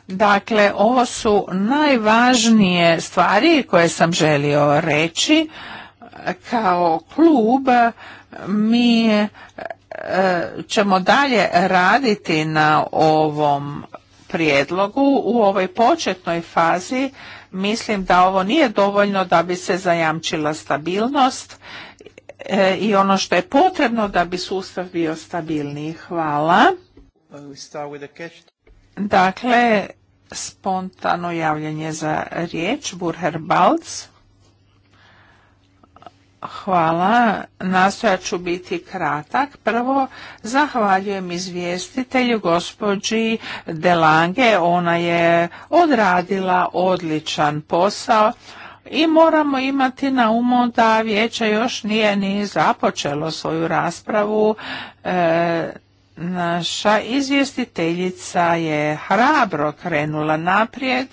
Dakle, ovo su najvažnije stvari koje sam želio reći. Kao klub mi e, ćemo dalje raditi na ovom prijedlogu. U ovoj početnoj fazi Mislim da ovo nije dovoljno da bi se zajamčila stabilnost e, i ono što je potrebno da bi sustav bio stabilniji. Hvala. Dakle, spontano javljanje za riječ, Burher Balc. Hvala. Nastojat ću biti kratak. Prvo, zahvaljujem izvjestitelju gospođi Delange. Ona je odradila odličan posao i moramo imati na umu da vijeće još nije ni započelo svoju raspravu. E, naša izvjestiteljica je hrabro krenula naprijed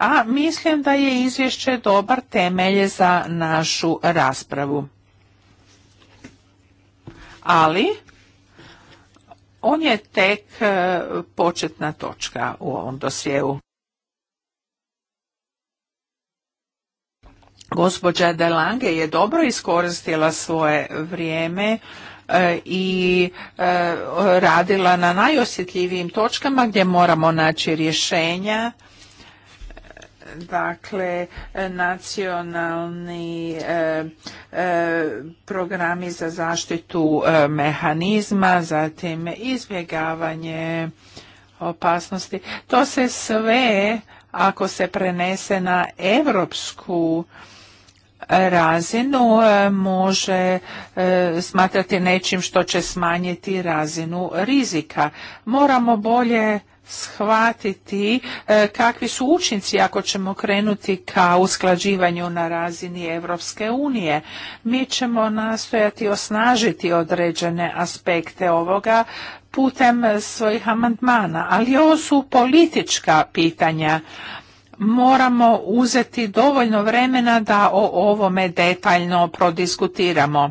a mislim da je izvješće dobar temelj za našu raspravu. Ali on je tek e, početna točka u ovom dosjeu. Gospođa Delange je dobro iskoristila svoje vrijeme e, i e, radila na najosjetljivijim točkama gdje moramo naći rješenja dakle nacionalni e, e, programi za zaštitu e, mehanizma, zatim izbjegavanje opasnosti. To se sve ako se prenese na europsku razinu može smatrati nečim što će smanjiti razinu rizika. Moramo bolje shvatiti e, kakvi su učinci ako ćemo krenuti ka usklađivanju na razini Europske unije. Mi ćemo nastojati osnažiti određene aspekte ovoga putem svojih amandmana, ali ovo su politička pitanja moramo uzeti dovoljno vremena da o ovome detaljno prodiskutiramo. E,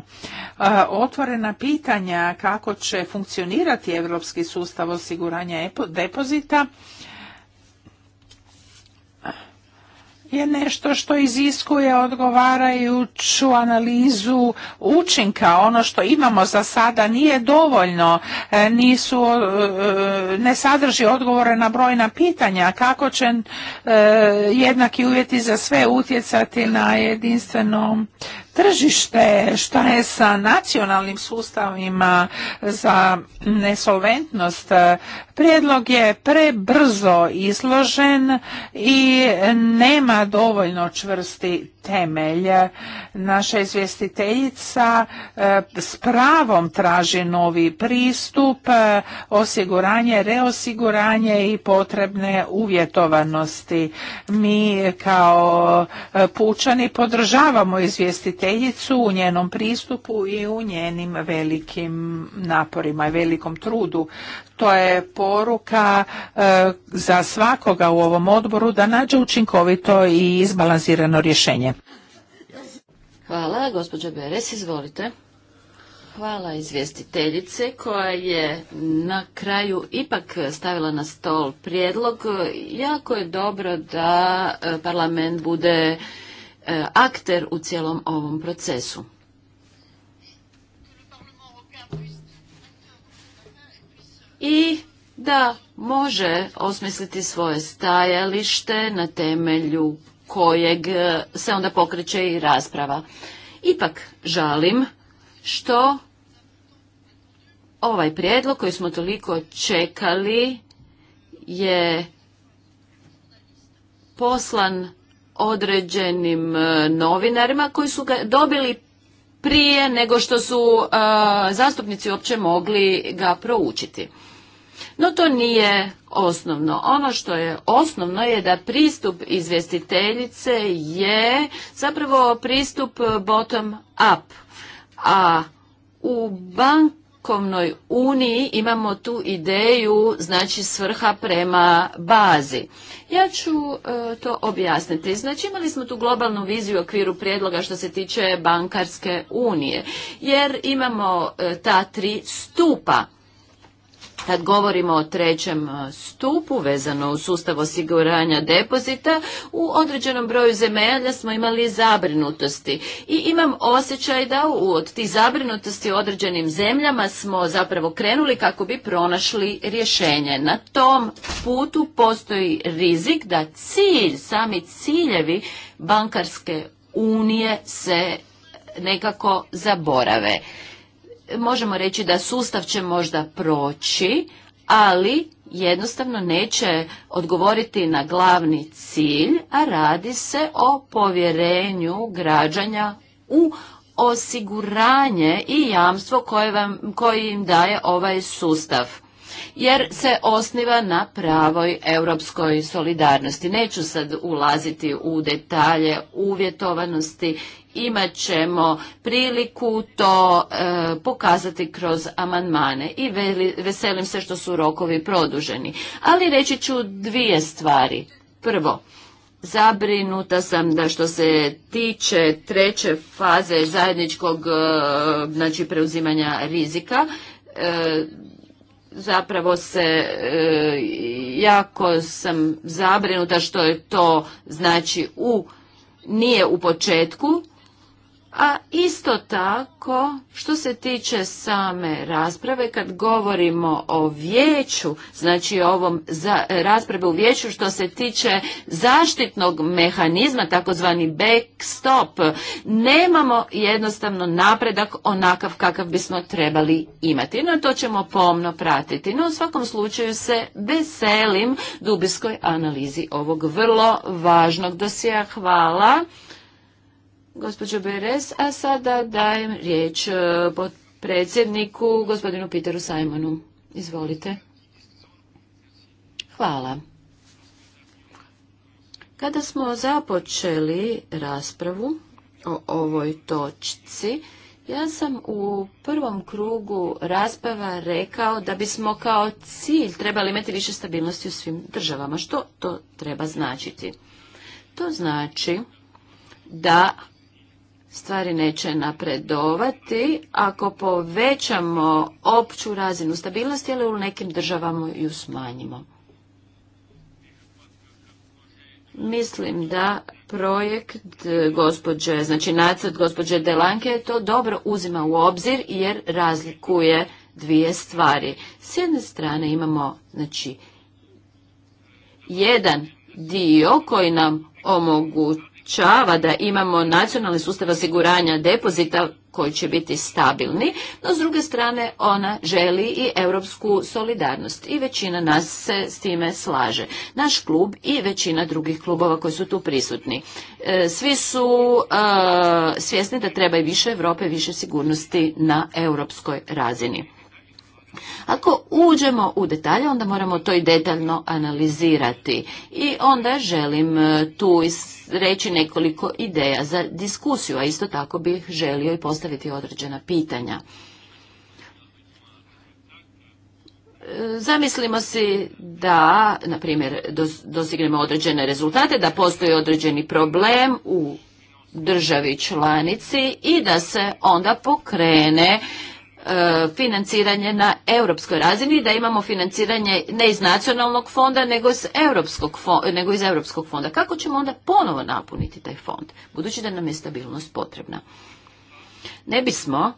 otvorena pitanja kako će funkcionirati europski sustav osiguranja depozita je nešto što iziskuje odgovarajuću analizu učinka. Ono što imamo za sada nije dovoljno, e, nisu, e, e, ne sadrži odgovore na brojna pitanja kako će jednaki uvjeti za sve utjecati na jedinstvenom tržište, šta je sa nacionalnim sustavima za nesolventnost. Prijedlog je prebrzo izložen i nema dovoljno čvrsti temelj. Naša izvjestiteljica e, s pravom traži novi pristup, e, osiguranje, reosiguranje i potrebne uvjetovanosti. Mi kao e, pučani podržavamo izvjestiteljicu u njenom pristupu i u njenim velikim naporima i velikom trudu. To je poruka e, za svakoga u ovom odboru da nađe učinkovito i izbalansirano rješenje. Hvala, gospođa Beres, izvolite. Hvala izvjestiteljice koja je na kraju ipak stavila na stol prijedlog. Jako je dobro da e, parlament bude e, akter u cijelom ovom procesu. i da može osmisliti svoje stajalište na temelju kojeg e, se onda pokreće i rasprava. Ipak žalim što ovaj prijedlog koji smo toliko čekali je poslan određenim e, novinarima koji su ga dobili prije nego što su e, zastupnici uopće mogli ga proučiti. No to nije osnovno. Ono što je osnovno je da pristup izvjestiteljice je zapravo pristup bottom up. A u bankovnoj uniji imamo tu ideju, znači svrha prema bazi. Ja ću e, to objasniti. Znači imali smo tu globalnu viziju u okviru prijedloga što se tiče bankarske unije. Jer imamo e, ta tri stupa kad govorimo o trećem e, stupu vezano u sustav osiguranja depozita, u određenom broju zemelja smo imali zabrinutosti. I imam osjećaj da u, od tih zabrinutosti u određenim zemljama smo zapravo krenuli kako bi pronašli rješenje. Na tom putu postoji rizik da cilj, sami ciljevi bankarske unije se nekako zaborave možemo reći da sustav će možda proći, ali jednostavno neće odgovoriti na glavni cilj, a radi se o povjerenju građanja u osiguranje i jamstvo koje, vam, im daje ovaj sustav jer se osniva na pravoj europskoj solidarnosti. Neću sad ulaziti u detalje uvjetovanosti imat ćemo priliku to e, pokazati kroz amandmane i veselim se što su rokovi produženi. Ali reći ću dvije stvari. Prvo, zabrinuta sam da što se tiče treće faze zajedničkog e, znači preuzimanja rizika, e, zapravo se jako sam zabrinuta što je to znači u nije u početku a isto tako, što se tiče same rasprave, kad govorimo o vijeću, znači ovom za, rasprave u vijeću što se tiče zaštitnog mehanizma, takozvani backstop, nemamo jednostavno napredak onakav kakav bismo trebali imati. No to ćemo pomno pratiti. No u svakom slučaju se veselim dubiskoj analizi ovog vrlo važnog dosija. Hvala gospođo Beres, a sada dajem riječ e, predsjedniku, gospodinu Peteru Simonu. Izvolite. Hvala. Kada smo započeli raspravu o ovoj točci, ja sam u prvom krugu rasprava rekao da bismo kao cilj trebali imati više stabilnosti u svim državama. Što to treba značiti? To znači da stvari neće napredovati ako povećamo opću razinu stabilnosti, ili u nekim državama ju smanjimo. Mislim da projekt e, gospođe, znači nacrt gospođe Delanke to dobro uzima u obzir jer razlikuje dvije stvari. S jedne strane imamo znači jedan dio koji nam omogućuje omogućava da imamo nacionalni sustav osiguranja depozita koji će biti stabilni, no s druge strane ona želi i europsku solidarnost i većina nas se s time slaže. Naš klub i većina drugih klubova koji su tu prisutni. E, svi su e, svjesni da treba i više Europe, više sigurnosti na europskoj razini. Ako uđemo u detalje, onda moramo to i detaljno analizirati. I onda želim e, tu reći nekoliko ideja za diskusiju, a isto tako bih želio i postaviti određena pitanja. Zamislimo si da, na primjer, dosignemo određene rezultate, da postoji određeni problem u državi članici i da se onda pokrene E, financiranje na europskoj razini, da imamo financiranje ne iz nacionalnog fonda, nego iz europskog fonda, nego iz europskog fonda. Kako ćemo onda ponovo napuniti taj fond, budući da nam je stabilnost potrebna? Ne bismo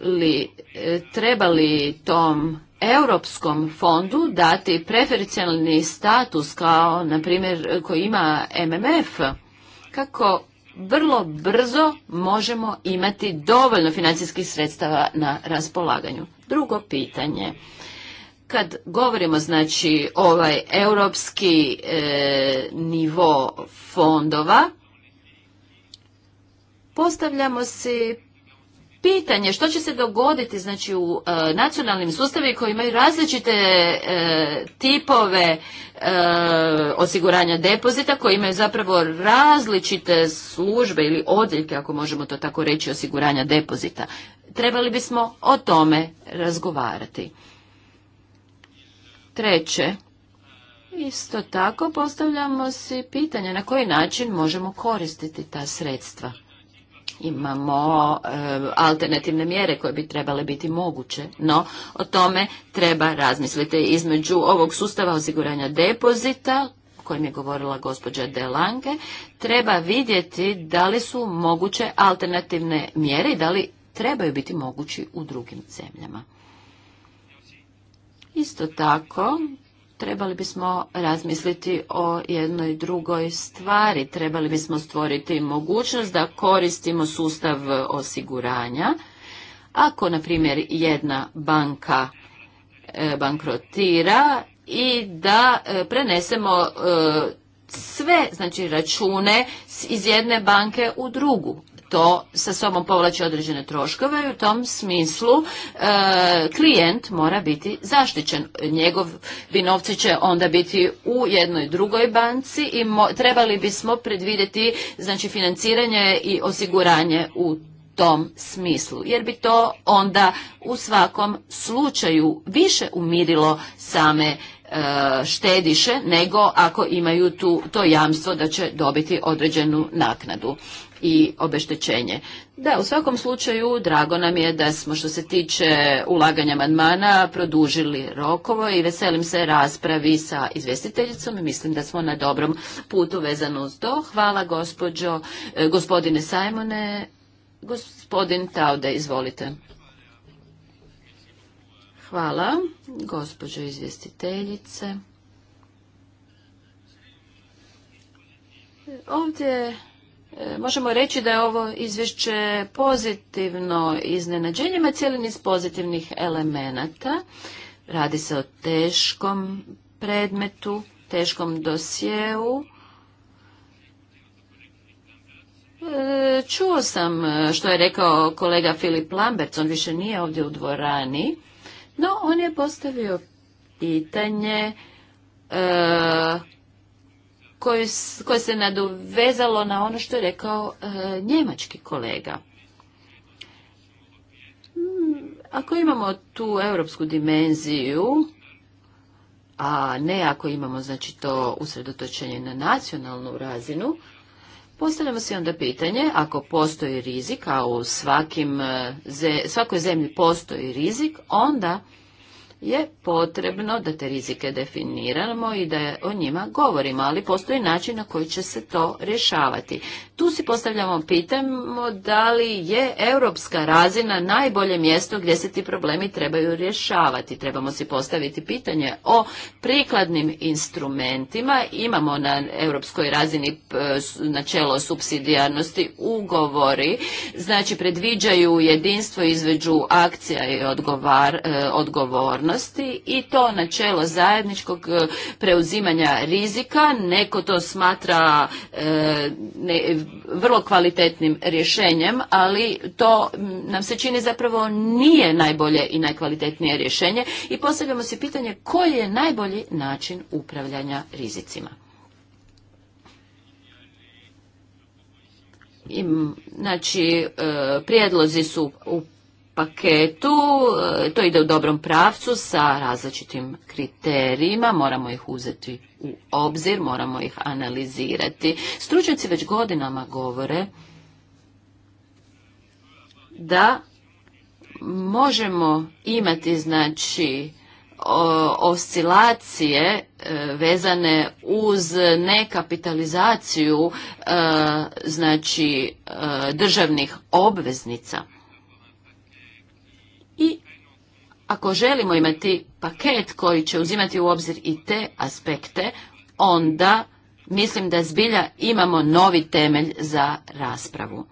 li e, trebali tom europskom fondu dati preferencijalni status kao, na primjer, koji ima MMF, kako vrlo brzo možemo imati dovoljno financijskih sredstava na raspolaganju. Drugo pitanje. Kad govorimo znači ovaj europski e, nivo fondova, postavljamo si pitanje što će se dogoditi znači u e, nacionalnim sustavima koji imaju različite e, tipove e, osiguranja depozita koji imaju zapravo različite službe ili odjeljke ako možemo to tako reći osiguranja depozita trebali bismo o tome razgovarati treće isto tako postavljamo si pitanje na koji način možemo koristiti ta sredstva imamo e, alternativne mjere koje bi trebale biti moguće, no o tome treba razmisliti između ovog sustava osiguranja depozita o kojem je govorila gospođa Lange, treba vidjeti da li su moguće alternativne mjere i da li trebaju biti mogući u drugim zemljama. Isto tako, trebali bismo razmisliti o jednoj drugoj stvari. Trebali bismo stvoriti mogućnost da koristimo sustav osiguranja. Ako, na primjer, jedna banka e, bankrotira i da e, prenesemo e, sve znači, račune iz jedne banke u drugu to sa sobom povlači određene troškove i u tom smislu e, klijent mora biti zaštićen. Njegov bi novci će onda biti u jednoj drugoj banci i trebali bismo predvidjeti znači financiranje i osiguranje u tom smislu, jer bi to onda u svakom slučaju više umirilo same e, štediše nego ako imaju tu to jamstvo da će dobiti određenu naknadu i obeštećenje. Da, u svakom slučaju drago nam je da smo što se tiče ulaganja manmana produžili rokovo i veselim se raspravi sa izvjestiteljicom i mislim da smo na dobrom putu vezano uz to. Hvala gospođo, e, gospodine Sajmone. Gospodin Taude, izvolite. Hvala, gospođo izvjestiteljice. Ovdje E, možemo reći da je ovo izvješće pozitivno ima cijeli niz pozitivnih elemenata. Radi se o teškom predmetu, teškom dosjeu. E, čuo sam što je rekao kolega Filip Lamberts, on više nije ovdje u dvorani, no on je postavio pitanje e, koje, se nadovezalo na ono što je rekao e, njemački kolega. Hmm, ako imamo tu europsku dimenziju, a ne ako imamo znači to usredotočenje na nacionalnu razinu, Postavljamo se onda pitanje, ako postoji rizik, a u e, svakoj zemlji postoji rizik, onda je potrebno da te rizike definiramo i da o njima govorimo, ali postoji način na koji će se to rješavati. Tu si postavljamo pitamo da li je europska razina najbolje mjesto gdje se ti problemi trebaju rješavati. Trebamo si postaviti pitanje o prikladnim instrumentima. Imamo na europskoj razini e, načelo subsidijarnosti ugovori, znači predviđaju jedinstvo između akcija i odgovar, e, i to načelo zajedničkog e, preuzimanja rizika. Neko to smatra e, vrlo kvalitetnim rješenjem, ali to nam se čini zapravo nije najbolje i najkvalitetnije rješenje i postavljamo se pitanje koji je najbolji način upravljanja rizicima. znači, e, prijedlozi su u paketu, e, to ide u dobrom pravcu sa različitim kriterijima, moramo ih uzeti u obzir, moramo ih analizirati. Stručnjaci već godinama govore da možemo imati znači oscilacije e, vezane uz nekapitalizaciju e, znači državnih obveznica i ako želimo imati paket koji će uzimati u obzir i te aspekte, onda mislim da zbilja imamo novi temelj za raspravu.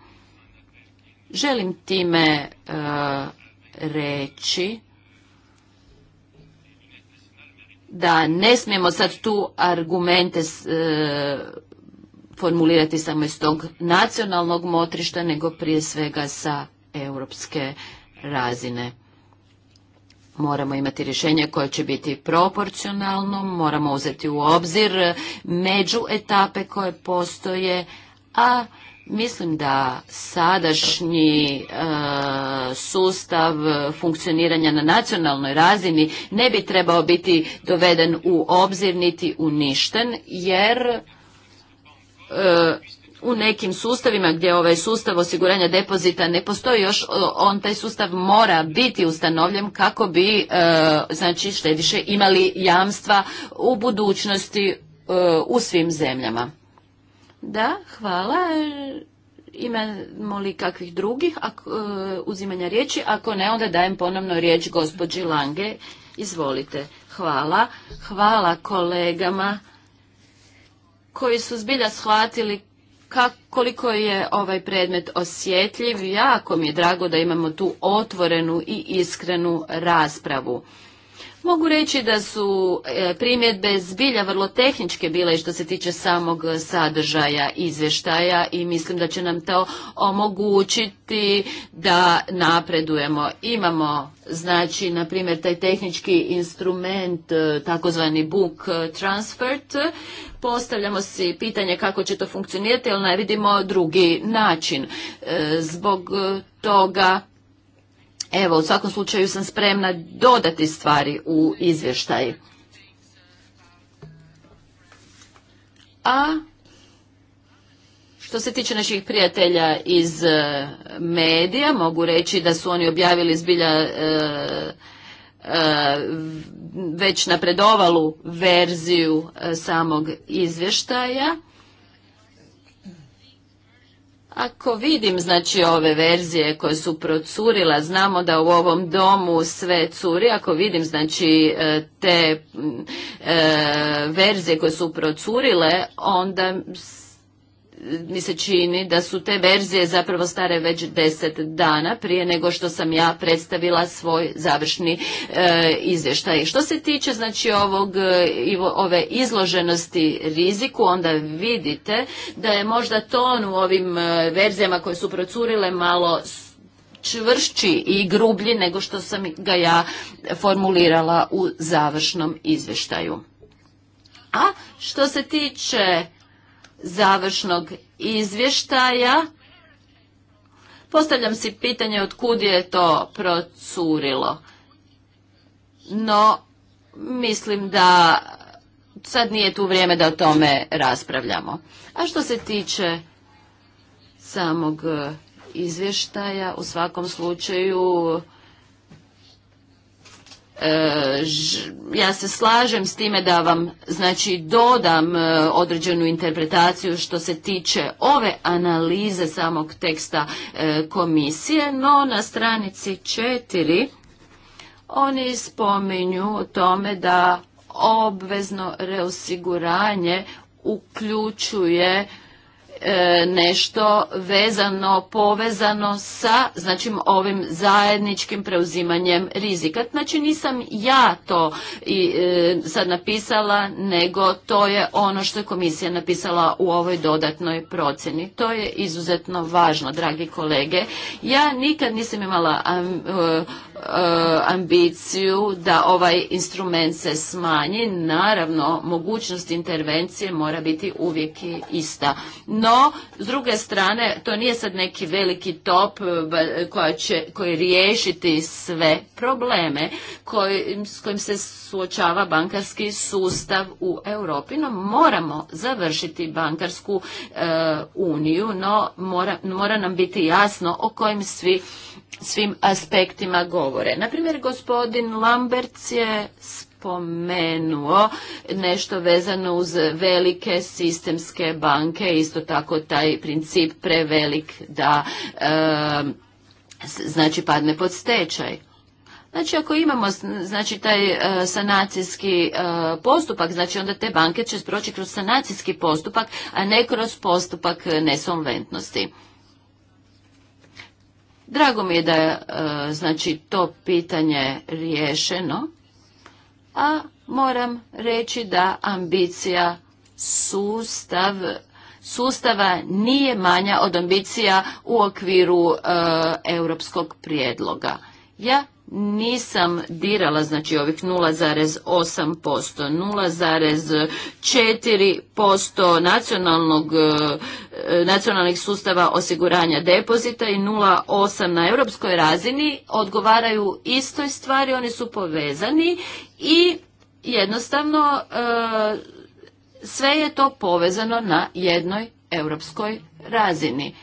Želim time e, reći da ne smijemo sad tu argumente e, formulirati samo iz tog nacionalnog motrišta, nego prije svega sa europske razine. Moramo imati rješenje koje će biti proporcionalno, moramo uzeti u obzir među etape koje postoje, a Mislim da sadašnji e, sustav funkcioniranja na nacionalnoj razini ne bi trebao biti doveden u obzir niti uništen jer e, u nekim sustavima gdje ovaj sustav osiguranja depozita ne postoji još, on taj sustav mora biti ustanovljen kako bi e, znači štediše imali jamstva u budućnosti e, u svim zemljama. Da, hvala. Imamo li kakvih drugih ako, e, uzimanja riječi? Ako ne, onda dajem ponovno riječ gospođi Lange. Izvolite. Hvala. Hvala kolegama koji su zbilja shvatili koliko je ovaj predmet osjetljiv, jako mi je drago da imamo tu otvorenu i iskrenu raspravu. Mogu reći da su e, primjedbe zbilja vrlo tehničke bile što se tiče samog sadržaja izvještaja i mislim da će nam to omogućiti da napredujemo. Imamo znači na primjer taj tehnički instrument e, takozvani book transfer postavljamo si pitanje kako će to funkcionirati ali ne vidimo drugi način. E, zbog toga Evo, u svakom slučaju sam spremna dodati stvari u izvještaj. A što se tiče naših prijatelja iz e, medija, mogu reći da su oni objavili zbilja e, e, već napredovalu verziju samog izvještaja ako vidim znači ove verzije koje su procurila, znamo da u ovom domu sve curi, ako vidim znači e, te e, verzije koje su procurile, onda mi se čini da su te verzije zapravo stare već deset dana prije nego što sam ja predstavila svoj završni e, izvještaj. Što se tiče znači ovog e, ove izloženosti riziku, onda vidite da je možda ton u ovim e, verzijama koje su procurile malo čvršći i grublji nego što sam ga ja formulirala u završnom izvještaju. A što se tiče završnog izvještaja. Postavljam si pitanje od kud je to procurilo. No, mislim da sad nije tu vrijeme da o tome raspravljamo. A što se tiče samog izvještaja, u svakom slučaju E, ja se slažem s time da vam znači dodam e, određenu interpretaciju što se tiče ove analize samog teksta e, komisije, no na stranici četiri oni spominju o tome da obvezno reosiguranje uključuje E, nešto vezano, povezano sa znači, ovim zajedničkim preuzimanjem rizika. Znači nisam ja to i, e, sad napisala, nego to je ono što je komisija napisala u ovoj dodatnoj procjeni. To je izuzetno važno, dragi kolege. Ja nikad nisam imala e, Eh, ambiciju da ovaj instrument se smanji. Naravno, mogućnost intervencije mora biti uvijek ista. No, s druge strane, to nije sad neki veliki top eh, koja će, koji riješiti sve probleme s kojim se suočava bankarski sustav u Europi. No, moramo završiti bankarsku eh, uniju, no mora, mora nam biti jasno o kojim svi svim aspektima govore. Naprimjer, gospodin Lamberts je spomenuo nešto vezano uz velike sistemske banke, isto tako taj princip prevelik da znači padne pod stečaj. Znači ako imamo znači taj e, sanacijski e, postupak, znači onda te banke će proći kroz sanacijski postupak, a ne kroz postupak nesolventnosti. Drago mi je da je e, znači, to pitanje riješeno, a moram reći da ambicija sustav sustava nije manja od ambicija u okviru e, europskog prijedloga. Ja nisam dirala znači ovih 0,8%, 0,4% nacionalnog e, nacionalnih sustava osiguranja depozita i 0,8 na europskoj razini odgovaraju istoj stvari, oni su povezani i jednostavno e, sve je to povezano na jednoj europskoj razini.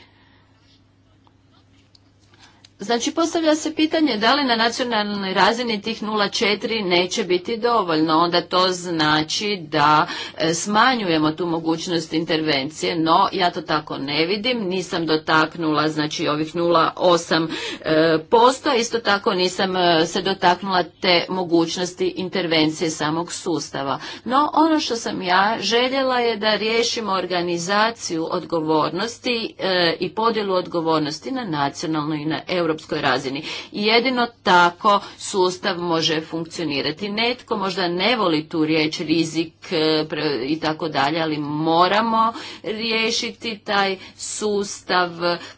Znači postavlja se pitanje da li na nacionalnoj razini tih 0,4 neće biti dovoljno. Onda to znači da e, smanjujemo tu mogućnost intervencije, no ja to tako ne vidim. Nisam dotaknula znači ovih 0,8%, e, isto tako nisam e, se dotaknula te mogućnosti intervencije samog sustava. No ono što sam ja željela je da riješimo organizaciju odgovornosti i podjelu odgovornosti na nacionalnoj i na europskoj europskoj razini. I jedino tako sustav može funkcionirati. Netko možda ne voli tu riječ rizik e, i tako dalje, ali moramo riješiti taj sustav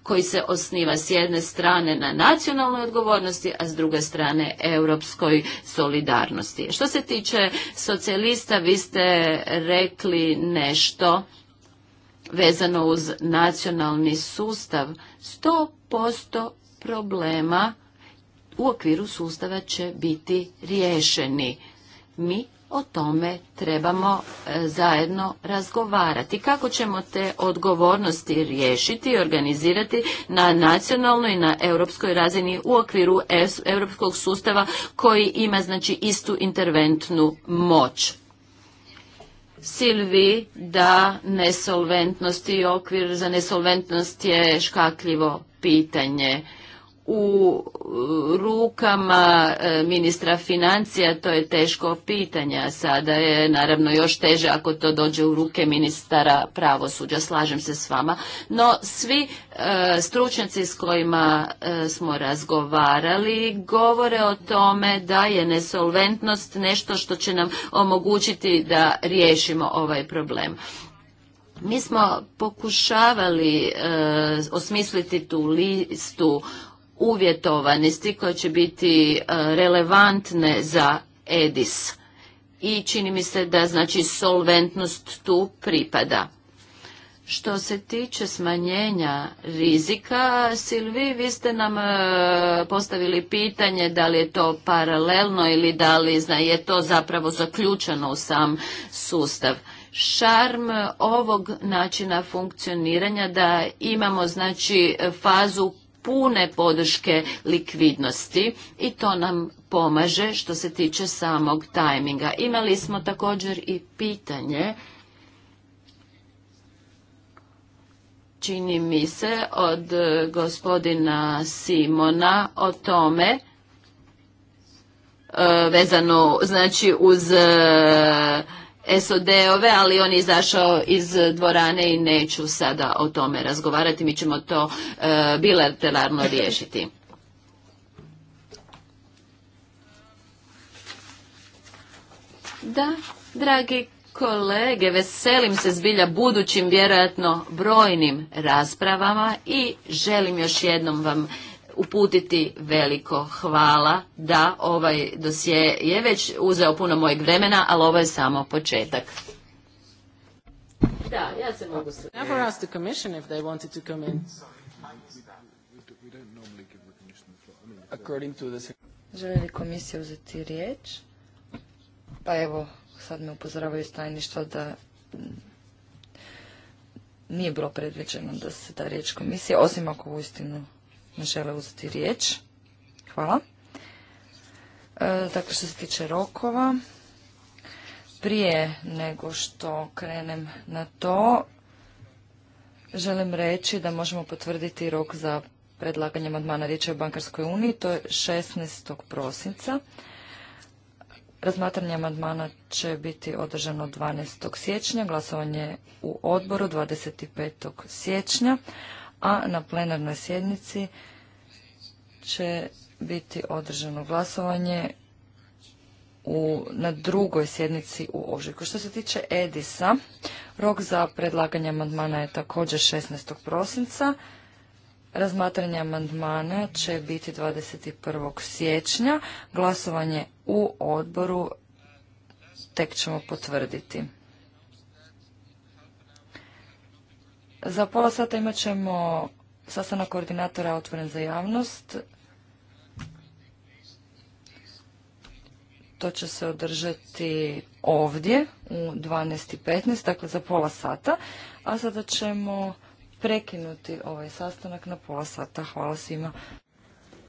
koji se osniva s jedne strane na nacionalnoj odgovornosti, a s druge strane europskoj solidarnosti. Što se tiče socijalista, vi ste rekli nešto vezano uz nacionalni sustav. 100% problema u okviru sustava će biti riješeni. Mi o tome trebamo e, zajedno razgovarati. Kako ćemo te odgovornosti riješiti i organizirati na nacionalnoj i na europskoj razini u okviru europskog sustava koji ima znači istu interventnu moć. Silvi da nesolventnost i okvir za nesolventnost je škakljivo pitanje u rukama e, ministra financija to je teško pitanje. Sada je naravno još teže ako to dođe u ruke ministara pravosuđa. Slažem se s vama. No svi e, stručnjaci s kojima e, smo razgovarali govore o tome da je nesolventnost nešto što će nam omogućiti da riješimo ovaj problem. Mi smo pokušavali osmisliti tu listu uvjetovanosti koje će biti e, relevantne za EDIS. I čini mi se da znači solventnost tu pripada. Što se tiče smanjenja rizika, Silvi, vi ste nam e, postavili pitanje da li je to paralelno ili da li zna, je to zapravo zaključeno u sam sustav. Šarm ovog načina funkcioniranja da imamo znači fazu pune podrške likvidnosti i to nam pomaže što se tiče samog tajminga. Imali smo također i pitanje čini mi se od e, gospodina Simona o tome e, vezano znači uz e, SOD-ove, ali on je izašao iz dvorane i neću sada o tome razgovarati, mi ćemo to e, bilateralno *laughs* riješiti. Da, dragi kolege, veselim se zbilja budućim vjerojatno brojnim raspravama i želim još jednom vam uputiti veliko hvala da ovaj dosje je već uzeo puno mojeg vremena, ali ovo je samo početak. Da, li komisija uzeti riječ? Pa evo, sad me upozoravaju stajništvo da nije bilo predviđeno da se da riječ komisije, osim ako uistinu ne žele uzeti riječ. Hvala. E, dakle, što se tiče rokova, prije nego što krenem na to, želim reći da možemo potvrditi rok za predlaganje madmana riječe o Bankarskoj uniji, to je 16. prosinca. Razmatranje amandmana će biti održano 12. siječnja, glasovanje u odboru 25. siječnja, a na plenarnoj sjednici će biti održano glasovanje u, na drugoj sjednici u ožujku. Što se tiče Edisa, rok za predlaganje amandmana je također 16. prosinca. Razmatranje amandmana će biti 21. siječnja. Glasovanje u odboru tek ćemo potvrditi. Za pola sata imat ćemo sastanak koordinatora otvoren za javnost. To će se održati ovdje u 12.15, dakle za pola sata. A sada ćemo prekinuti ovaj sastanak na pola sata. Hvala svima.